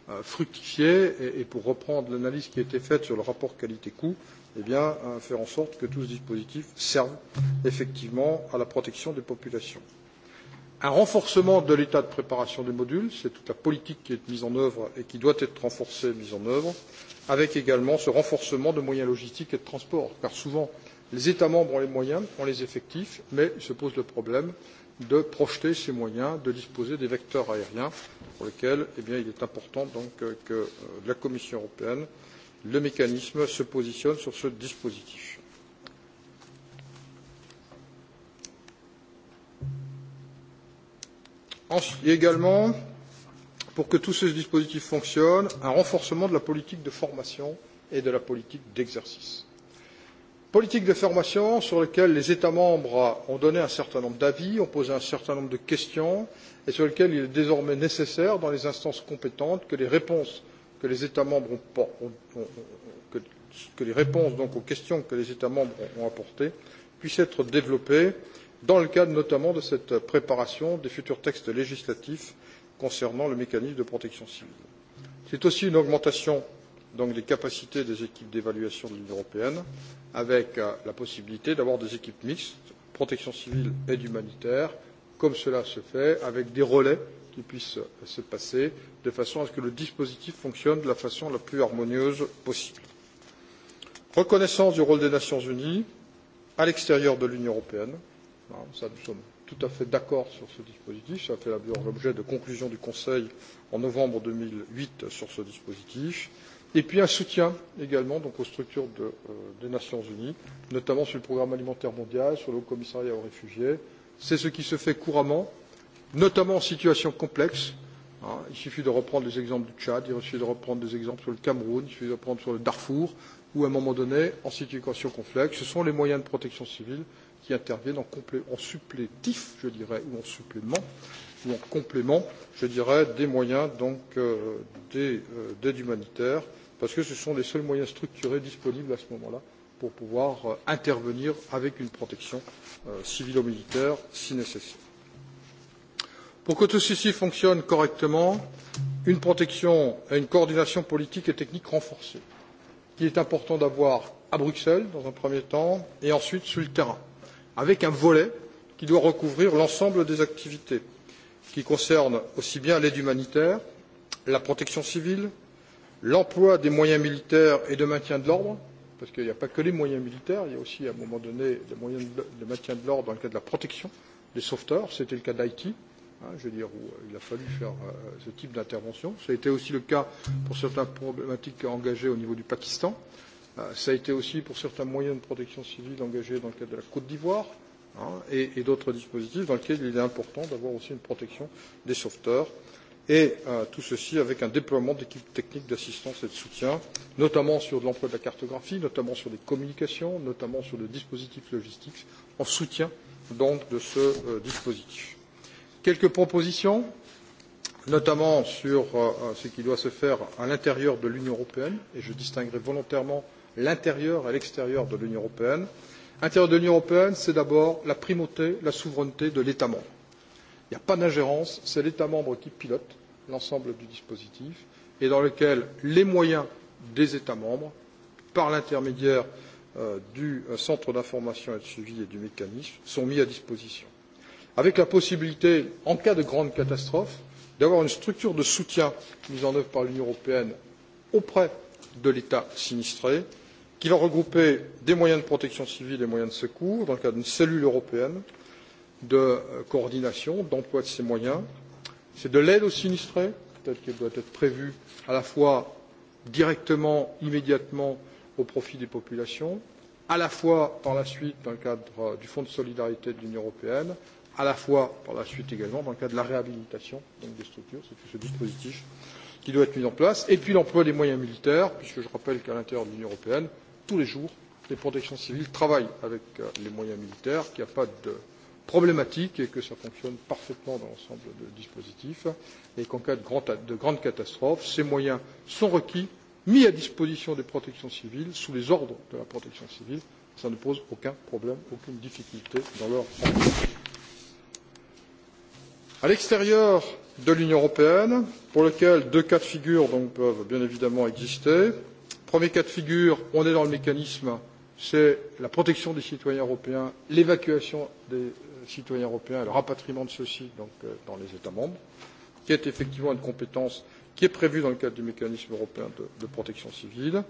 Euh, fructifier et, pour reprendre l'analyse qui a été faite sur le rapport qualité coût eh bien euh, faire en sorte que tout ce dispositif serve effectivement à la protection des populations. Un renforcement de l'état de préparation des modules, c'est toute la politique qui est mise en œuvre et qui doit être renforcée et mise en œuvre, avec également ce renforcement de moyens logistiques et de transport, car souvent les États membres ont les moyens, ont les effectifs, mais se pose le problème de projeter ces moyens, de disposer des vecteurs aériens pour lequel eh bien, il est important donc, euh, que euh, la Commission européenne, le mécanisme, se positionne sur ce dispositif. Ensuite, également, pour que tout ce dispositif fonctionne, un renforcement de la politique de formation et de la politique d'exercice politique de formation sur laquelle les états membres ont donné un certain nombre d'avis ont posé un certain nombre de questions et sur laquelle il est désormais nécessaire dans les instances compétentes que les réponses que les états membres ont, ont, ont que, que les réponses donc aux questions que les états membres ont apportées puissent être développées dans le cadre notamment de cette préparation des futurs textes législatifs concernant le mécanisme de protection civile. c'est aussi une augmentation donc les capacités des équipes d'évaluation de l'Union européenne, avec euh, la possibilité d'avoir des équipes mixtes, protection civile, aide humanitaire, comme cela se fait, avec des relais qui puissent euh, se passer, de façon à ce que le dispositif fonctionne de la façon la plus harmonieuse possible. Reconnaissance du rôle des Nations Unies à l'extérieur de l'Union européenne. Ça, nous sommes tout à fait d'accord sur ce dispositif. Ça a fait l'objet de conclusions du Conseil en novembre 2008 sur ce dispositif. Euh, et puis un soutien également donc, aux structures de, euh, des Nations Unies, notamment sur le programme alimentaire mondial, sur le Haut Commissariat aux réfugiés. C'est ce qui se fait couramment, notamment en situation complexe. Hein. Il suffit de reprendre les exemples du Tchad, il suffit de reprendre des exemples sur le Cameroun, il suffit de reprendre sur le Darfour, où à un moment donné, en situation complexe, ce sont les moyens de protection civile qui interviennent en, complé, en supplétif, je dirais, ou en supplément, ou en complément, je dirais, des moyens donc euh, euh d'aide humanitaire parce que ce sont les seuls moyens structurés disponibles à ce moment là pour pouvoir euh, intervenir avec une protection euh, civilo militaire si nécessaire. Pour que tout ceci fonctionne correctement, une protection et une coordination politique et technique renforcées qu'il est important d'avoir à Bruxelles dans un premier temps et ensuite sur le terrain, avec un volet qui doit recouvrir l'ensemble des activités qui concernent aussi bien l'aide humanitaire, la protection civile, l'emploi des moyens militaires et de maintien de l'ordre, parce qu'il n'y a pas que les moyens militaires, il y a aussi à un moment donné des moyens de maintien de l'ordre dans le cadre de la protection des sauveteurs, c'était le cas d'Haïti, hein, je veux dire, où euh, il a fallu faire euh, ce type d'intervention. Ça a été aussi le cas pour certaines problématiques engagées au niveau du Pakistan. Euh, ça a été aussi pour certains moyens de protection civile engagés dans le cadre de la Côte d'Ivoire hein, et, et d'autres dispositifs dans lesquels il est important d'avoir aussi une protection des sauveteurs et tout ceci avec un déploiement d'équipes techniques d'assistance et de soutien, notamment sur l'emploi de la cartographie, notamment sur les communications, notamment sur le dispositif logistique, en soutien donc de ce euh, dispositif. Quelques propositions, notamment sur euh, euh, ce qui doit se faire à l'intérieur de l'Union européenne, et je distinguerai volontairement l'intérieur et l'extérieur de l'Union européenne. L'intérieur de l'Union européenne, c'est d'abord la primauté, la souveraineté de l'État membre Il n'y a pas d'ingérence, c'est l'État membre qui pilote l'ensemble du dispositif et dans lequel les moyens des États membres, par l'intermédiaire euh, du euh, centre d'information et de suivi et du mécanisme, sont mis à disposition. Avec la possibilité, en cas de grande catastrophe, d'avoir une structure de soutien mise en œuvre par l'Union européenne auprès de l'État sinistré, qui va regrouper des moyens de protection civile et moyens de secours dans le cadre d'une cellule européenne, euh, de coordination, d'emploi de ces moyens. C'est de l'aide aux sinistrés, telle qu'elle doit être prévue à la fois directement, immédiatement au profit des populations, à la fois par la suite dans le cadre du Fonds de solidarité de l'Union européenne, à la fois par la suite également dans le cadre de la réhabilitation donc des structures, c'est tout ce dispositif qui doit être mis en place, et puis l'emploi des moyens militaires, puisque je rappelle qu'à l'intérieur de l'Union européenne, tous les jours, les protections civiles travaillent avec euh, les moyens militaires, qu'il n'y a pas de problématique et que ça fonctionne parfaitement dans l'ensemble du dispositif. et qu'en cas de, grand, de grande catastrophe, ces moyens sont requis, mis à disposition des protections civiles, sous les ordres de la protection civile. Ça ne pose aucun problème, aucune difficulté dans leur application. À l'extérieur de l'Union européenne, pour lequel deux cas de figure donc, peuvent bien évidemment exister. Premier cas de figure, on est dans le mécanisme c'est la protection des citoyens européens, l'évacuation des citoyens européens et le rapatriement de ceux ci donc, euh, dans les États membres, qui est effectivement une compétence qui est prévue dans le cadre du mécanisme européen de, de protection civile,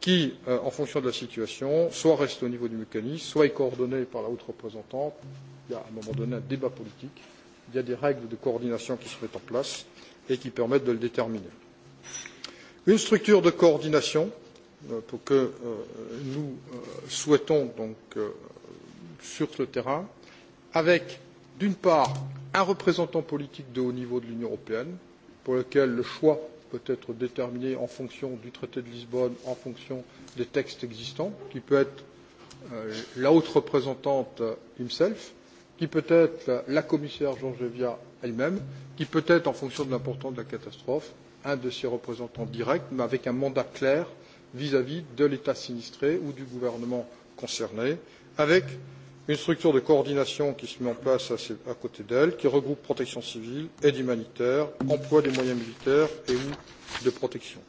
qui, euh, en fonction de la situation, soit reste au niveau du mécanisme, soit est coordonnée par la haute représentante. Il y a à un moment donné un débat politique, il y a des règles de coordination qui se mettent en place et qui permettent de le déterminer. Une structure de coordination euh, pour que euh, nous euh, souhaitons donc euh, sur le terrain avec, d'une part, un représentant politique de haut niveau de l'Union européenne, pour lequel le choix peut être déterminé en fonction du traité de Lisbonne, en fonction des textes existants, qui peut être euh, la haute représentante himself, qui peut être la commissaire Georgieva elle-même, qui peut être, en fonction de l'importance de la catastrophe, un de ses représentants directs, mais avec un mandat clair vis-à-vis -vis de l'État sinistré ou du gouvernement concerné, avec une structure de coordination qui se met en place à, côté d'elle, qui regroupe protection civile, aide humanitaire, emploi des moyens militaires et ou de protection.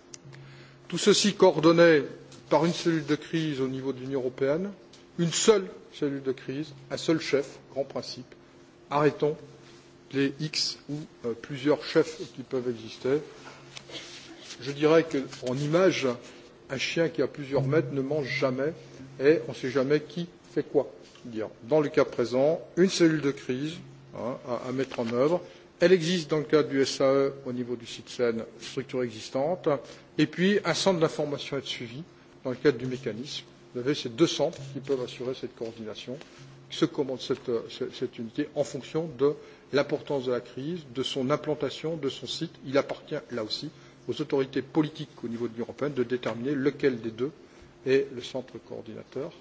Tout ceci coordonné par une cellule de crise au niveau de l'Union européenne, une seule cellule de crise, un seul chef, grand principe. Arrêtons les X ou euh, plusieurs chefs qui peuvent exister. Je dirais qu'en image, un chien qui a plusieurs maîtres ne mange jamais et on ne sait jamais qui fait quoi dire, dans le cas présent, une cellule de crise hein, à, à mettre en œuvre. Elle existe dans le cadre du SAE au niveau du CITSEN, structure existante, et puis un centre d'information et de suivi dans le cadre du mécanisme. Vous avez ces deux centres qui peuvent assurer cette coordination, se commande cette, euh, cette unité en fonction de l'importance de la crise, de son implantation, de son site. Il appartient là aussi aux autorités politiques au niveau de l'Union européenne de déterminer lequel des deux est le centre coordinateur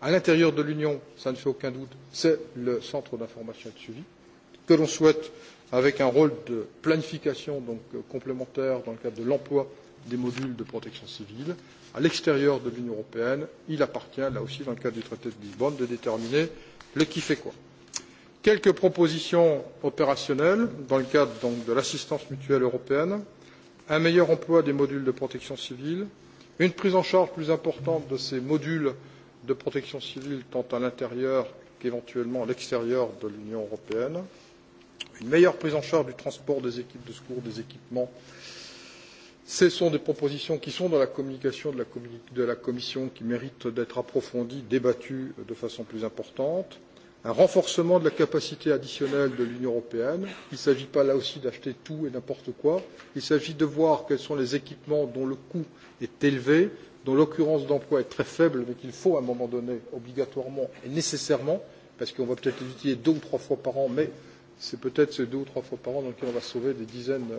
à l'intérieur de l'union cela ne fait aucun doute c'est le centre d'information et de suivi que l'on souhaite avec un rôle de planification donc euh, complémentaire dans le cadre de l'emploi des modules de protection civile. à l'extérieur de l'union européenne il appartient là aussi dans le cadre du traité de lisbonne de déterminer le qui fait quoi. quelques propositions opérationnelles dans le cadre donc de l'assistance mutuelle européenne un meilleur emploi des modules de protection civile une prise en charge plus importante de ces modules de protection civile tant à l'intérieur qu'éventuellement à l'extérieur de l'Union européenne, une meilleure prise en charge du transport des équipes de secours, des équipements. Ce sont des propositions qui sont dans la communication de la, communi de la Commission qui méritent d'être approfondies, débattues de façon plus importante. Un renforcement de la capacité additionnelle de l'Union européenne. Il ne s'agit pas là aussi d'acheter tout et n'importe quoi. Il s'agit de voir quels sont les équipements dont le coût est élevé dont l'occurrence d'emploi est très faible, mais qu'il faut à un moment donné, obligatoirement et nécessairement, parce qu'on va peut-être les utiliser deux ou trois fois par an, mais c'est peut-être ces deux ou trois fois par an dans lesquels on va sauver des dizaines euh,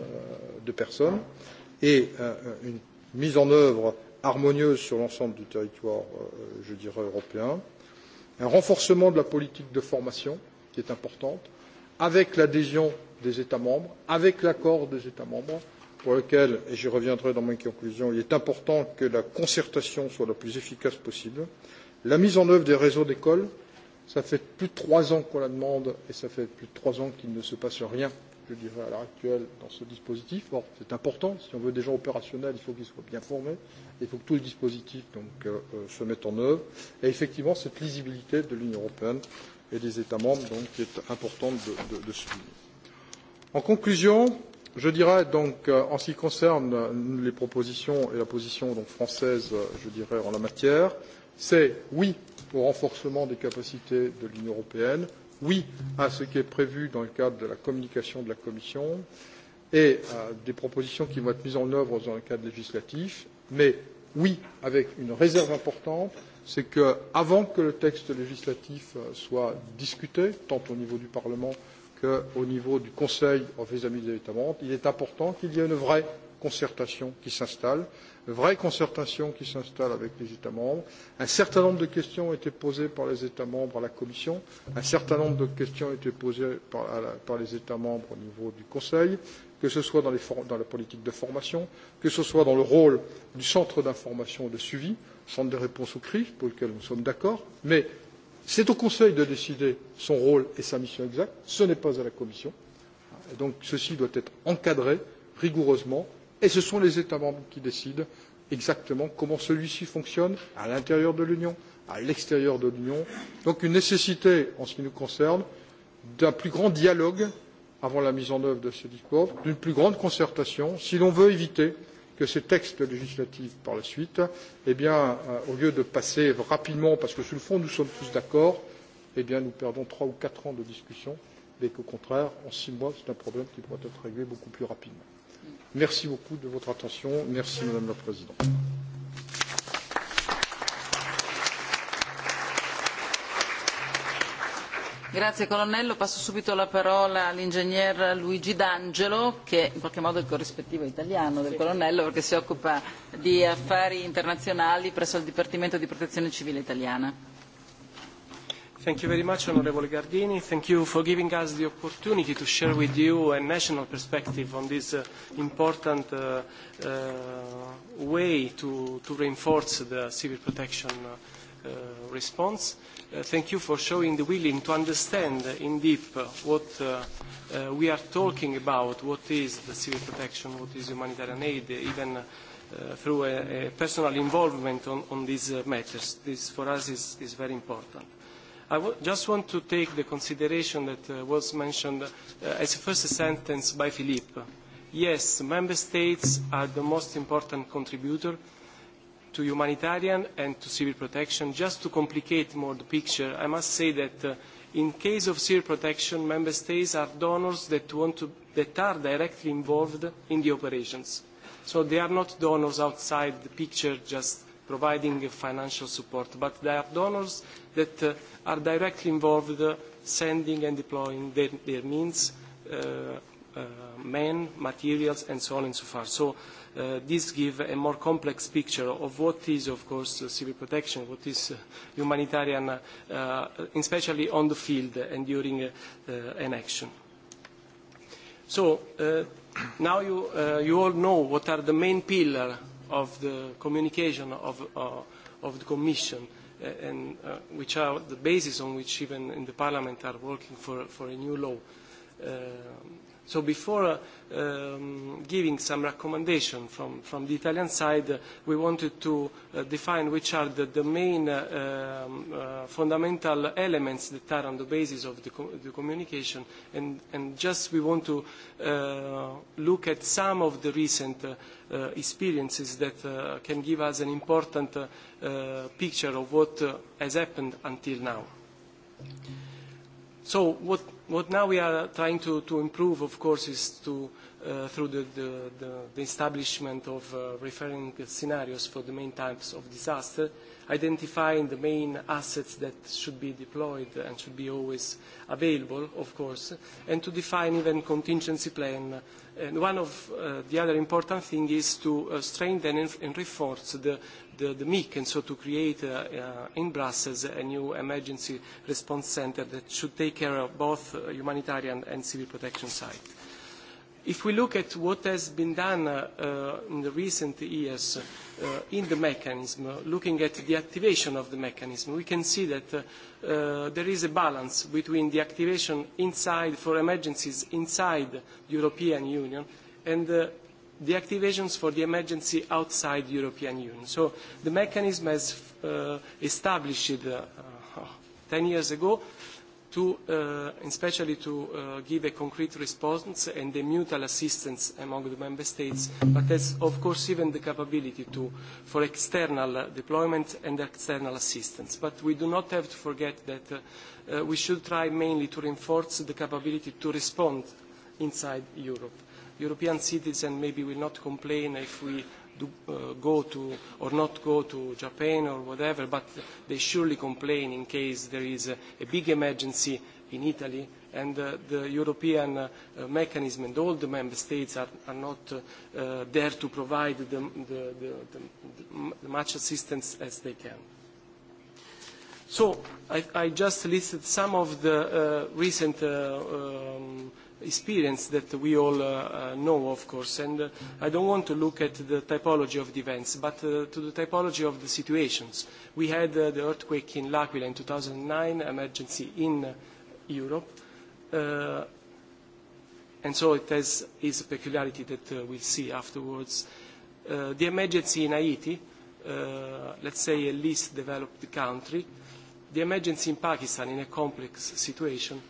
de personnes, et euh, une mise en œuvre harmonieuse sur l'ensemble du territoire, euh, je dirais, européen, un renforcement de la politique de formation, qui est importante, avec l'adhésion des États membres, avec l'accord des États membres, pour lequel, et j'y reviendrai dans mes conclusions, il est important que la concertation soit la plus efficace possible. La mise en œuvre des réseaux d'écoles, ça fait plus de trois ans qu'on la demande et ça fait plus de trois ans qu'il ne se passe rien, je dirais, à l'heure actuelle dans ce dispositif. Or, c'est important, si on veut des gens opérationnels, il faut qu'ils soient bien formés, il faut que tout le dispositif donc, euh, euh, se mette en œuvre. Et effectivement, cette lisibilité de l'Union européenne et des États membres donc, est importante de, de, de souligner. En conclusion, Je dirais donc, euh, en ce qui concerne euh, les propositions et la position donc française, euh, je dirais, en la matière, c'est oui au renforcement des capacités de l'Union européenne, oui à ce qui est prévu dans le cadre de la communication de la Commission et euh, des propositions qui vont être mises en œuvre dans le cadre législatif, mais oui avec une réserve importante, c'est que avant que le texte législatif soit discuté, tant au niveau du Parlement qu'au niveau du Conseil en vis à vis des États membres, il est important qu'il y ait une vraie concertation qui s'installe, une vraie concertation qui s'installe avec les États membres. Un certain nombre de questions ont été posées par les États membres à la Commission, un certain nombre de questions ont été posées par, la, par les États membres au niveau du Conseil, que ce soit dans, les, dans la politique de formation, que ce soit dans le rôle du centre d'information et de suivi, centre de réponse aux crises, pour lequel nous sommes d'accord, mais C'est au Conseil de décider son rôle et sa mission exacte, ce n'est pas à la Commission. Et donc ceci doit être encadré rigoureusement et ce sont les États membres qui décident exactement comment celui-ci fonctionne à l'intérieur de l'Union, à l'extérieur de l'Union. Donc une nécessité en ce qui nous concerne d'un plus grand dialogue avant la mise en œuvre de ce discours, d'une plus grande concertation si l'on veut éviter que ces textes législatifs par la suite, eh bien, euh, au lieu de passer rapidement, parce que sur le fond nous sommes tous d'accord, eh bien, nous perdons trois ou quatre ans de discussion et qu'au contraire, en six mois, c'est un problème qui pourrait être réglé beaucoup plus rapidement. Merci beaucoup de votre attention. Merci Madame la Présidente. Grazie colonnello, passo subito la parola all'ingegner Luigi D'Angelo che in qualche modo è il corrispettivo italiano del colonnello perché si occupa di affari internazionali presso il Dipartimento di Protezione Civile italiana. Thank you very much, Honorable Gardini. Thank you for giving us the opportunity to share with you a national perspective on this uh, important uh, uh, way to, to reinforce the civil protection uh, response. Uh, Uh, thank you for showing the willing to understand in deep uh, what uh, uh, we are talking about, what is the civil protection, what is humanitarian aid, even uh, through a, a, personal involvement on, on these matters. This for us is, is very important. I just want to take the consideration that uh, was mentioned uh, as a first sentence by Philippe. Yes, member states are the most important contributor to humanitarian and to civil protection. Just to complicate more the picture, I must say that uh, in case of civil protection, member states are donors that, want to, that are directly involved in the operations. So they are not donors outside the picture just providing financial support, but they are donors that uh, are directly involved uh, sending and deploying their, their means uh, uh, men, materials, and so on and so far. So uh, this gives a more complex picture of what is, of course, uh, civil protection, what is uh, humanitarian, uh, especially on the field and during an action. So now you, you all know what are the main pillars of the communication of, of the Commission and uh, which are the basis on which even in the Parliament are working for, for a new law. Uh, So before um, giving some recommendation from, from the Italian side, uh, we wanted to uh, define which are the, the main uh, um, fundamental elements that are on the basis of the, the communication, and, and just we want to look at some of the recent Uh, experiences that uh, can give us an important uh, picture of what has happened until now. So what what now we are trying to, to improve, of course, is to, uh, through the, the, the, the establishment of uh, referring scenarios for the main types of disaster, identifying the main assets that should be deployed and should be always available, of course, and to define even contingency plan. And one of uh, the other important thing is to uh, strengthen and, and reinforce the, the, the MIC, and so to create uh, uh, in Brussels a new emergency response center that should take care of both uh, humanitarian and civil protection side. If we look at what has been done uh, uh, in the recent years, uh, Uh, in the mechanism, looking at the activation of the mechanism, we can see that uh, uh, there is a balance between the activation inside for emergencies inside the European Union and uh, the activations for the emergency outside the European Union. So the mechanism has established 10 years ago to, especially uh, to uh, give a concrete response and a mutual assistance among the member states, but has, of course, even the capability to, for external deployment and external assistance. But we do not have to forget that uh, uh we should try mainly to reinforce the capability to respond inside Europe. European citizens maybe will not complain if we do, uh, go to or not go to Japan or whatever, but they surely complain in case there is a, a big emergency in Italy and uh, the European uh, mechanism and all the member states are, are not uh, uh there to provide the, the, the, the, much assistance as they can. So I, I just listed some of the uh, recent uh, um, experience that we all uh, uh, know, of course. And uh, I don't want to look at the typology of the events, but uh, to the typology of the situations. We had uh, the earthquake in L'Aquila in 2009, emergency in uh, Europe. Uh, and so it has its peculiarity that uh, we'll see afterwards. Uh, the emergency in Haiti, uh, let's say a least developed country. The emergency in Pakistan in a complex situation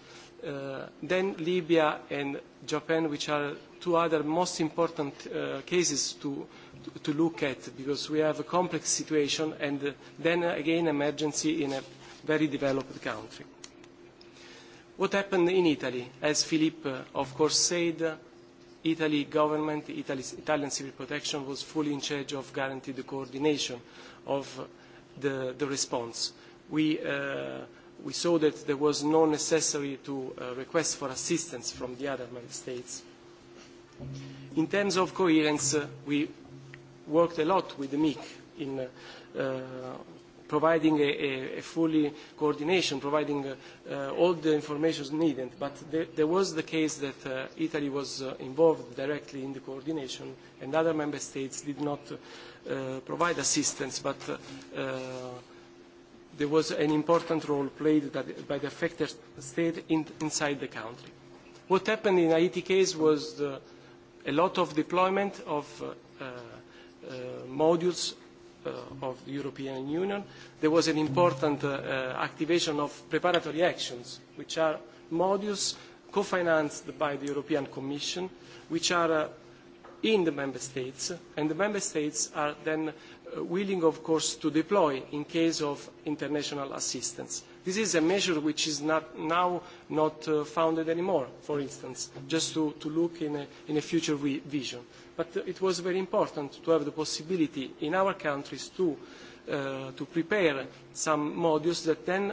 Uh, then Libya and Japan, which are two other most important uh, cases to, to, look at, because we have a complex situation, and uh, then again emergency in a very developed country. What happened in Italy? As Philippe, uh, of course, said, uh, Italy government, Italy's, Italian civil protection was fully in charge of guaranteeing the coordination of the, the response. We we saw that there was no necessary to uh, request for assistance from the other member states. In terms of coherence, uh, we worked a lot with the MIC in uh, uh providing a, a, fully coordination, providing uh, uh, all the information needed. But there, there, was the case that Italy was involved directly in the coordination and other member states did not provide assistance, but there was an important role played by the affected state in, inside the country. What happened in Haiti case was the, a lot of deployment of uh, uh, modules uh, of the European Union. There was an important uh, uh, activation of preparatory actions, which are modules co-financed by the European Commission, which are uh, in the member states, and the member states are then Uh, willing, of course, to deploy in case of international assistance. This is a measure which is not, now not uh, founded anymore, for instance, just to, to look in a, in a future vision. But uh, it was very important to have the possibility in our countries to, uh, to prepare some modules that then,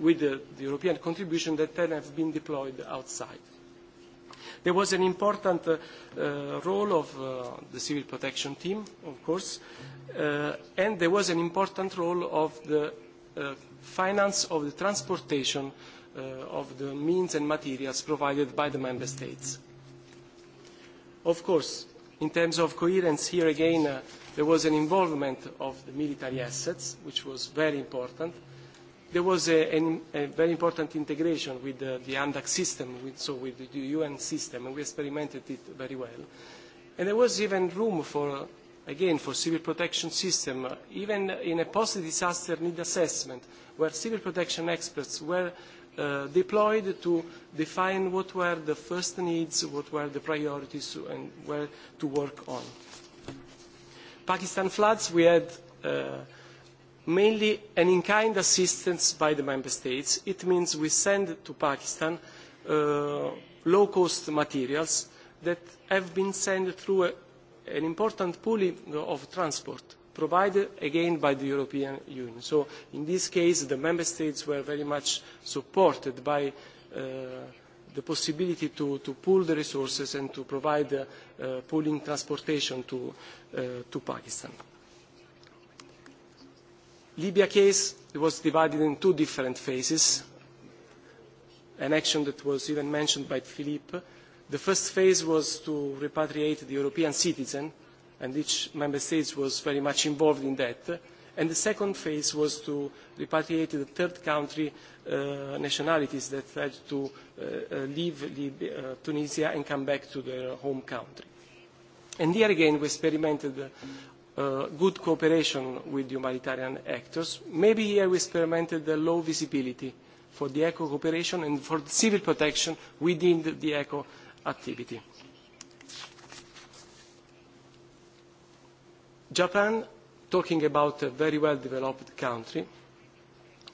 with the, the European contribution, that then have been deployed outside. There was an important uh, uh, role of uh, the civil protection team, of course, uh, and there was an important role of the uh, finance of the transportation uh, of the means and materials provided by the member states. Of course, in terms of coherence, here again, uh, there was an involvement of the military assets, which was very important There was a, a very important integration with the, the ANDAC system, with, so with the UN system, and we experimented it very well. And there was even room for, again, for civil protection system, uh, even in a post-disaster need assessment, where civil protection experts were Uh, deployed to define what were the first needs, what were the priorities, and where to work on. Pakistan floods, we had uh, mainly an in-kind assistance by the member states. It means we send to Pakistan uh, low-cost materials that have been sent through a, an important pool of transport provided again by the European Union. So in this case, the member states were very much supported by uh, the possibility to, to pool the resources and to provide uh, pooling transportation to, uh, to Pakistan. Libya case was divided in two different phases, an action that was even mentioned by Philippe. The first phase was to repatriate the European citizen, and each member state was very much involved in that. And the second phase was to repatriate the third country uh, nationalities that had to uh, uh leave Libya, uh, Tunisia and come back to their home country. And here again, we experimented Uh, good cooperation with humanitarian actors. Maybe here we experimented the low visibility for the eco cooperation and for civil protection within the, the eco activity. Japan, talking about a very well developed country,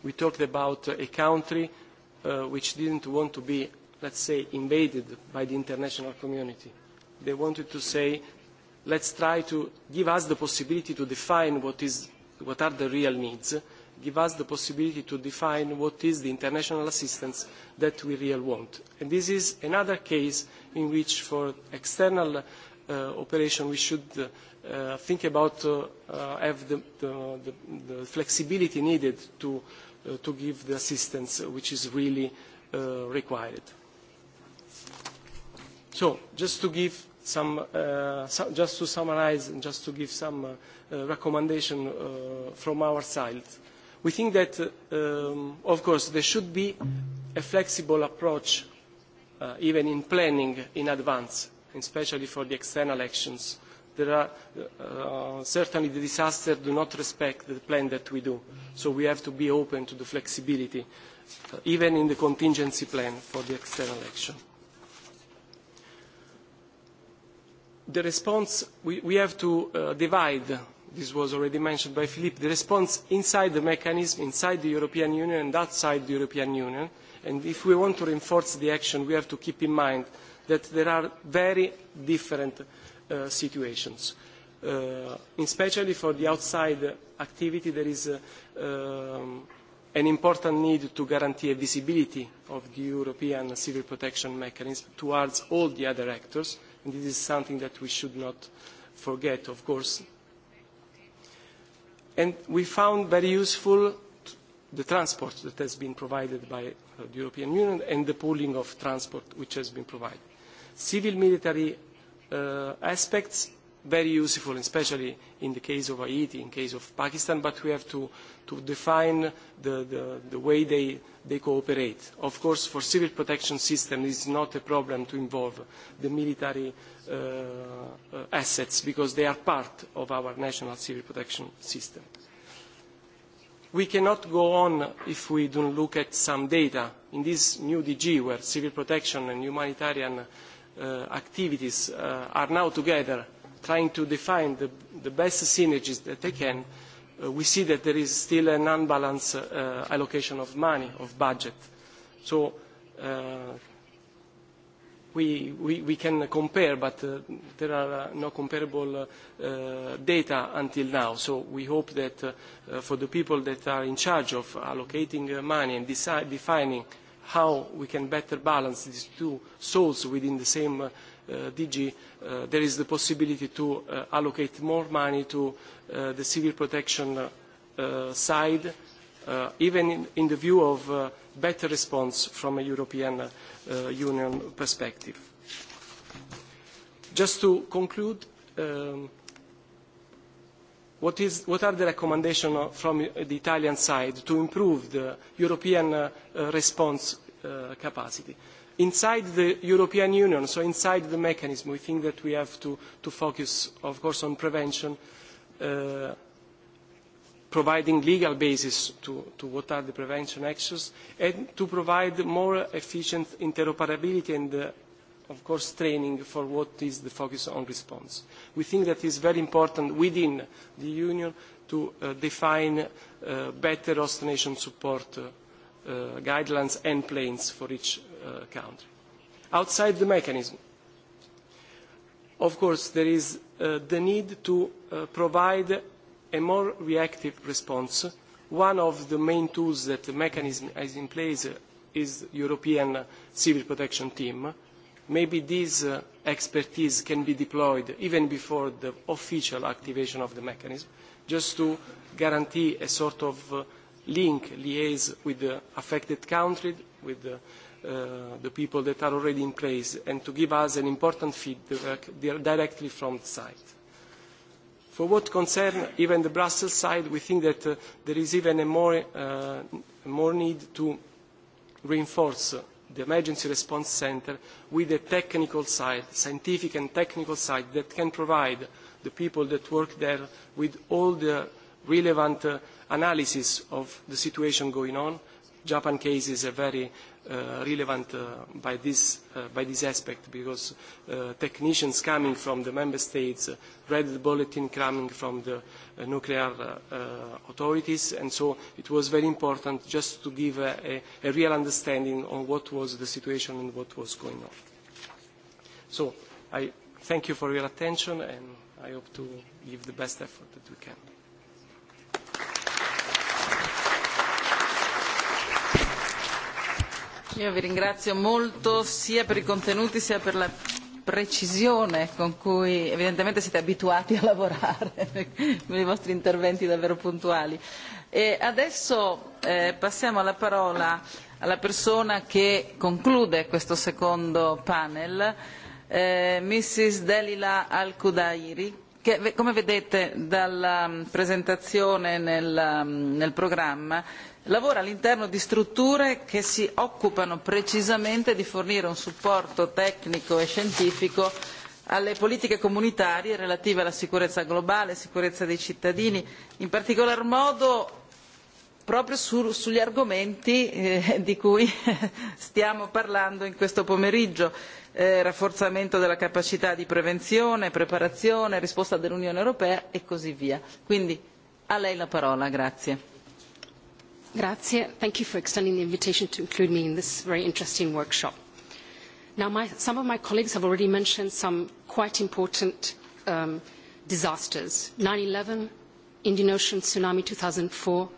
we talked about a country uh, which didn't want to be, let's say, invaded by the international community. They wanted to say let's try to give us the possibility to define what, is, what are the real needs, give us the possibility to define what is the international assistance that we really want. And this is another case in which for external uh, operation we should uh, think about uh, uh, have the, the, the, the flexibility needed to, uh, to give the assistance which is really uh, required. So just to give some, uh, just to summarize and just to give some uh, uh, recommendation uh, from our side, we think that, uh, um, of course, there should be a flexible approach uh, even in planning in advance, especially for the external actions. There are, uh, certainly the disasters do not respect the plan that we do, so we have to be open to the flexibility, uh, even in the contingency plan for the external action. the response, we, have to uh, divide, this was already mentioned by Philippe, the response inside the mechanism, inside the European Union and outside the European Union. And if we want to reinforce the action, we have to keep in mind that there are very different uh, situations. especially uh, for the outside activity, there is um, an important need to guarantee a visibility of the European civil protection mechanism towards all the other actors And this is something that we should not forget, of course. And we found very useful the transport that has been provided by the European Union and the pooling of transport which has been provided. Civil-military uh, aspects very useful, especially in the case of Haiti, in case of Pakistan, but we have to, to define the, the, the way they, they cooperate. Of course, for civil protection system, it's not a problem to involve the military uh, assets because they are part of our national civil protection system. We cannot go on if we don't look at some data. In this new DG, where civil protection and humanitarian uh, activities uh, are now together, trying to define the, the best synergies that they can, uh, we see that there is still an unbalanced uh, allocation of money, of budget. So uh, we, we, we can compare, but uh, there are uh, no comparable uh, data until now. So we hope that uh, uh, for the people that are in charge of allocating uh, money and defining how we can better balance these two souls within the same uh, Uh, DG, uh, there is the possibility to uh, allocate more money to the civil protection side, even in, the view of better response from a European Union perspective. Just to conclude, um, What, are the recommendations from the Italian side to improve the European response capacity? inside the European Union, so inside the mechanism, we think that we have to, to focus, of course, on prevention, uh, providing legal basis to, to what are the prevention actions, and to provide more efficient interoperability and, uh, of course, training for what is the focus on response. We think that it is very important within the Union to uh, define uh, better host nation support uh, uh, guidelines and plans for each Uh, country, outside the mechanism. Of course, there is uh, the need to uh, provide a more reactive response. One of the main tools that the mechanism has in place is European Civil Protection Team. Maybe this uh, expertise can be deployed even before the official activation of the mechanism, just to guarantee a sort of uh, link, liaise with the affected country, with the Uh, the people that are already in place and to give us an important feedback directly from the site. For what concerns even the Brussels side, we think that uh, there is even a more, uh, more need to reinforce the Emergency Response Centre with a technical side, scientific and technical side, that can provide the people that work there with all the relevant uh, analysis of the situation going on. Japan case is a very Uh, relevant uh, by, this, uh, by this aspect because uh, technicians coming from the member states uh, read the bulletin coming from the uh, nuclear uh, uh, authorities and so it was very important just to give a, a, a real understanding on what was the situation and what was going on. So I thank you for your attention and I hope to give the best effort that we can. Io vi ringrazio molto sia per i contenuti sia per la precisione con cui evidentemente siete abituati a lavorare, con i vostri interventi davvero puntuali. E adesso eh, passiamo la parola alla persona che conclude questo secondo panel, eh, Mrs. Delila Al-Kudairi, che come vedete dalla mm, presentazione nel, mm, nel programma lavora all'interno di strutture che si occupano precisamente di fornire un supporto tecnico e scientifico alle politiche comunitarie relative alla sicurezza globale e sicurezza dei cittadini in particolar modo proprio su, sugli argomenti eh, di cui stiamo parlando in questo pomeriggio eh, rafforzamento della capacità di prevenzione preparazione risposta dell'unione europea e così via. quindi a lei la parola grazie. Grazie. Thank you for extending the invitation to include me in this very interesting workshop. Now, some of my colleagues have already mentioned some quite important um, disasters. 9-11, Indian Ocean tsunami 2004,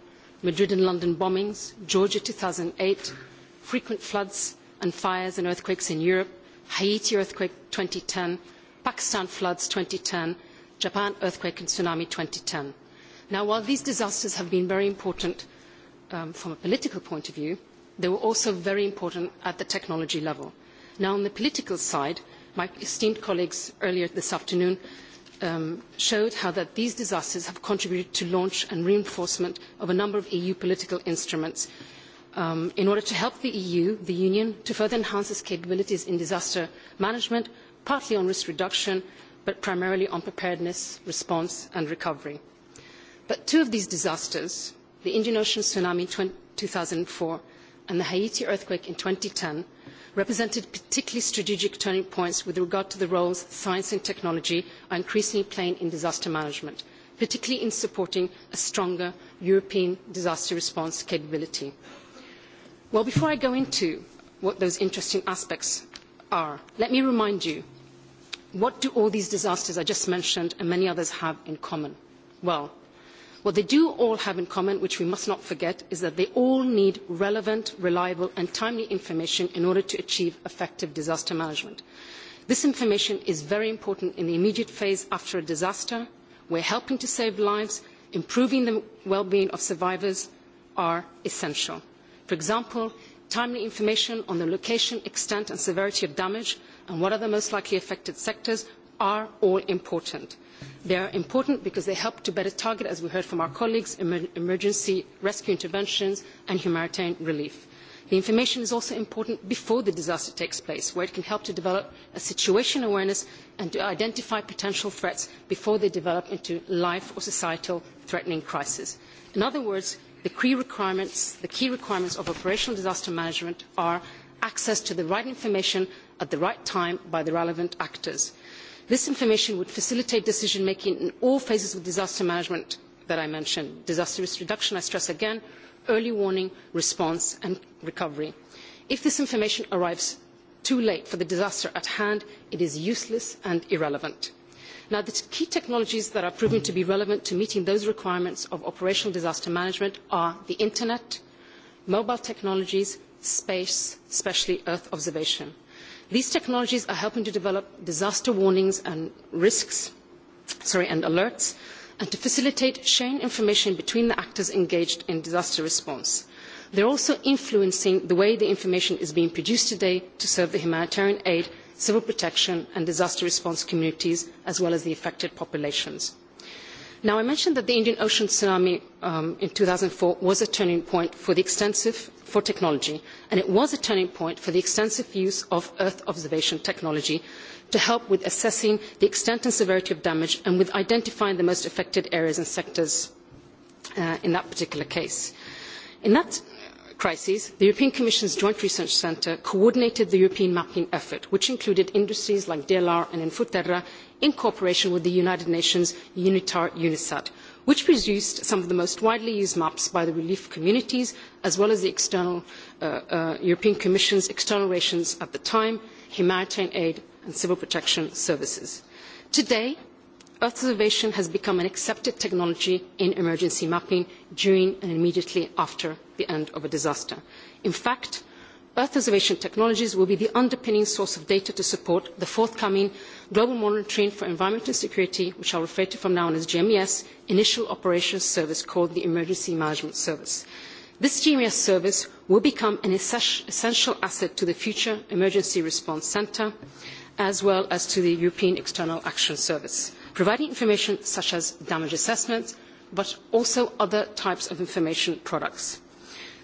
Madrid and London bombings, Georgia 2008, frequent floods and fires and earthquakes in Europe, Haiti earthquake 2010, Pakistan floods 2010, Japan earthquake and tsunami 2010. Now, while these disasters have been very important, um, from a political point of view, they were also very important at the technology level. Now, on the political side, my esteemed colleagues earlier this afternoon um, showed how that these disasters have contributed to launch and reinforcement of a number of EU political instruments um, in order to help the EU, the Union, to further enhance its capabilities in disaster management, partly on risk reduction, but primarily on preparedness, response and recovery. But two of these disasters, the Indian Ocean tsunami in 2004, and the Haiti earthquake in 2010 represented particularly strategic turning points with regard to the roles science and technology are increasingly playing in disaster management, particularly in supporting a stronger European disaster response capability. Well, before I go into what those interesting aspects are, let me remind you, what do all these disasters I just mentioned and many others have in common? Well, What they do all have in common, which we must not forget, is that they all need relevant, reliable and timely information in order to achieve effective disaster management. This information is very important in the immediate phase after a disaster, where helping to save lives, improving the well-being of survivors are essential. For example, timely information on the location, extent and severity of damage and what are the most likely affected sectors are all important. They are important because they help to better target, as we heard from our colleagues, emergency rescue interventions and humanitarian relief. The information is also important before the disaster takes place, where it can help to develop a situation awareness and to identify potential threats before they develop into life or societal threatening crisis. In other words, the key requirements, the key requirements of operational disaster management are access to the right information at the right time by the relevant actors This information would facilitate decision making in all phases of disaster management that I mentioned, disaster risk reduction, I stress again, early warning, response and recovery. If this information arrives too late for the disaster at hand, it is useless and irrelevant. Now, the key technologies that are proven to be relevant to meeting those requirements of operational disaster management are the internet, mobile technologies, space, especially earth observation. These technologies are helping to develop disaster warnings and risks, sorry, and alerts, and to facilitate sharing information between the actors engaged in disaster response. They're also influencing the way the information is being produced today to serve the humanitarian aid, civil protection and disaster response communities, as well as the affected populations. Now, I mentioned that the Indian Ocean tsunami um, in 2004 was a turning point for the extensive for technology, and it was a turning point for the extensive use of Earth observation technology to help with assessing the extent and severity of damage and with identifying the most affected areas and sectors uh, in that particular case. In that crisis, the European Commission's Joint Research Centre coordinated the European mapping effort, which included industries like DLR and Infoterra in cooperation with the United Nations UNITAR UNISAT, which produced some of the most widely used maps by the relief communities, as well as the external, uh, uh, European Commission's external relations at the time, humanitarian aid and civil protection services. Today, Earth observation has become an accepted technology in emergency mapping during and immediately after the end of a disaster. In fact, Earth observation technologies will be the underpinning source of data to support the forthcoming Global Monitoring for Environment and Security, which I'll refer to from now on as GMES, Initial Operations Service called the Emergency Management Service. This GMES service will become an essential asset to the future Emergency Response Centre, as well as to the European External Action Service, providing information such as damage assessments, but also other types of information products.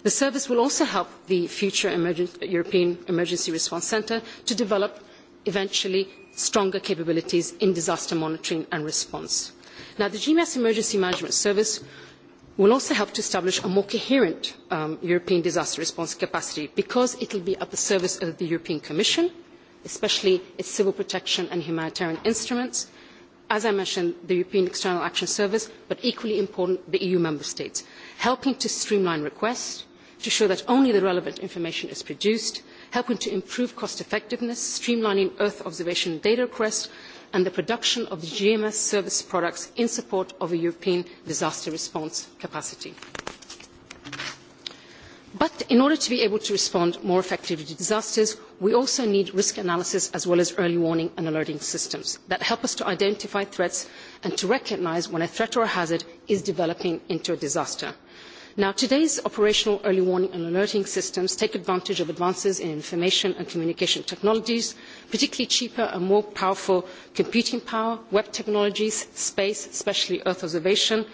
The service will also help the future emergen European Emergency Response Centre to develop eventually stronger capabilities in disaster monitoring and response. Now, the GMS Emergency Management Service will also help to establish a more coherent um, European disaster response capacity because it will be at the service of the European Commission, especially its civil protection and humanitarian instruments, as I mentioned, the European External Action Service, but equally important, the EU member states, helping to streamline requests, to show that only the relevant information is produced, helping to improve cost effectiveness, streamlining Earth observation data requests, and the production of the GMS service products in support of a European disaster response capacity. But in order to be able to respond more effectively to disasters, we also need risk analysis as well as early warning and alerting systems that help us to identify threats and to recognise when a threat or a hazard is developing into a disaster. Now, today's operational early warning and alerting systems take advantage of advances in information and communication technologies, particularly cheaper and more powerful computing power, web technologies, space, especially Earth observation,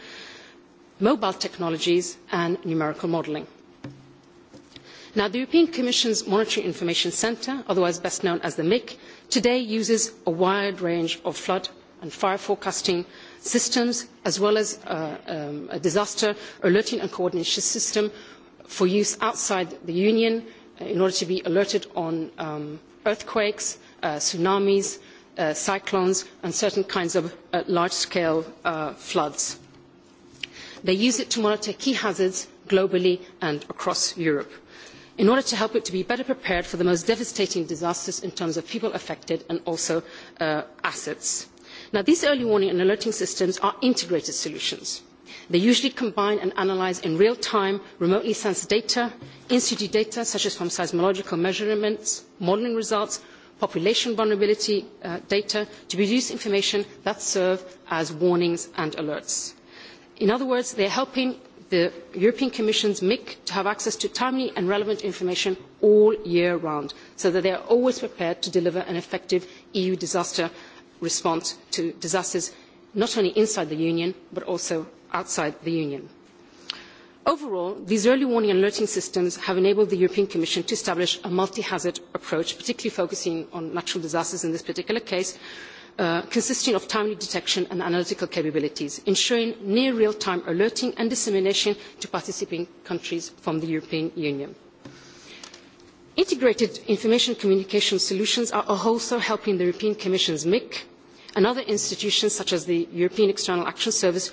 mobile technologies, and numerical modelling. Now, the European Commission's Monitoring Information Centre, otherwise best known as the MIC, today uses a wide range of flood and fire forecasting systems as well as uh, um, a disaster alerting and coordination system for use outside the Union uh, in order to be alerted on um, earthquakes, uh, tsunamis, uh, cyclones and certain kinds of uh, large-scale uh, floods. They use it to monitor key hazards globally and across Europe in order to help it to be better prepared for the most devastating disasters in terms of people affected and also assets. Now, these early warning and alerting systems are integrated solutions. They usually combine and analyse in real time remotely sensed data, in situ data such as from seismological measurements, modelling results, population vulnerability uh, data to produce information that serve as warnings and alerts. In other words, they are helping the European Commission's MIC to have access to timely and relevant information all year round so that they are always prepared to deliver an effective EU disaster response to disasters not only inside the Union but also outside the Union. Overall, these early warning and alerting systems have enabled the European Commission to establish a multi-hazard approach, particularly focusing on natural disasters in this particular case, uh, consisting of timely detection and analytical capabilities, ensuring near real-time alerting and dissemination to participating countries from the European Union. Integrated information communication solutions are also helping the European Commission's MIC and other institutions such as the European External Action Service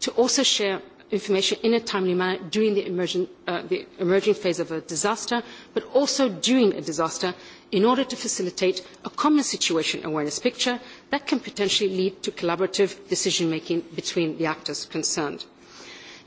to also share information in a timely manner during the emerging, uh, the emerging phase of a disaster, but also during a disaster in order to facilitate a common situation awareness picture that can potentially lead to collaborative decision making between the actors concerned.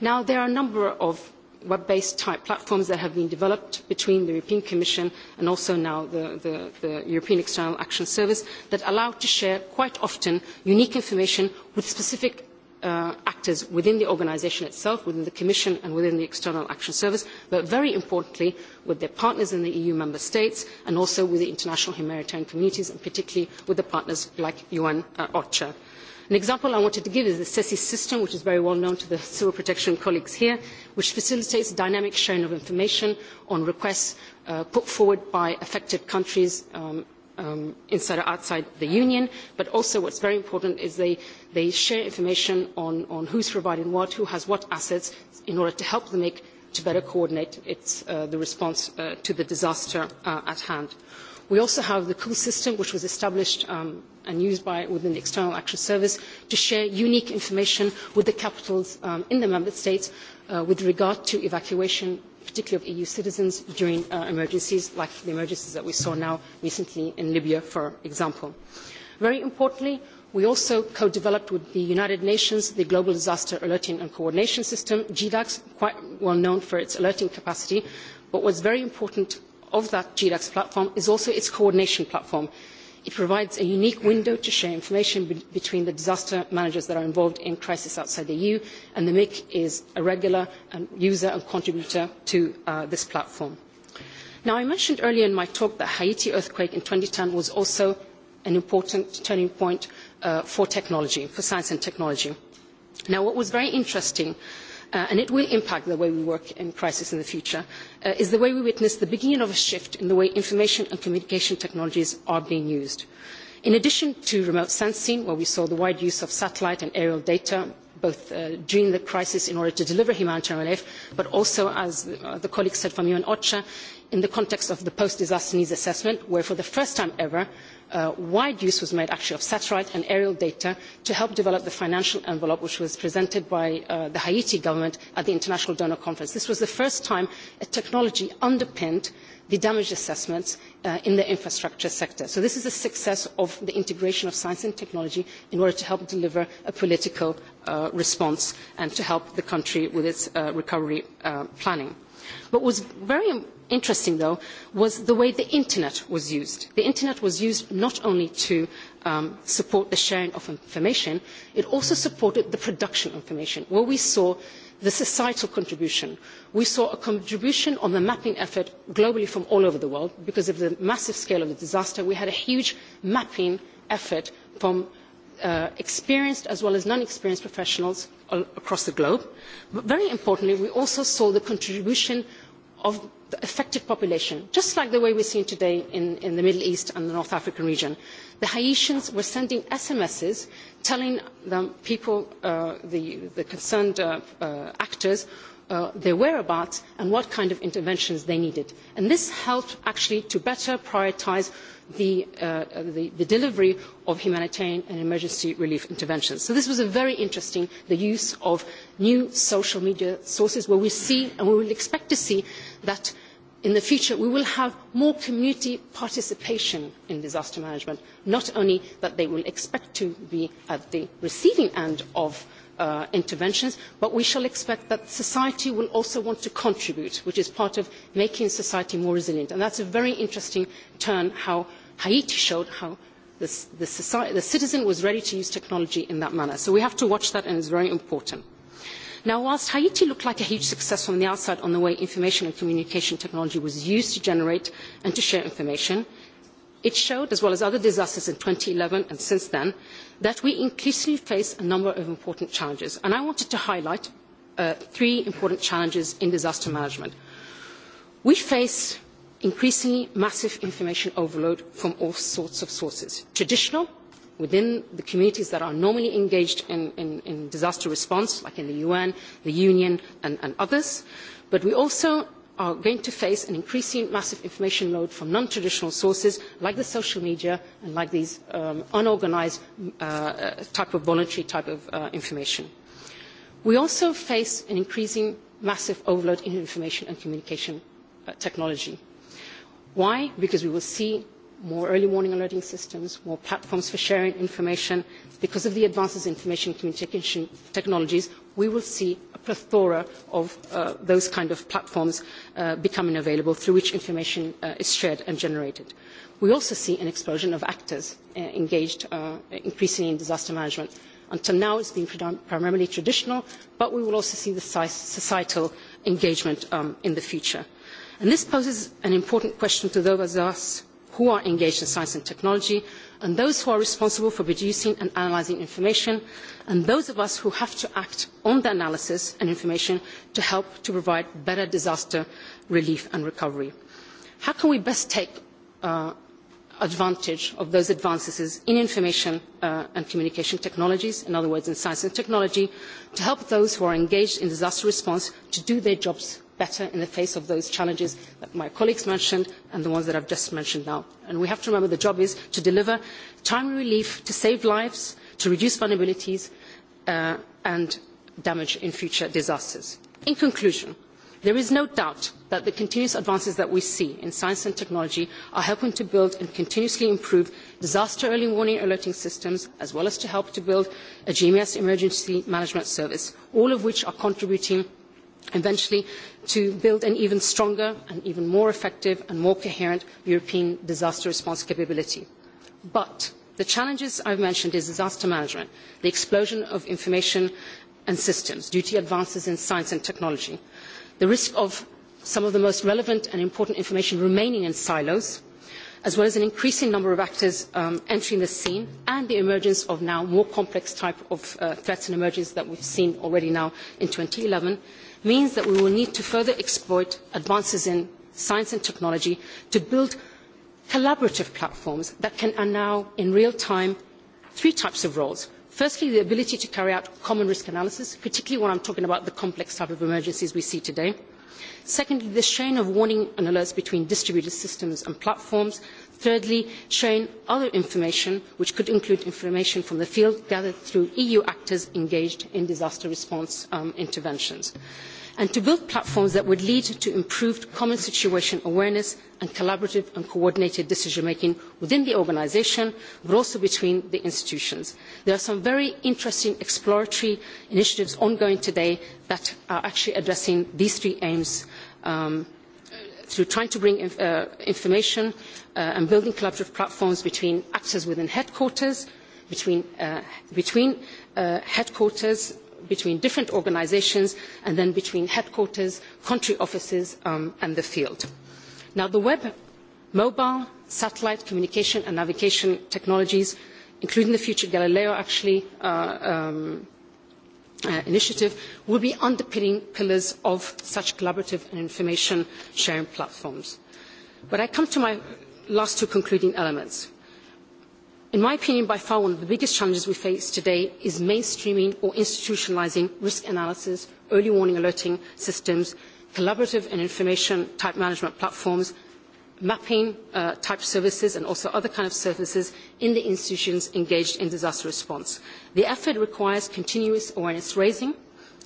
Now, there are a number of web-based type platforms that have been developed between the European Commission and also now the, the, the, European External Action Service that allow to share quite often unique information with specific uh, actors within the organisation itself, within the Commission and within the External Action Service, but very importantly with their partners in the EU member states and also with the international humanitarian communities and particularly with the partners like UN uh, OCHA. An example I wanted to give is the SESI system, which is very well known to the civil protection colleagues here, which facilitates dynamic sharing of information on requests uh, put forward by affected countries um, um, inside or outside the union. But also what's very important is they, they share information on, on who's providing what, who has what assets, in order to help them make to better coordinate its, uh, the response uh, to the disaster uh, at hand. We also have the COOL system, which was established um, and used by, within the External Action Service to share unique information with the capitals um, in the member states uh, with regard to evacuation, particularly of EU citizens during uh, emergencies, like the emergencies that we saw now recently in Libya, for example. Very importantly, we also co-developed with the United Nations the Global Disaster Alerting and Coordination System, GDAX, quite well known for its alerting capacity. But what's very important of that GDAX platform is also its coordination platform. It provides a unique window to share information be between the disaster managers that are involved in crisis outside the EU, and the MIC is a regular and user and contributor to uh, this platform. Now, I mentioned earlier in my talk that Haiti earthquake in 2010 was also an important turning point uh, for technology, for science and technology. Now, what was very interesting uh, and it will impact the way we work in crisis in the future, uh, is the way we witness the beginning of a shift in the way information and communication technologies are being used. In addition to remote sensing, where we saw the wide use of satellite and aerial data, both uh, during the crisis in order to deliver humanitarian relief, but also, as uh, the colleague said from UN OCHA, in the context of the post-disaster needs assessment, where for the first time ever, uh, wide use was made actually of satellite and aerial data to help develop the financial envelope which was presented by uh, the Haiti government at the International Donor Conference. This was the first time a technology underpinned the damage assessments uh, in the infrastructure sector. So this is a success of the integration of science and technology in order to help deliver a political uh, response and to help the country with its uh, recovery uh, planning. What was very interesting, though, was the way the internet was used. The internet was used not only to um, support the sharing of information, it also supported the production of information, where we saw the societal contribution. We saw a contribution on the mapping effort globally from all over the world because of the massive scale of the disaster. We had a huge mapping effort from uh, experienced as well as non-experienced professionals across the globe. But very importantly, we also saw the contribution of the affected population, just like the way we're seeing today in, in the Middle East and the North African region. The Haitians were sending SMSs telling the people, uh, the, the concerned uh, uh, actors, uh, their whereabouts and what kind of interventions they needed. And this helped actually to better prioritise the, uh, the, the, delivery of humanitarian and emergency relief interventions. So this was a very interesting, the use of new social media sources where we see and we will expect to see that in the future we will have more community participation in disaster management, not only that they will expect to be at the receiving end of uh, interventions, but we shall expect that society will also want to contribute, which is part of making society more resilient. And that's a very interesting turn how Haiti showed how this, the, society, the citizen was ready to use technology in that manner. So we have to watch that, and it's very important. Now, whilst Haiti looked like a huge success from the outside on the way information and communication technology was used to generate and to share information, it showed, as well as other disasters in 2011 and since then, that we increasingly face a number of important challenges. And I wanted to highlight uh, three important challenges in disaster management. We face increasingly massive information overload from all sorts of sources. Traditional, within the communities that are normally engaged in, in, in disaster response, like in the UN, the Union, and, and others. But we also are going to face an increasing massive information load from non-traditional sources like the social media and like these um, unorganized uh, uh, type of voluntary type of uh, information. We also face an increasing massive overload in information and communication uh, technology. Why? Because we will see more early warning alerting systems, more platforms for sharing information. Because of the advances in information communication technologies, we will see a plethora of uh, those kind of platforms uh, becoming available through which information uh, is shared and generated. We also see an explosion of actors uh, engaged uh, increasingly in disaster management. Until now, it's been primarily traditional, but we will also see the societal engagement um, in the future. And this poses an important question to those of us who are engaged in science and technology, and those who are responsible for producing and analysing information, and those of us who have to act on the analysis and information to help to provide better disaster relief and recovery. How can we best take uh, advantage of those advances in information uh, and communication technologies, in other words, in science and technology, to help those who are engaged in disaster response to do their jobs better in the face of those challenges that my colleagues mentioned and the ones that I've just mentioned now. And we have to remember the job is to deliver timely relief to save lives, to reduce vulnerabilities uh, and damage in future disasters. In conclusion, there is no doubt that the continuous advances that we see in science and technology are helping to build and continuously improve disaster early warning alerting systems, as well as to help to build a GMS emergency management service, all of which are contributing eventually to build an even stronger and even more effective and more coherent European disaster response capability. But the challenges I've mentioned is disaster management, the explosion of information and systems, due to advances in science and technology, the risk of some of the most relevant and important information remaining in silos, as well as an increasing number of actors um, entering the scene and the emergence of now more complex type of uh, threats and emergence that we've seen already now in 2011 means that we will need to further exploit advances in science and technology to build collaborative platforms that can allow in real time three types of roles. Firstly, the ability to carry out common risk analysis, particularly when I'm talking about the complex type of emergencies we see today. Secondly, the sharing of warning and alerts between distributed systems and platforms. Thirdly, sharing other information, which could include information from the field gathered through EU actors engaged in disaster response um, interventions. And to build platforms that would lead to improved common situation awareness and collaborative and coordinated decision making within the organisation, but also between the institutions. There are some very interesting exploratory initiatives ongoing today that are actually addressing these three aims um, through trying to bring uh, information uh, and building collaborative platforms between actors within headquarters, between, uh, between headquarters, between different organisations, and then between headquarters, country offices um, and the field. Now the web, mobile, satellite communication and navigation technologies, including the future Galileo actually, uh, um, Uh, initiative will be underpinning pillars of such collaborative and information sharing platforms. But I come to my last two concluding elements. In my opinion, by far one of the biggest challenges we face today is mainstreaming or institutionalising risk analysis, early warning alerting systems, collaborative and information type management platforms, mapping uh, type services and also other kind of services in the institutions engaged in disaster response. The effort requires continuous awareness raising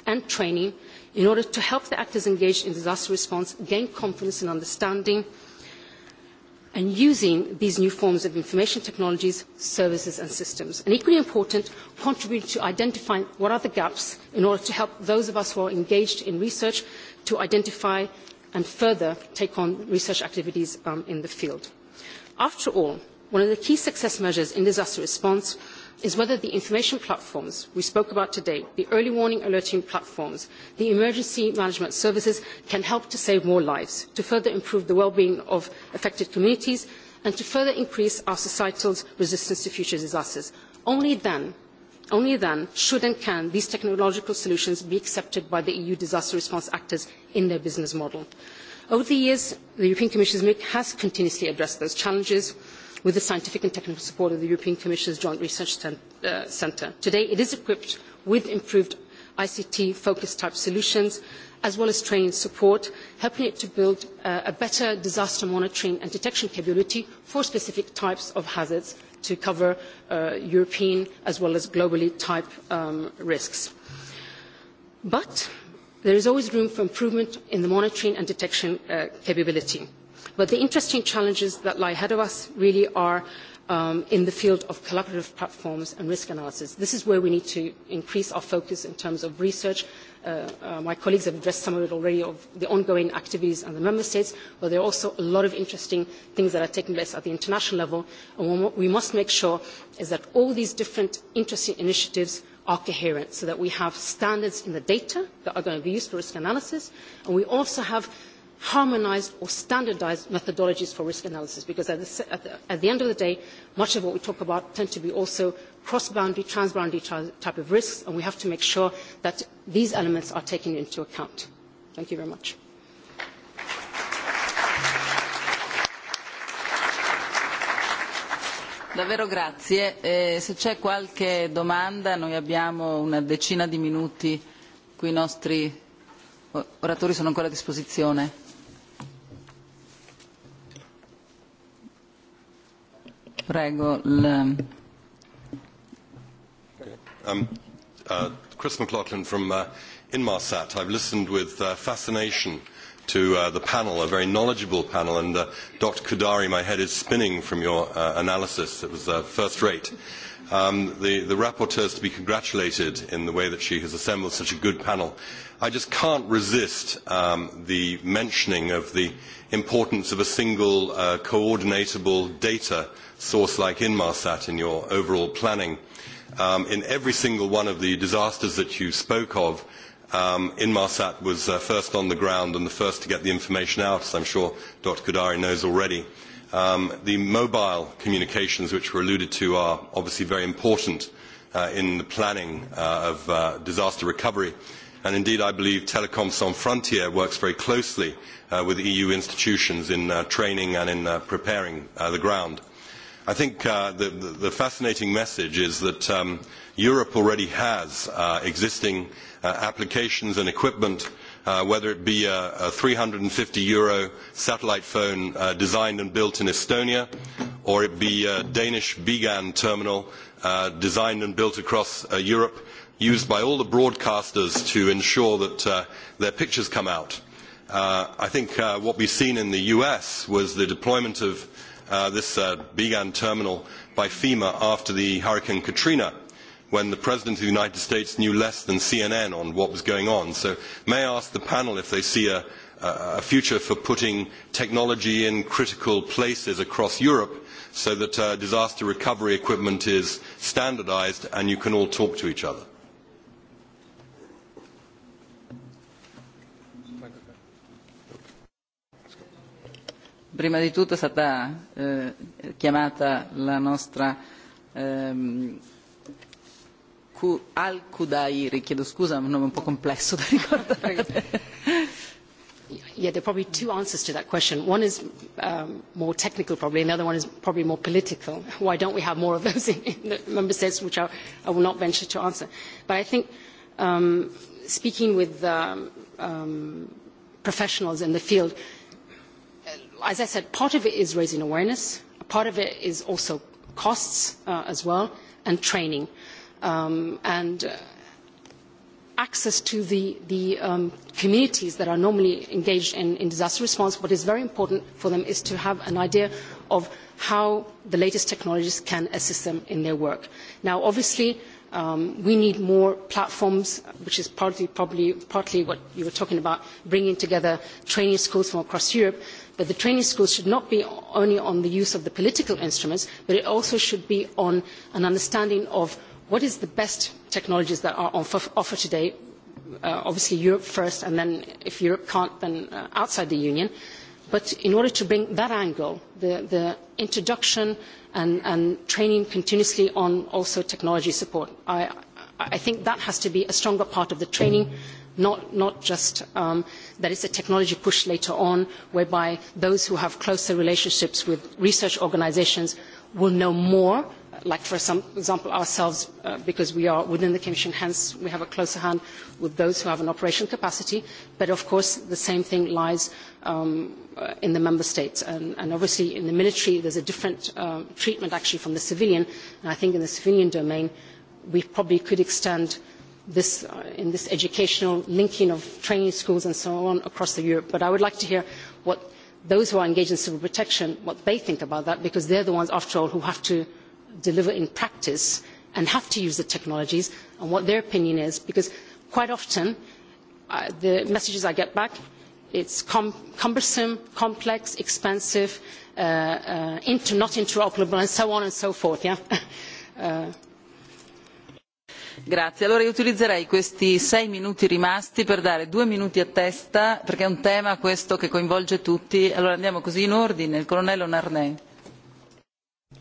and training in order to help the actors engaged in disaster response gain confidence and understanding and using these new forms of information technologies, services and systems. And equally important, contribute to identifying what are the gaps in order to help those of us who are engaged in research to identify and further take on research activities um, in the field. After all, one of the key success measures in disaster response is whether the information platforms we spoke about today, the early warning alerting platforms, the emergency management services can help to save more lives, to further improve the well-being of affected communities and to further increase our societal resistance to future disasters. Only then, only then should and can these technological solutions be accepted by the EU disaster response actors in their business model. Over the years, the European Commission's MIC has continuously addressed those challenges with the scientific and technical support of the European Commission's Joint Research uh, Centre. Today, it is equipped with improved ICT-focused type solutions, as well as training support, helping it to build uh, a better disaster monitoring and detection capability for specific types of hazards to cover uh, European as well as globally type um, risks. But there is always room for improvement in the monitoring and detection capability. But the interesting challenges that lie ahead of us really are um, in the field of collaborative platforms and risk analysis. This is where we need to increase our focus in terms of research. Uh, uh, my colleagues have addressed some of it already of the ongoing activities in the member states, but there are also a lot of interesting things that are taking place at the international level. And what we must make sure is that all these different interesting initiatives are coherent so that we have standards in the data that are going to be used for risk analysis and we also have harmonised or standardised methodologies for risk analysis because at the, at, the, at the, end of the day, much of what we talk about tend to be also cross-boundary, trans-boundary type of risks, and we have to make sure that these elements are taken into account. Thank you very much. Davvero grazie. Eh, se c'è qualche domanda, noi abbiamo una decina di minuti qui i nostri oratori sono ancora a disposizione. Prego. Um, um, uh, Chris McLaughlin from uh, Inmarsat. I've listened with uh, fascination to uh, the panel, a very knowledgeable panel, and uh, Dr. Kudari, my head is spinning from your uh, analysis. It was uh, first rate. Um, the, the rapporteur is to be congratulated in the way that she has assembled such a good panel. I just can't resist um, the mentioning of the importance of a single uh, coordinatable data source like Inmarsat in your overall planning. Um, in every single one of the disasters that you spoke of, um, Inmarsat was uh, first on the ground and the first to get the information out, as I'm sure Dr. Kudari knows already. Um, the mobile communications which were alluded to are obviously very important uh, in the planning uh, of uh, disaster recovery. And indeed, I believe Telecom Sans Frontier works very closely uh, with EU institutions in uh, training and in uh, preparing uh, the ground. I think uh, the, the, fascinating message is that um, Europe already has uh, existing uh, applications and equipment, uh, whether it be a, a 350 euro satellite phone uh, designed and built in Estonia, or it be a Danish BGAN terminal uh, designed and built across Europe, used by all the broadcasters to ensure that their pictures come out. I think what we've seen in the US was the deployment of Uh, this uh, Began terminal by FEMA after the Hurricane Katrina when the President of the United States knew less than CNN on what was going on. So may I ask the panel if they see a, a future for putting technology in critical places across Europe so that uh, disaster recovery equipment is standardized and you can all talk to each other? prima di tutto è stata eh, chiamata la nostra ehm, Al Kudairi, chiedo scusa, è un nome un po' complesso da ricordare. Yeah, there are probably two answers to that question. One is um, more technical, probably, and the other one is probably more political. Why don't we have more of those in, in the member states, which I, I will not venture to answer. But I think um, speaking with um, um, professionals in the field, uh, as I said, part of it is raising awareness. Part of it is also costs uh, as well and training um, and uh, access to the, um, communities that are normally engaged in, disaster response. What is very important for them is to have an idea of how the latest technologies can assist them in their work. Now, obviously, um, we need more platforms, which is partly what you were talking about, bringing together training schools from across Europe But the training schools should not be only on the use of the political instruments, but it also should be on an understanding of what is the best technologies that are on offer today. Uh, obviously, Europe first, and then if Europe can't, then uh, outside the Union. But in order to bring that angle, the, the introduction and, and, training continuously on also technology support, I, I think that has to be a stronger part of the training. Mm -hmm not, just um, that it's a technology push later on whereby those who have closer relationships with research organisations will know more, like for some example ourselves, uh, because we are within the Commission, hence we have a closer hand with those who have an operational capacity. But of course, the same thing lies um, uh, in the member states. And, obviously, in the military, there's a different uh, treatment actually from the civilian. And I think in the civilian domain, we probably could extend this, uh, in this educational linking of training schools and so on across Europe. But I would like to hear what those who are engaged in civil protection, what they think about that, because they're the ones, after all, who have to deliver in practice and have to use the technologies and what their opinion is, because quite often uh, the messages I get back, it's com cumbersome, complex, expensive, uh, uh, inter not interoperable, and so on and so forth. Yeah? Uh, Grazie. Allora io utilizzerei questi sei minuti rimasti per dare due minuti a testa, perché è un tema questo che coinvolge tutti. Allora andiamo così in ordine. Il colonnello Narnè.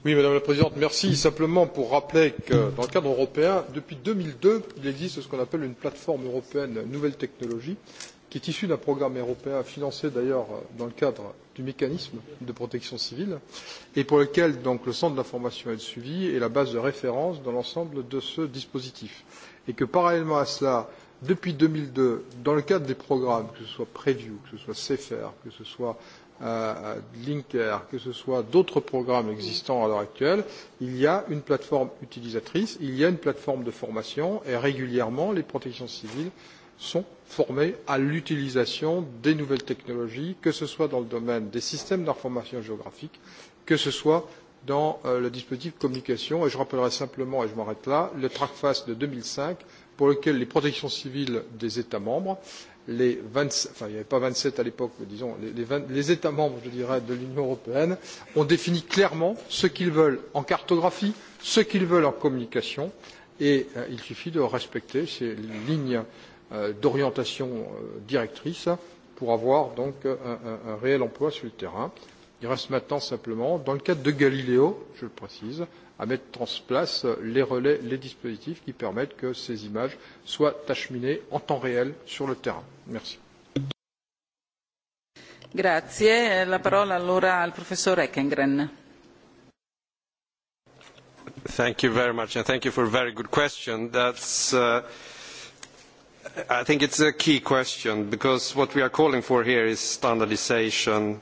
Oui, Madame la Présidente, merci. Simplement pour rappeler que dans le cadre européen, depuis deux mille deux il existe ce qu'on appelle une plateforme européenne nouvelles technologies qui est issu d'un programme européen financé d'ailleurs dans le cadre du mécanisme de protection civile et pour lequel donc, le centre d'information et de suivi est la base de référence dans l'ensemble de ce dispositif. Et que parallèlement à cela, depuis 2002, dans le cadre des programmes, que ce soit Preview, que ce soit CFR, que ce soit euh, Linker, que ce soit d'autres programmes existants à l'heure actuelle, il y a une plateforme utilisatrice, il y a une plateforme de formation et régulièrement les protections civiles sont formés à l'utilisation des nouvelles technologies, que ce soit dans le domaine des systèmes d'information géographique, que ce soit dans euh, le dispositif de communication. Et je rappellerai simplement, et je m'arrête là, le TRACFAS de 2005, pour lequel les protections civiles des États membres, les 20, enfin il n'y avait pas 27 à l'époque, mais disons les, les, 20, les États membres, je dirais, de l'Union européenne, ont défini clairement ce qu'ils veulent en cartographie, ce qu'ils veulent en communication, et euh, il suffit de respecter ces lignes Euh, d'orientation euh, directrice pour avoir donc euh, un, un, réel emploi sur le terrain. Il reste maintenant simplement, dans le cadre de Galileo, je le précise, à mettre en place les relais, les dispositifs qui permettent que ces images soient acheminées en temps réel sur le terrain. Merci. Grazie. La parola allora al professor Eckengren. Thank you very much and thank you for a very good question. That's uh, I think it's a key question because what we are calling for here is standardization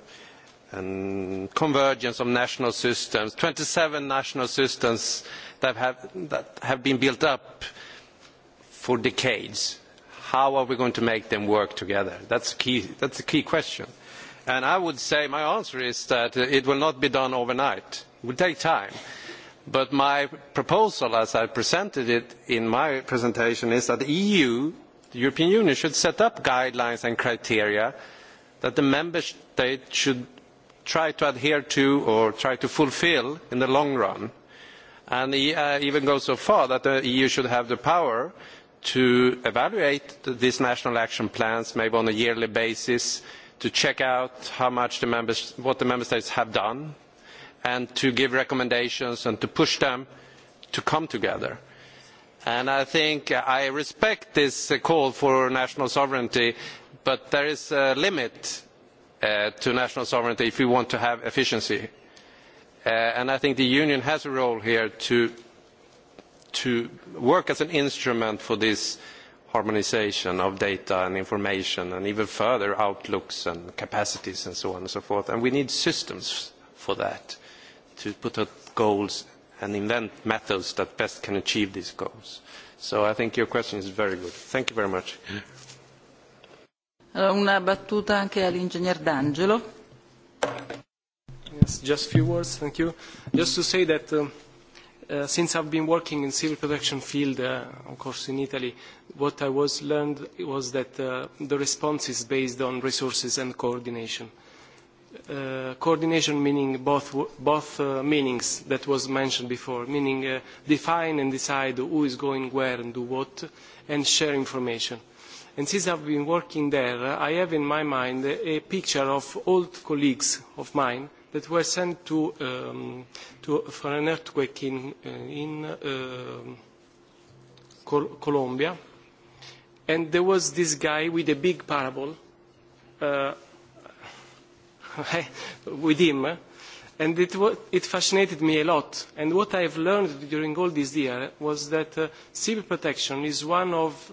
and convergence of national systems. 27 national systems that have, that have been built up for decades. How are we going to make them work together? That's a key, that's a key question. And I would say my answer is that it will not be done overnight. It will take time. But my proposal, as I presented it in my presentation, is that the EU The European Union should set up guidelines and criteria that the member state should try to adhere to or try to fulfill in the long run. And uh, even go so far that the EU should have the power to evaluate these national action plans maybe on a yearly basis to check out how much the members, what the member states have done and to give recommendations and to push them to come together. And I think I respect this call for national sovereignty, but there is a limit uh, to national sovereignty if we want to have efficiency. Uh, and I think the Union has a role here to, to work as an instrument for this harmonization of data and information and even further outlooks and capacities and so on and so forth. And we need systems for that to put up goals and invent methods that best can achieve these goals. So I think your question is very good. Thank you very much. Eh, una battuta anche all'ingegner D'Angelo. Yes, just a few words, thank you. Just to say that uh, uh, since I've been working in civil protection field, uh, of course in Italy, what I was learned was that uh, the response is based on resources and coordination. Uh, coordination meaning both, both uh, meanings that was mentioned before, meaning uh, define and decide who is going where and do what, and share information. And since I've been working there, I have in my mind a, picture of old colleagues of mine that were sent to, um, to for an earthquake in, uh, in uh, Col Colombia, and there was this guy with a big parable uh, with him. And it, it fascinated me a lot. And what I've learned during all this year was that uh, civil protection is one of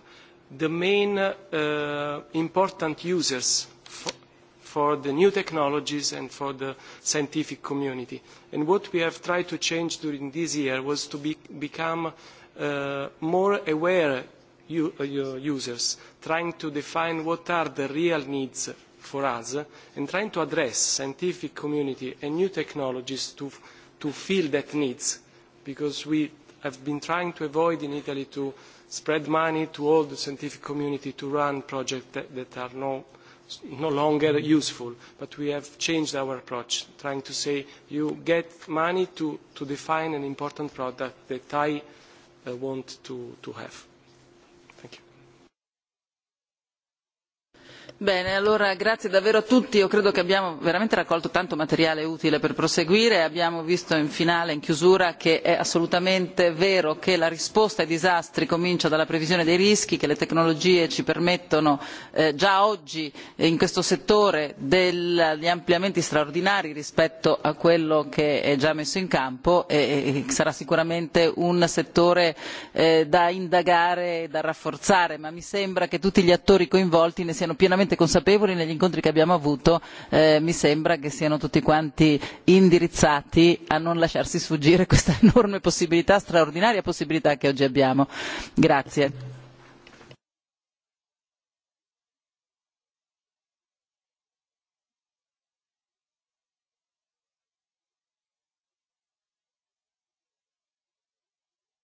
the main uh, important users for, for the new technologies and for the scientific community. And what we have tried to change during this year was to be, become uh, more aware u, uh, users, trying to define what are the real needs for us and trying to address scientific community and new technologies to, to fill that needs because we have been trying to avoid in Italy to spread money to all the scientific community to run projects that, that are no, no longer useful. But we have changed our approach, trying to say you get money to, to define an important product that I uh, want to, to have. grazie davvero a tutti. Io credo che abbiamo veramente raccolto tanto materiale utile per proseguire. e Abbiamo visto in finale, in chiusura, che è assolutamente vero che la risposta ai disastri comincia dalla previsione dei rischi, che le tecnologie ci permettono eh, già oggi eh, in questo settore degli ampliamenti straordinari rispetto a quello che è già messo in campo e, e, e sarà sicuramente un settore eh, da indagare e da rafforzare, ma mi sembra che tutti gli attori coinvolti ne siano pienamente consapevoli perfettamente consapevoli negli incontri che abbiamo avuto eh, mi sembra che siano tutti quanti indirizzati a non lasciarsi sfuggire questa enorme possibilità straordinaria possibilità che oggi abbiamo. grazie.